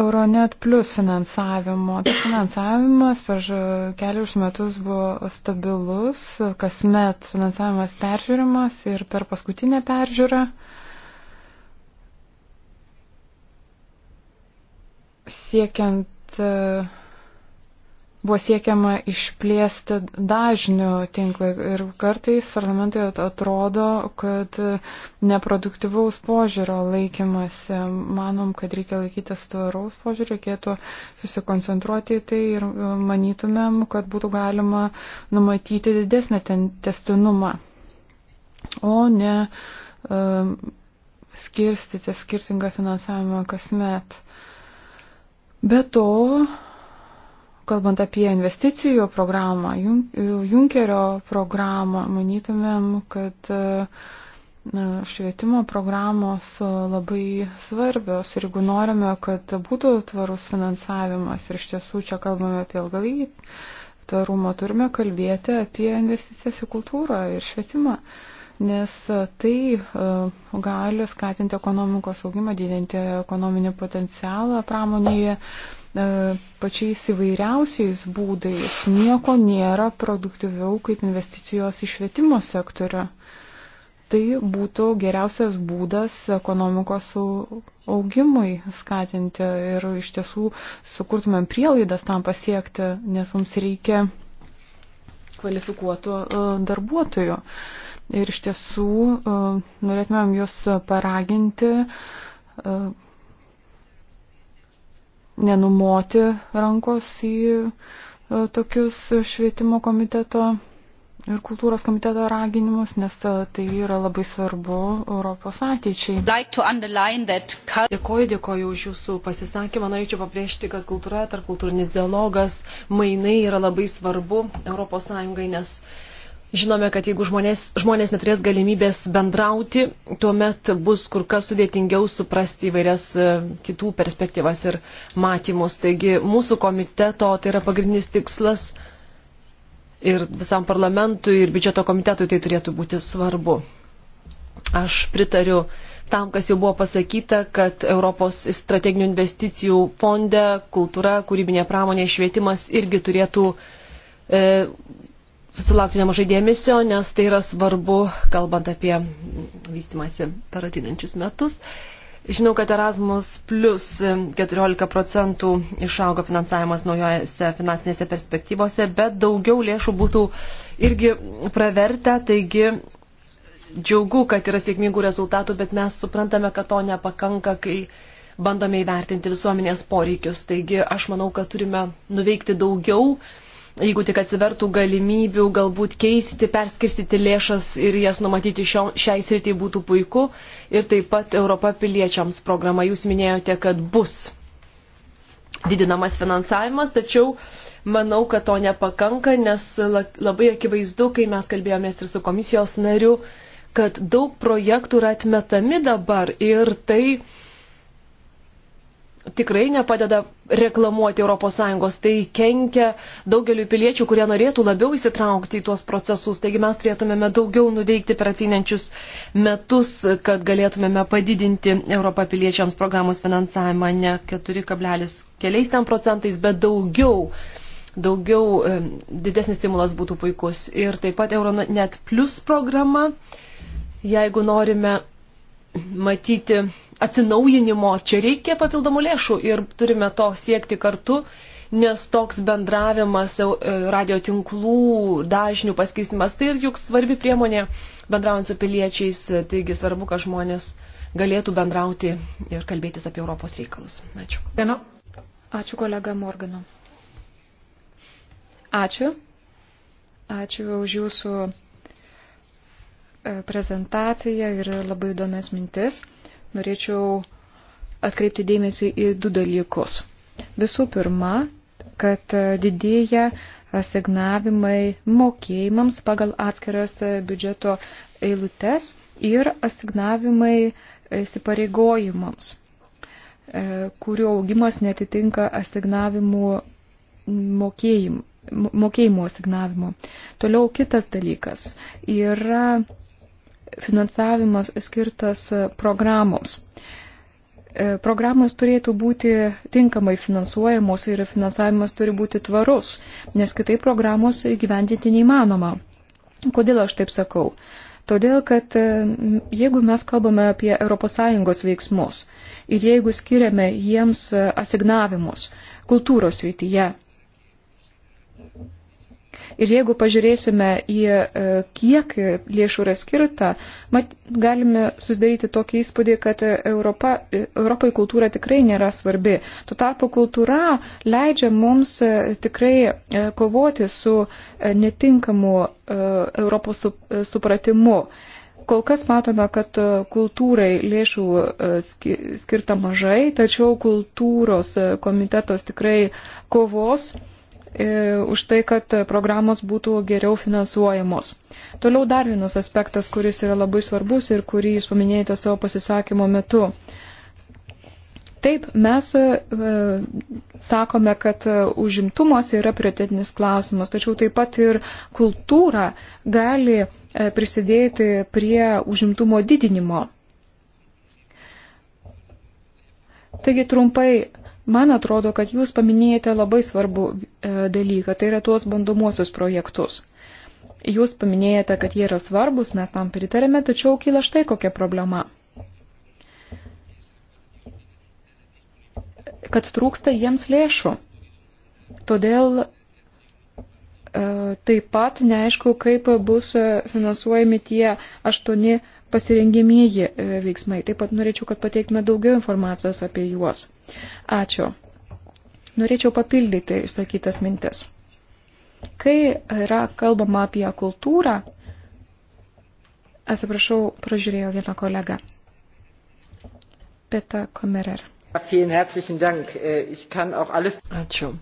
Euronet plus finansavimo. Tas finansavimas per kelius metus buvo stabilus, kasmet finansavimas peržiūrimas ir per paskutinę peržiūrą siekiant uh, buvo siekiama išplėsti dažnių tinklą ir kartais parlamentai atrodo, kad neproduktyvaus požiūrio laikymasi. Manom, kad reikia laikytis tvaraus požiūrio, reikėtų susikoncentruoti į tai ir manytumėm, kad būtų galima numatyti didesnį testinumą, o ne um, skirstyti skirtingą finansavimą kasmet. Be to, Kalbant apie investicijų programą, Junkerio programą, manytumėm, kad e, švietimo programos labai svarbios ir jeigu norime, kad būtų tvarus finansavimas ir iš tiesų čia kalbame apie ilgalaikį tvarumą, turime kalbėti apie investicijas į kultūrą ir švietimą. Uh, nes tai e, gali skatinti ekonomikos augimą, didinti ekonominį potencialą pramonėje e, pačiais įvairiausiais būdais. Nieko nėra produktyviau kaip investicijos į švietimo sektorių. Tai būtų geriausias būdas ekonomikos augimui skatinti ir iš tiesų sukurtumėm prielaidas tam pasiekti, nes mums reikia kvalifikuotų e, darbuotojų. Uh, Ir iš tiesų e, norėtumėm jūs paraginti, e, nenumoti rankos į e, tokius švietimo komiteto ir kultūros komiteto raginimus, nes tai yra labai svarbu Europos ateičiai. Dėkoju, dėkoju už jūsų pasisakymą. Norėčiau pabrėžti, kad kultūra, tarpkultūrinis dialogas, mainai yra labai svarbu Europos Sąjungai, nes Žinome, kad jeigu žmonės, žmonės neturės galimybės bendrauti, tuomet bus kur kas sudėtingiau suprasti įvairias e, kitų perspektyvas ir matymus. Taigi mūsų komiteto tai yra pagrindinis tikslas ir visam parlamentui ir biudžeto komitetui tai turėtų būti svarbu. Aš pritariu tam, kas jau buvo pasakyta, kad Europos strateginių investicijų fonde kultūra, kūrybinė pramonė, švietimas irgi turėtų e, susilaukti nemažai dėmesio, nes tai yra svarbu, kalbant apie vystimąsi per ateinančius metus. Žinau, kad Erasmus plus 14 procentų išaugo finansavimas naujojose finansinėse perspektyvose, bet daugiau lėšų būtų irgi pravertę, taigi džiaugu, kad yra sėkmingų rezultatų, bet mes suprantame, kad to nepakanka, kai bandome įvertinti visuomenės poreikius. Taigi aš manau, kad turime nuveikti daugiau, jeigu tik atsivertų galimybių galbūt keisti, perskirstyti lėšas ir jas numatyti šio, šiai sritai būtų puiku. Ir taip pat Europa piliečiams programa, jūs minėjote, kad bus didinamas finansavimas, tačiau manau, kad to nepakanka, nes labai akivaizdu, kai mes kalbėjomės ir su komisijos nariu, kad daug projektų yra atmetami dabar ir tai tikrai nepadeda reklamuoti ES, tai kenkia daugeliu piliečių, kurie norėtų labiau įsitraukti į tuos procesus. Taigi mes turėtumėme daugiau nuveikti per ateinančius metus, kad galėtumėme padidinti Europą piliečiams programos finansavimą ne 4,9 procentais, bet daugiau. Daugiau didesnis stimulas būtų puikus. Ir taip pat Euronet Plus programa, jeigu norime matyti atsinaujinimo čia reikia papildomų lėšų ir turime to siekti kartu, nes toks bendravimas, e, radio tinklų, dažnių paskirstimas, tai juk svarbi priemonė bendraujant su piliečiais, taigi svarbu, kad žmonės galėtų bendrauti ir kalbėtis apie Europos reikalus. Ačiū. Vienu. Ačiū kolega Morganu. Ačiū. Ačiū už jūsų e, prezentaciją ir labai įdomias mintis norėčiau atkreipti dėmesį į du dalykus. Visų pirma, kad didėja asignavimai mokėjimams pagal atskiras biudžeto eilutes ir asignavimai įsipareigojimams, e, kurių augimas netitinka asignavimų mokėjimų mokėjimo asignavimo. Toliau kitas dalykas yra finansavimas skirtas programoms. E, programos turėtų būti tinkamai finansuojamos ir finansavimas turi būti tvarus, nes kitai programos įgyvendinti neįmanoma. Kodėl aš taip sakau? Todėl, kad e, jeigu mes kalbame apie ES veiksmus ir jeigu skiriame jiems asignavimus kultūros rytyje, Ir jeigu pažiūrėsime į e, kiek lėšų yra skirta, mat, galime susidaryti tokį įspūdį, kad Europa, e, Europai kultūra tikrai nėra svarbi. Tuo tarpu kultūra leidžia mums e, tikrai kovoti su netinkamu Europos supratimu. Kol kas matome, kad kultūrai lėšų skirta mažai, tačiau kultūros komitetas tikrai kovos E, už tai, kad programos būtų geriau finansuojamos. Toliau dar vienas aspektas, kuris yra labai svarbus ir kurį jūs paminėjote savo pasisakymo metu. Taip, mes e, sakome, kad užimtumas yra prioritetinis klausimas, tačiau taip pat ir kultūra gali e, prisidėti prie užimtumo didinimo. Taigi trumpai Man atrodo, kad jūs paminėjate labai svarbų e, dalyką, tai yra tuos bandomuosius projektus. Jūs paminėjate, kad jie yra svarbus, mes tam pritarėme, tačiau kyla štai kokia problema. Kad trūksta jiems lėšų. Todėl e, taip pat neaišku, kaip bus e, finansuojami tie 8 pasirengimieji e, veiksmai. Taip pat norėčiau, kad pateiktume daugiau informacijos apie juos. Ačiū. Norėčiau papildyti išsakytas mintis. Kai yra kalbama apie kultūrą, atsiprašau, pražiūrėjau vieną kolegą. Peta Komerer. Äh, Ačiū.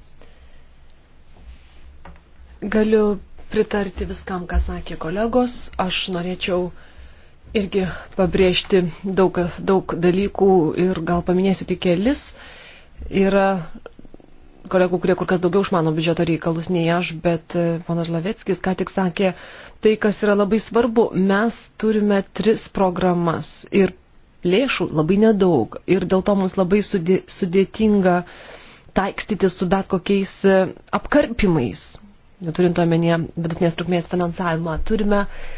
Galiu pritarti viskam, ką sakė kolegos. Aš norėčiau irgi pabrėžti daug, daug dalykų ir gal paminėsiu tik kelis. Yra kolegų, kurie kur kas daugiau išmano biudžeto reikalus nei aš, bet e, ponas Laveckis ką tik sakė, tai kas yra labai svarbu, mes turime tris programas ir lėšų labai nedaug ir dėl to mums labai sudėtinga taikstyti su bet kokiais e, apkarpimais, neturint omenyje vidutinės trukmės finansavimą. Turime uh,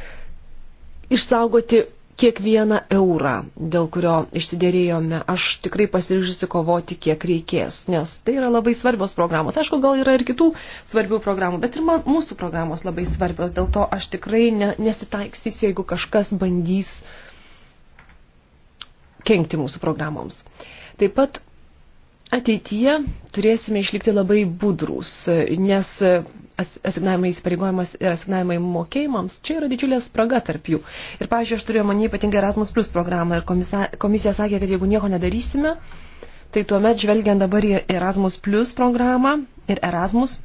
išsaugoti kiekvieną eurą, dėl kurio išsiderėjome. Aš tikrai pasiryžusi kovoti, kiek reikės, nes tai yra labai svarbios programos. Aišku, gal yra ir kitų svarbių programų, bet ir man, mūsų programos labai svarbios. Dėl to aš tikrai ne, nesitaikstysiu, jeigu kažkas bandys kenkti mūsų programoms. Taip pat ateityje turėsime išlikti labai budrus, nes asignavimai įsipareigojimas ir asignavimai mokėjimams, čia yra didžiulė spraga tarp jų. Ir, pažiūrėjau, aš turėjau manį ypatingai Erasmus Plus programą ir komisa, komisija sakė, kad jeigu nieko nedarysime, tai tuomet žvelgiant dabar į Erasmus Plus programą ir Erasmus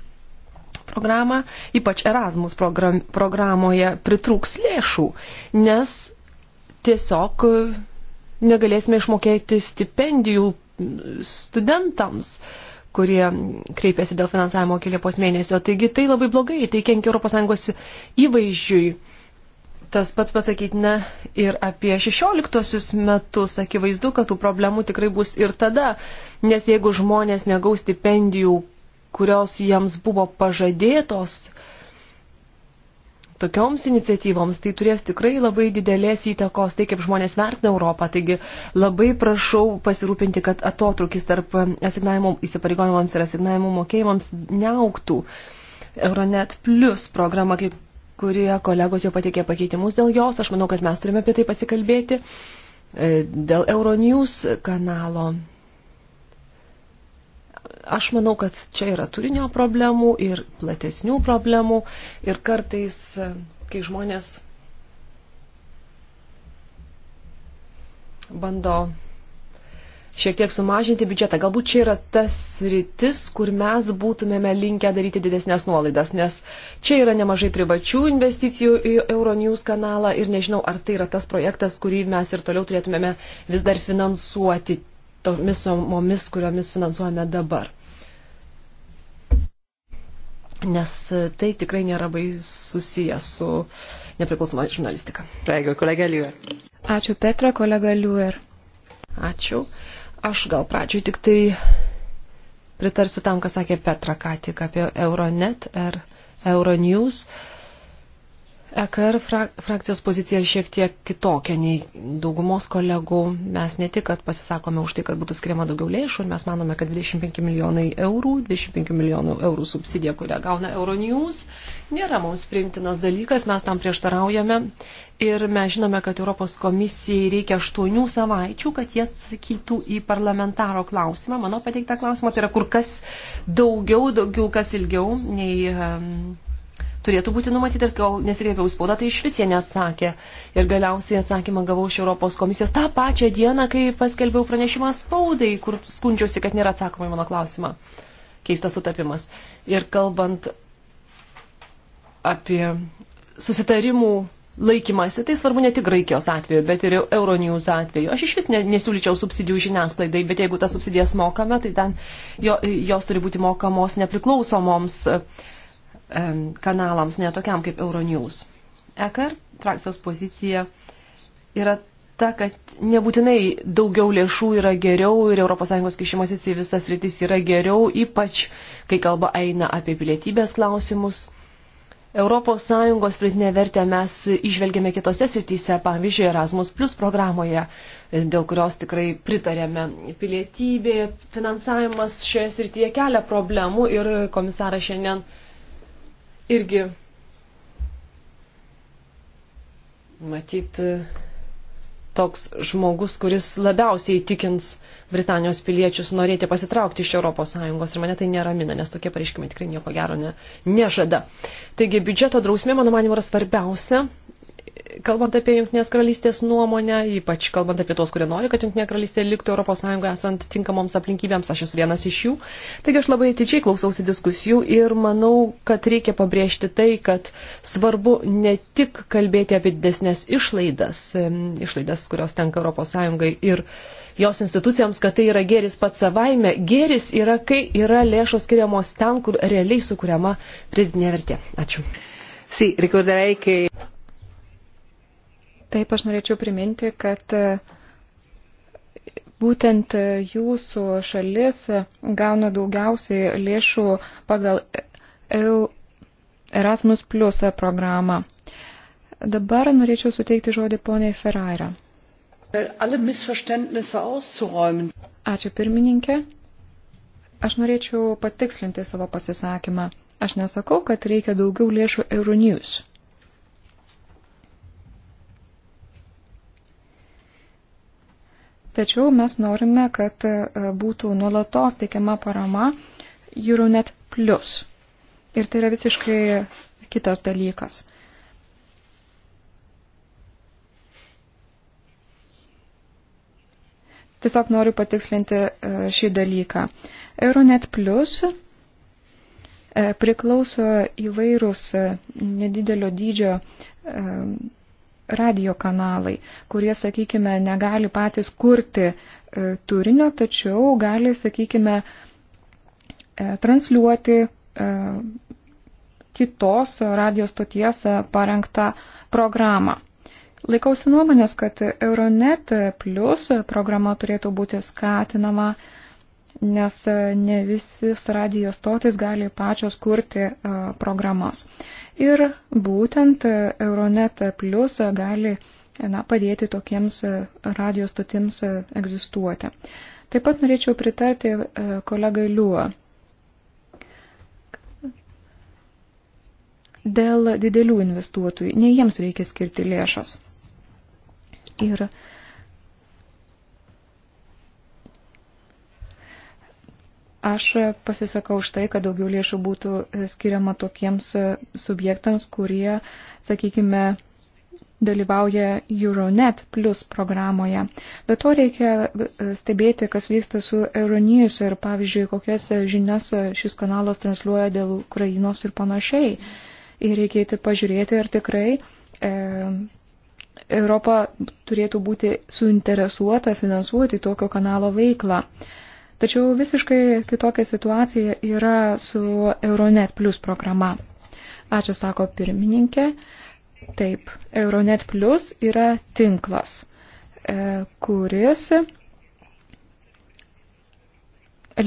programą, ypač Erasmus program, programoje pritrūks lėšų, nes tiesiog negalėsime išmokėti stipendijų studentams, kurie kreipėsi dėl finansavimo iki Liepos mėnesio. Taigi tai labai blogai, tai kenkia ES įvaizdžiui. Tas pats pasakytina ir apie 16 metus, akivaizdu, kad tų problemų tikrai bus ir tada, nes jeigu žmonės negaus stipendijų, kurios jiems buvo pažadėtos, uh, tokioms iniciatyvoms, tai turės tikrai labai didelės įtakos, tai kaip žmonės vertina Europą. Taigi labai prašau pasirūpinti, kad atotrukis tarp asignavimo įsipareigojimams ir asignavimo mokėjimams neauktų. Euronet Plus programa, kurie kolegos jau patikė pakeitimus dėl jos, aš manau, kad mes turime apie tai pasikalbėti. E, dėl Euronews kanalo Aš manau, kad čia yra turinio problemų ir platesnių problemų ir kartais, e, kai žmonės bando šiek tiek sumažinti biudžetą. Galbūt čia yra tas rytis, kur mes būtumėme linkę daryti didesnės nuolaidas, nes čia yra nemažai privačių investicijų į Euronews kanalą ir nežinau, ar tai yra tas projektas, kurį mes ir toliau turėtumėme vis dar finansuoti tomis sumomis, kuriomis finansuojame dabar nes tai tikrai nėra susiję su nepriklausoma žurnalistika. Prego, kolega Liuer. Ačiū Petra, kolega Liuer. Ačiū. Aš gal pradžioj tik tai pritarsiu tam, ką sakė Petra ką tik apie Euronet ar Euronews. EKR frak frakcijos pozicija šiek tiek kitokia nei daugumos kolegų. Mes ne tik, kad pasisakome už tai, kad būtų skiriama daugiau lėšų, ir mes manome, kad 25 milijonai eurų, 25 milijonų eurų subsidija, kurią gauna Euronews, nėra mums priimtinas dalykas, mes tam prieštaraujame. Ir mes žinome, kad Europos komisijai reikia 8 savaičių, kad jie atsakytų į parlamentaro klausimą. Mano pateiktą klausimą tai yra kur kas daugiau, daugiau kas ilgiau nei. Um, turėtų būti numatyta, kol nesikreipiau spaudą, tai iš vis jie neatsakė. Ir galiausiai atsakymą gavau iš Europos komisijos tą pačią dieną, kai paskelbiau pranešimą spaudai, kur skundžiausi, kad nėra atsakoma į mano klausimą. Keistas sutapimas. Ir kalbant apie susitarimų laikymasi, tai svarbu ne tik Graikijos atveju, bet ir Euronews atveju. Aš iš vis nesiūlyčiau subsidijų žiniasklaidai, bet jeigu tas subsidijas mokame, tai ten jo, jos turi būti mokamos nepriklausomoms uh, kanalams, netokiam kaip Euronews. EKR frakcijos pozicija yra ta, kad nebūtinai daugiau lėšų yra geriau ir ES kišimasis į visas rytis yra geriau, ypač kai kalba eina apie pilietybės klausimus. ES pridinę vertę mes išvelgėme kitose srityse, pavyzdžiui, Erasmus Plus programoje, dėl kurios tikrai pritarėme. Pilietybė, finansavimas šioje srityje kelia problemų ir komisaras šiandien uh, irgi matyt e, toks žmogus, kuris labiausiai įtikins Britanijos piliečius norėti pasitraukti iš ES ir mane tai neramina, nes tokie pareiškimai tikrai nieko gero ne, nežada. Taigi biudžeto drausmė, mano manimu, yra svarbiausia kalbant apie Junktinės karalystės nuomonę, ypač kalbant apie tuos, kurie nori, kad Junktinė karalystė liktų ES esant tinkamoms aplinkybėms, aš esu vienas iš jų. Taigi aš labai atidžiai klausausi diskusijų ir manau, kad reikia pabrėžti tai, kad svarbu ne tik kalbėti apie didesnės išlaidas, išlaidas, kurios tenka ES ir jos institucijoms, kad tai yra geris pats savaime. Geris yra, kai yra lėšos skiriamos ten, kur realiai sukuriama pridinė vertė. Ačiū. Sì, ricorderei che... Taip, aš norėčiau priminti, kad e, būtent e, jūsų šalis e, gauna daugiausiai lėšų pagal Erasmus Plus programą. Dabar norėčiau suteikti žodį poniai Ferraira. Ačiū pirmininkė. Aš norėčiau patikslinti savo pasisakymą. Aš nesakau, kad reikia daugiau lėšų Euronews. Tačiau mes norime, kad e, būtų nuolatos teikiama parama Euronet Plus. Ir tai yra visiškai kitas dalykas. Tiesiog noriu patikslinti e, šį dalyką. Euronet Plus e, priklauso įvairūs nedidelio dydžio radio kanalai, kurie, sakykime, negali patys kurti e, turinio, tačiau gali, sakykime, e, transliuoti e, kitos radio stoties parengtą programą. Laikausi nuomonės, kad Euronet Plus programa turėtų būti skatinama uh, nes e, ne visis radijos stotis gali pačios kurti e, programas. Ir būtent e, Euronet Plus gali na, padėti tokiems radijos stotims egzistuoti. Taip pat norėčiau pritarti kolegai Liuo. Dėl didelių investuotojų, ne jiems reikia skirti lėšas. Ir uh, Aš pasisakau už tai, kad daugiau lėšų būtų e, skiriama tokiems e, subjektams, kurie, sakykime, dalyvauja Euronet Plus programoje. Bet to reikia e, stebėti, kas vyksta su Euronews ir, pavyzdžiui, kokias žinias šis kanalas transliuoja dėl Ukrainos ir panašiai. Ir reikėtų pažiūrėti, ar tikrai e, Europa turėtų būti suinteresuota finansuoti tokio kanalo veiklą. E, Tačiau visiškai kitokia situacija yra su Euronet Plus programa. Ačiū, sako pirmininkė. Taip, Euronet Plus yra tinklas, e, kuris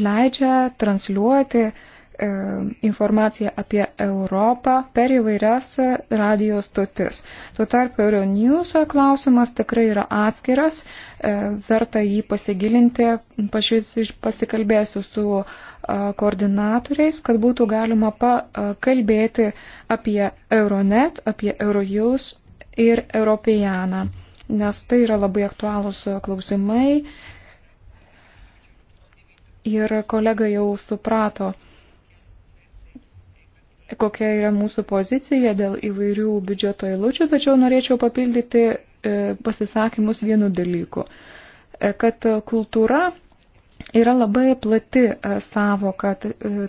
leidžia transliuoti E, informaciją apie Europą per įvairias radijos stotis. Tuo tarpu Euronews klausimas tikrai yra atskiras, e, verta jį pasigilinti, pasikalbėsiu su e, koordinatoriais, kad būtų galima pakalbėti apie Euronet, apie Euronews ir Europeaną, nes tai yra labai aktualūs klausimai ir kolega jau suprato, kokia yra mūsų pozicija dėl įvairių biudžeto eilučių, tačiau norėčiau papildyti e, pasisakymus vienu dalyku, e, kad kultūra yra labai plati e, savoka,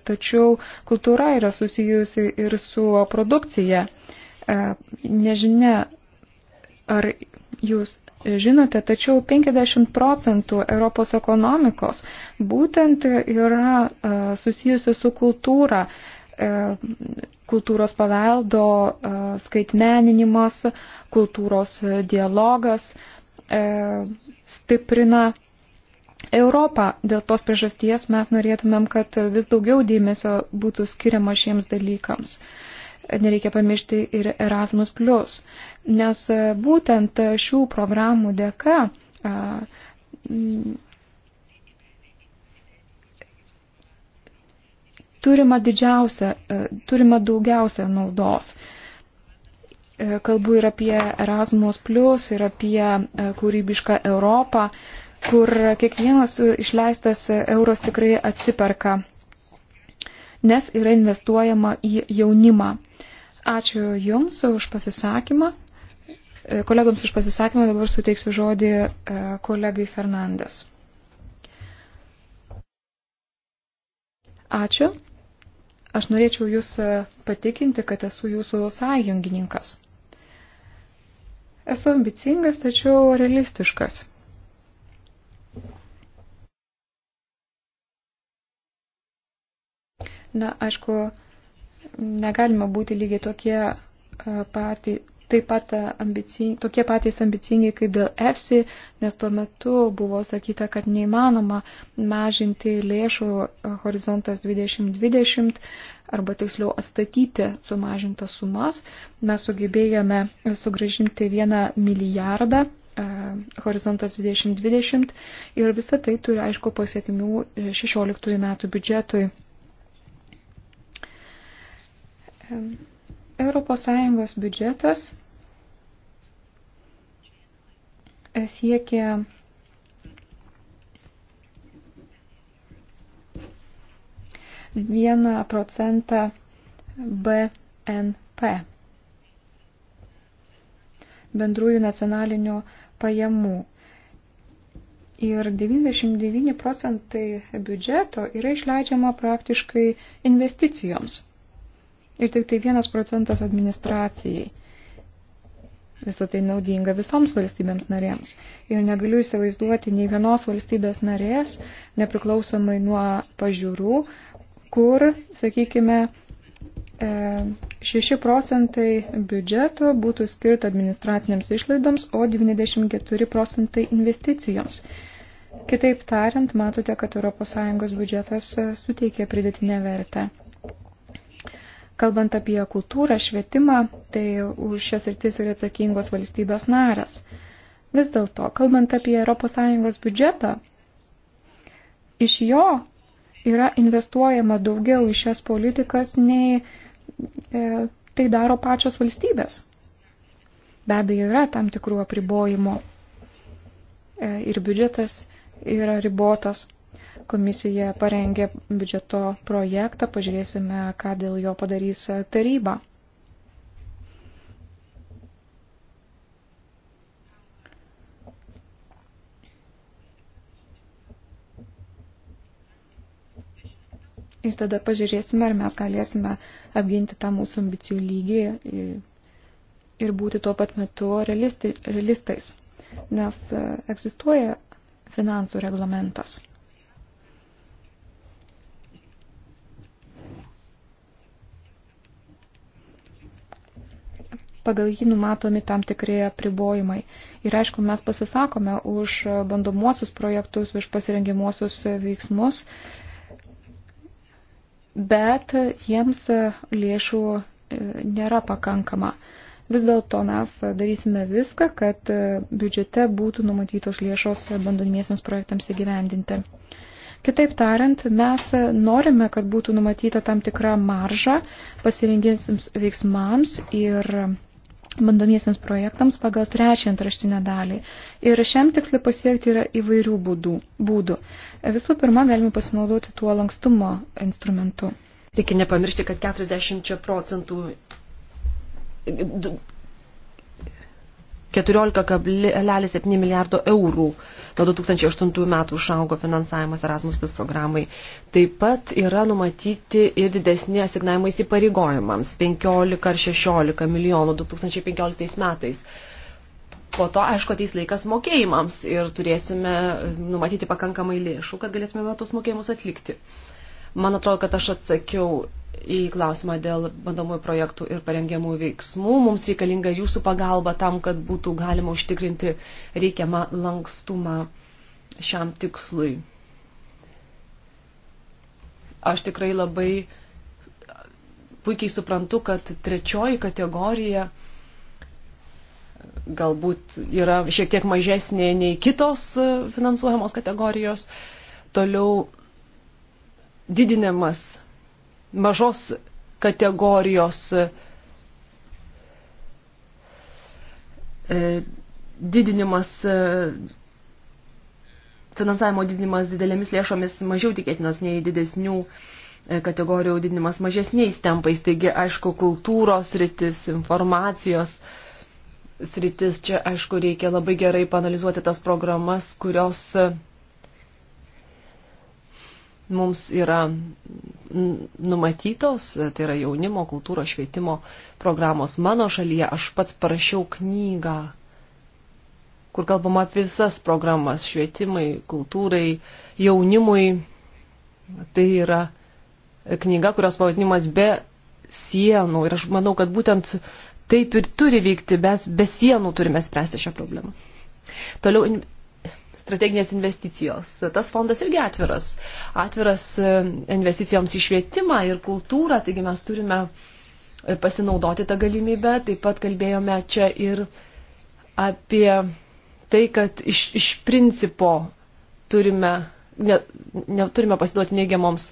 tačiau kultūra yra susijusi ir su produkcija. Nežinia, ar jūs žinote, tačiau 50 procentų Europos ekonomikos būtent yra susijusi su kultūra E, kultūros paveldo e, skaitmeninimas, kultūros dialogas e, stiprina Europą. Dėl tos priežasties mes norėtumėm, kad vis daugiau dėmesio būtų skiriama šiems dalykams. Nereikia pamiršti ir Erasmus, nes būtent šių programų dėka turima, didžiausia, e, turima daugiausia naudos. E, kalbu ir apie Erasmus, ir apie e, kūrybišką Europą, kur kiekvienas išleistas euros tikrai atsiperka, nes yra investuojama į jaunimą. Ačiū Jums už pasisakymą. Kolegoms už pasisakymą dabar suteiksiu žodį kolegai Fernandas. Ačiū. Aš norėčiau Jūs e, patikinti, kad esu Jūsų sąjungininkas. Esu ambicingas, tačiau realistiškas. Na, aišku, negalima būti lygiai tokie e, patys taip pat e, ambicingi, tokie patys ambicingi kaip dėl EFSI, nes tuo metu buvo sakyta, kad neįmanoma mažinti lėšų e, horizontas 2020 arba tiksliau atstatyti sumažintas sumas. Mes sugebėjome sugražinti vieną milijardą e, horizontas 2020 ir visa tai turi, aišku, pasiekmių 16 metų biudžetui. ES biudžetas siekia vieną procentą BNP bendrųjų nacionalinių pajamų. Ir 99 procentai biudžeto yra išleidžiama praktiškai investicijoms ir tik tai vienas procentas administracijai. Visą tai naudinga visoms valstybėms narėms. Ir negaliu įsivaizduoti nei vienos valstybės narės, nepriklausomai nuo pažiūrų, kur, sakykime, 6 e, procentai biudžeto būtų skirta administratiniams išlaidoms, o 94 procentai investicijoms. Kitaip tariant, matote, kad ES biudžetas e, suteikia pridėtinę vertę. Kalbant apie kultūrą, švietimą, tai už šias rytis yra atsakingos valstybės naras. Vis dėlto, kalbant apie ES biudžetą, iš jo yra investuojama daugiau į šias politikas, nei e, tai daro pačios valstybės. Be abejo, yra tam tikrų apribojimų e, ir biudžetas yra ribotas. Komisija parengė biudžeto projektą, pažiūrėsime, ką dėl jo padarys taryba. Ir tada pažiūrėsime, ar mes galėsime apginti tą mūsų ambicijų lygį ir būti tuo pat metu realistai, realistais, nes e, egzistuoja finansų reglamentas. pagal jį numatomi tam tikri apribojimai. Ir aišku, mes pasisakome už bandomuosius projektus, už pasirengimuosius veiksmus, bet jiems lėšų e, nėra pakankama. Vis dėlto mes darysime viską, kad biudžete būtų numatytos lėšos bandomiesiams projektams įgyvendinti. Kitaip tariant, mes norime, kad būtų numatyta tam tikra marža pasirinkėsiams veiksmams ir bandomiesiams projektams pagal trečią antraštinę dalį. Ir šiam tikslui pasiekti yra įvairių būdų. būdų. Visų pirma, galime pasinaudoti tuo lankstumo instrumentu. Reikia nepamiršti, kad 40 procentų 14,7 milijardo eurų. Nuo 2008 metų užaugo finansavimas Erasmus Plus programai. Taip pat yra numatyti ir didesni asignavimai įsipareigojimams - 15 ar 16 milijonų 2015 metais. Po to, aišku, ateis laikas mokėjimams ir turėsime numatyti pakankamai lėšų, kad galėtume tos mokėjimus atlikti. Man atrodo, kad aš atsakiau į klausimą dėl bandomųjų projektų ir parengiamų veiksmų. Mums reikalinga jūsų pagalba tam, kad būtų galima užtikrinti reikiamą lankstumą šiam tikslui. Aš tikrai labai puikiai suprantu, kad trečioji kategorija galbūt yra šiek tiek mažesnė nei kitos finansuojamos kategorijos. Toliau didinamas mažos kategorijos e, didinimas, e, finansavimo didinimas didelėmis lėšomis mažiau tikėtinas nei didesnių e, kategorijų didinimas mažesniais tempais. Taigi, aišku, kultūros rytis, informacijos sritis. Čia, aišku, reikia labai gerai panalizuoti tas programas, kurios mums yra numatytos, tai yra jaunimo kultūros švietimo programos mano šalyje. Aš pats parašiau knygą, kur kalbama apie visas programas švietimai, kultūrai, jaunimui. Tai yra knyga, kurios pavadinimas be sienų. Ir aš manau, kad būtent taip ir turi vykti, mes be sienų turime spręsti šią problemą. Toliau strateginės investicijos. Tas fondas irgi atviras. Atviras e, investicijoms į švietimą ir kultūrą, taigi mes turime e, pasinaudoti tą galimybę. Taip pat kalbėjome čia ir apie tai, kad iš, iš principo turime, ne, ne, turime pasiduoti neigiamoms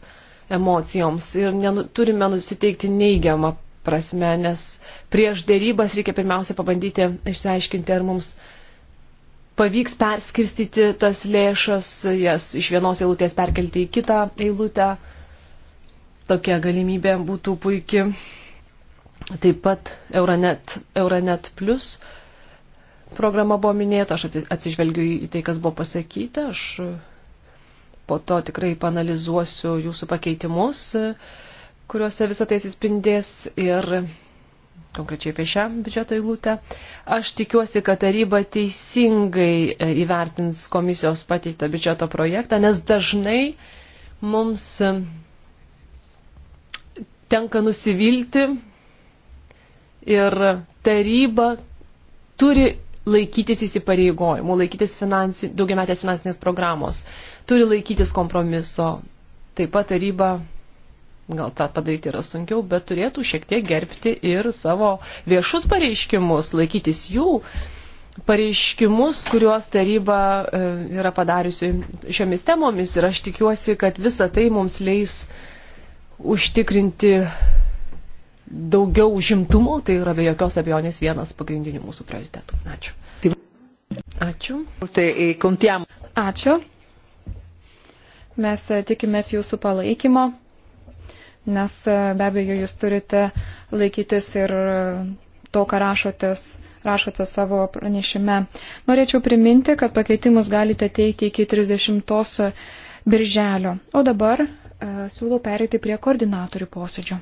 emocijoms ir ne, turime nusiteikti neigiamą prasme, nes prieš dėrybas reikia pirmiausia pabandyti išsiaiškinti, ar mums uh, pavyks perskirstyti tas lėšas, jas iš vienos eilutės perkelti į kitą eilutę. Tokia galimybė būtų puikia. Taip pat Euronet, Euronet Plus programa buvo minėta, aš atsižvelgiu į tai, kas buvo pasakyta, aš po to tikrai panalizuosiu jūsų pakeitimus, kuriuose visą tai atsispindės ir konkrečiai apie šią biudžeto eilutę. Aš tikiuosi, kad taryba teisingai e, įvertins komisijos pateiktą biudžeto projektą, nes dažnai mums e, tenka nusivilti ir taryba turi laikytis įsipareigojimų, laikytis finansi, daugiametės finansinės programos, turi laikytis kompromiso. Taip pat taryba gal tą padaryti yra sunkiau, bet turėtų šiek tiek gerbti ir savo viešus pareiškimus, laikytis jų pareiškimus, kuriuos taryba e, yra padariusi šiomis temomis ir aš tikiuosi, kad visa tai mums leis užtikrinti daugiau užimtumo, tai yra be jokios abejonės vienas pagrindinių mūsų prioritetų. Ačiū. Ačiū. Tai, e, Ačiū. Mes e, tikimės jūsų palaikymo nes e, be abejo jūs turite laikytis ir e, to, ką rašotės, rašote savo pranešime. Norėčiau priminti, kad pakeitimus galite teikti iki 30 birželio. O dabar e, siūlau pereiti prie koordinatorių posėdžio.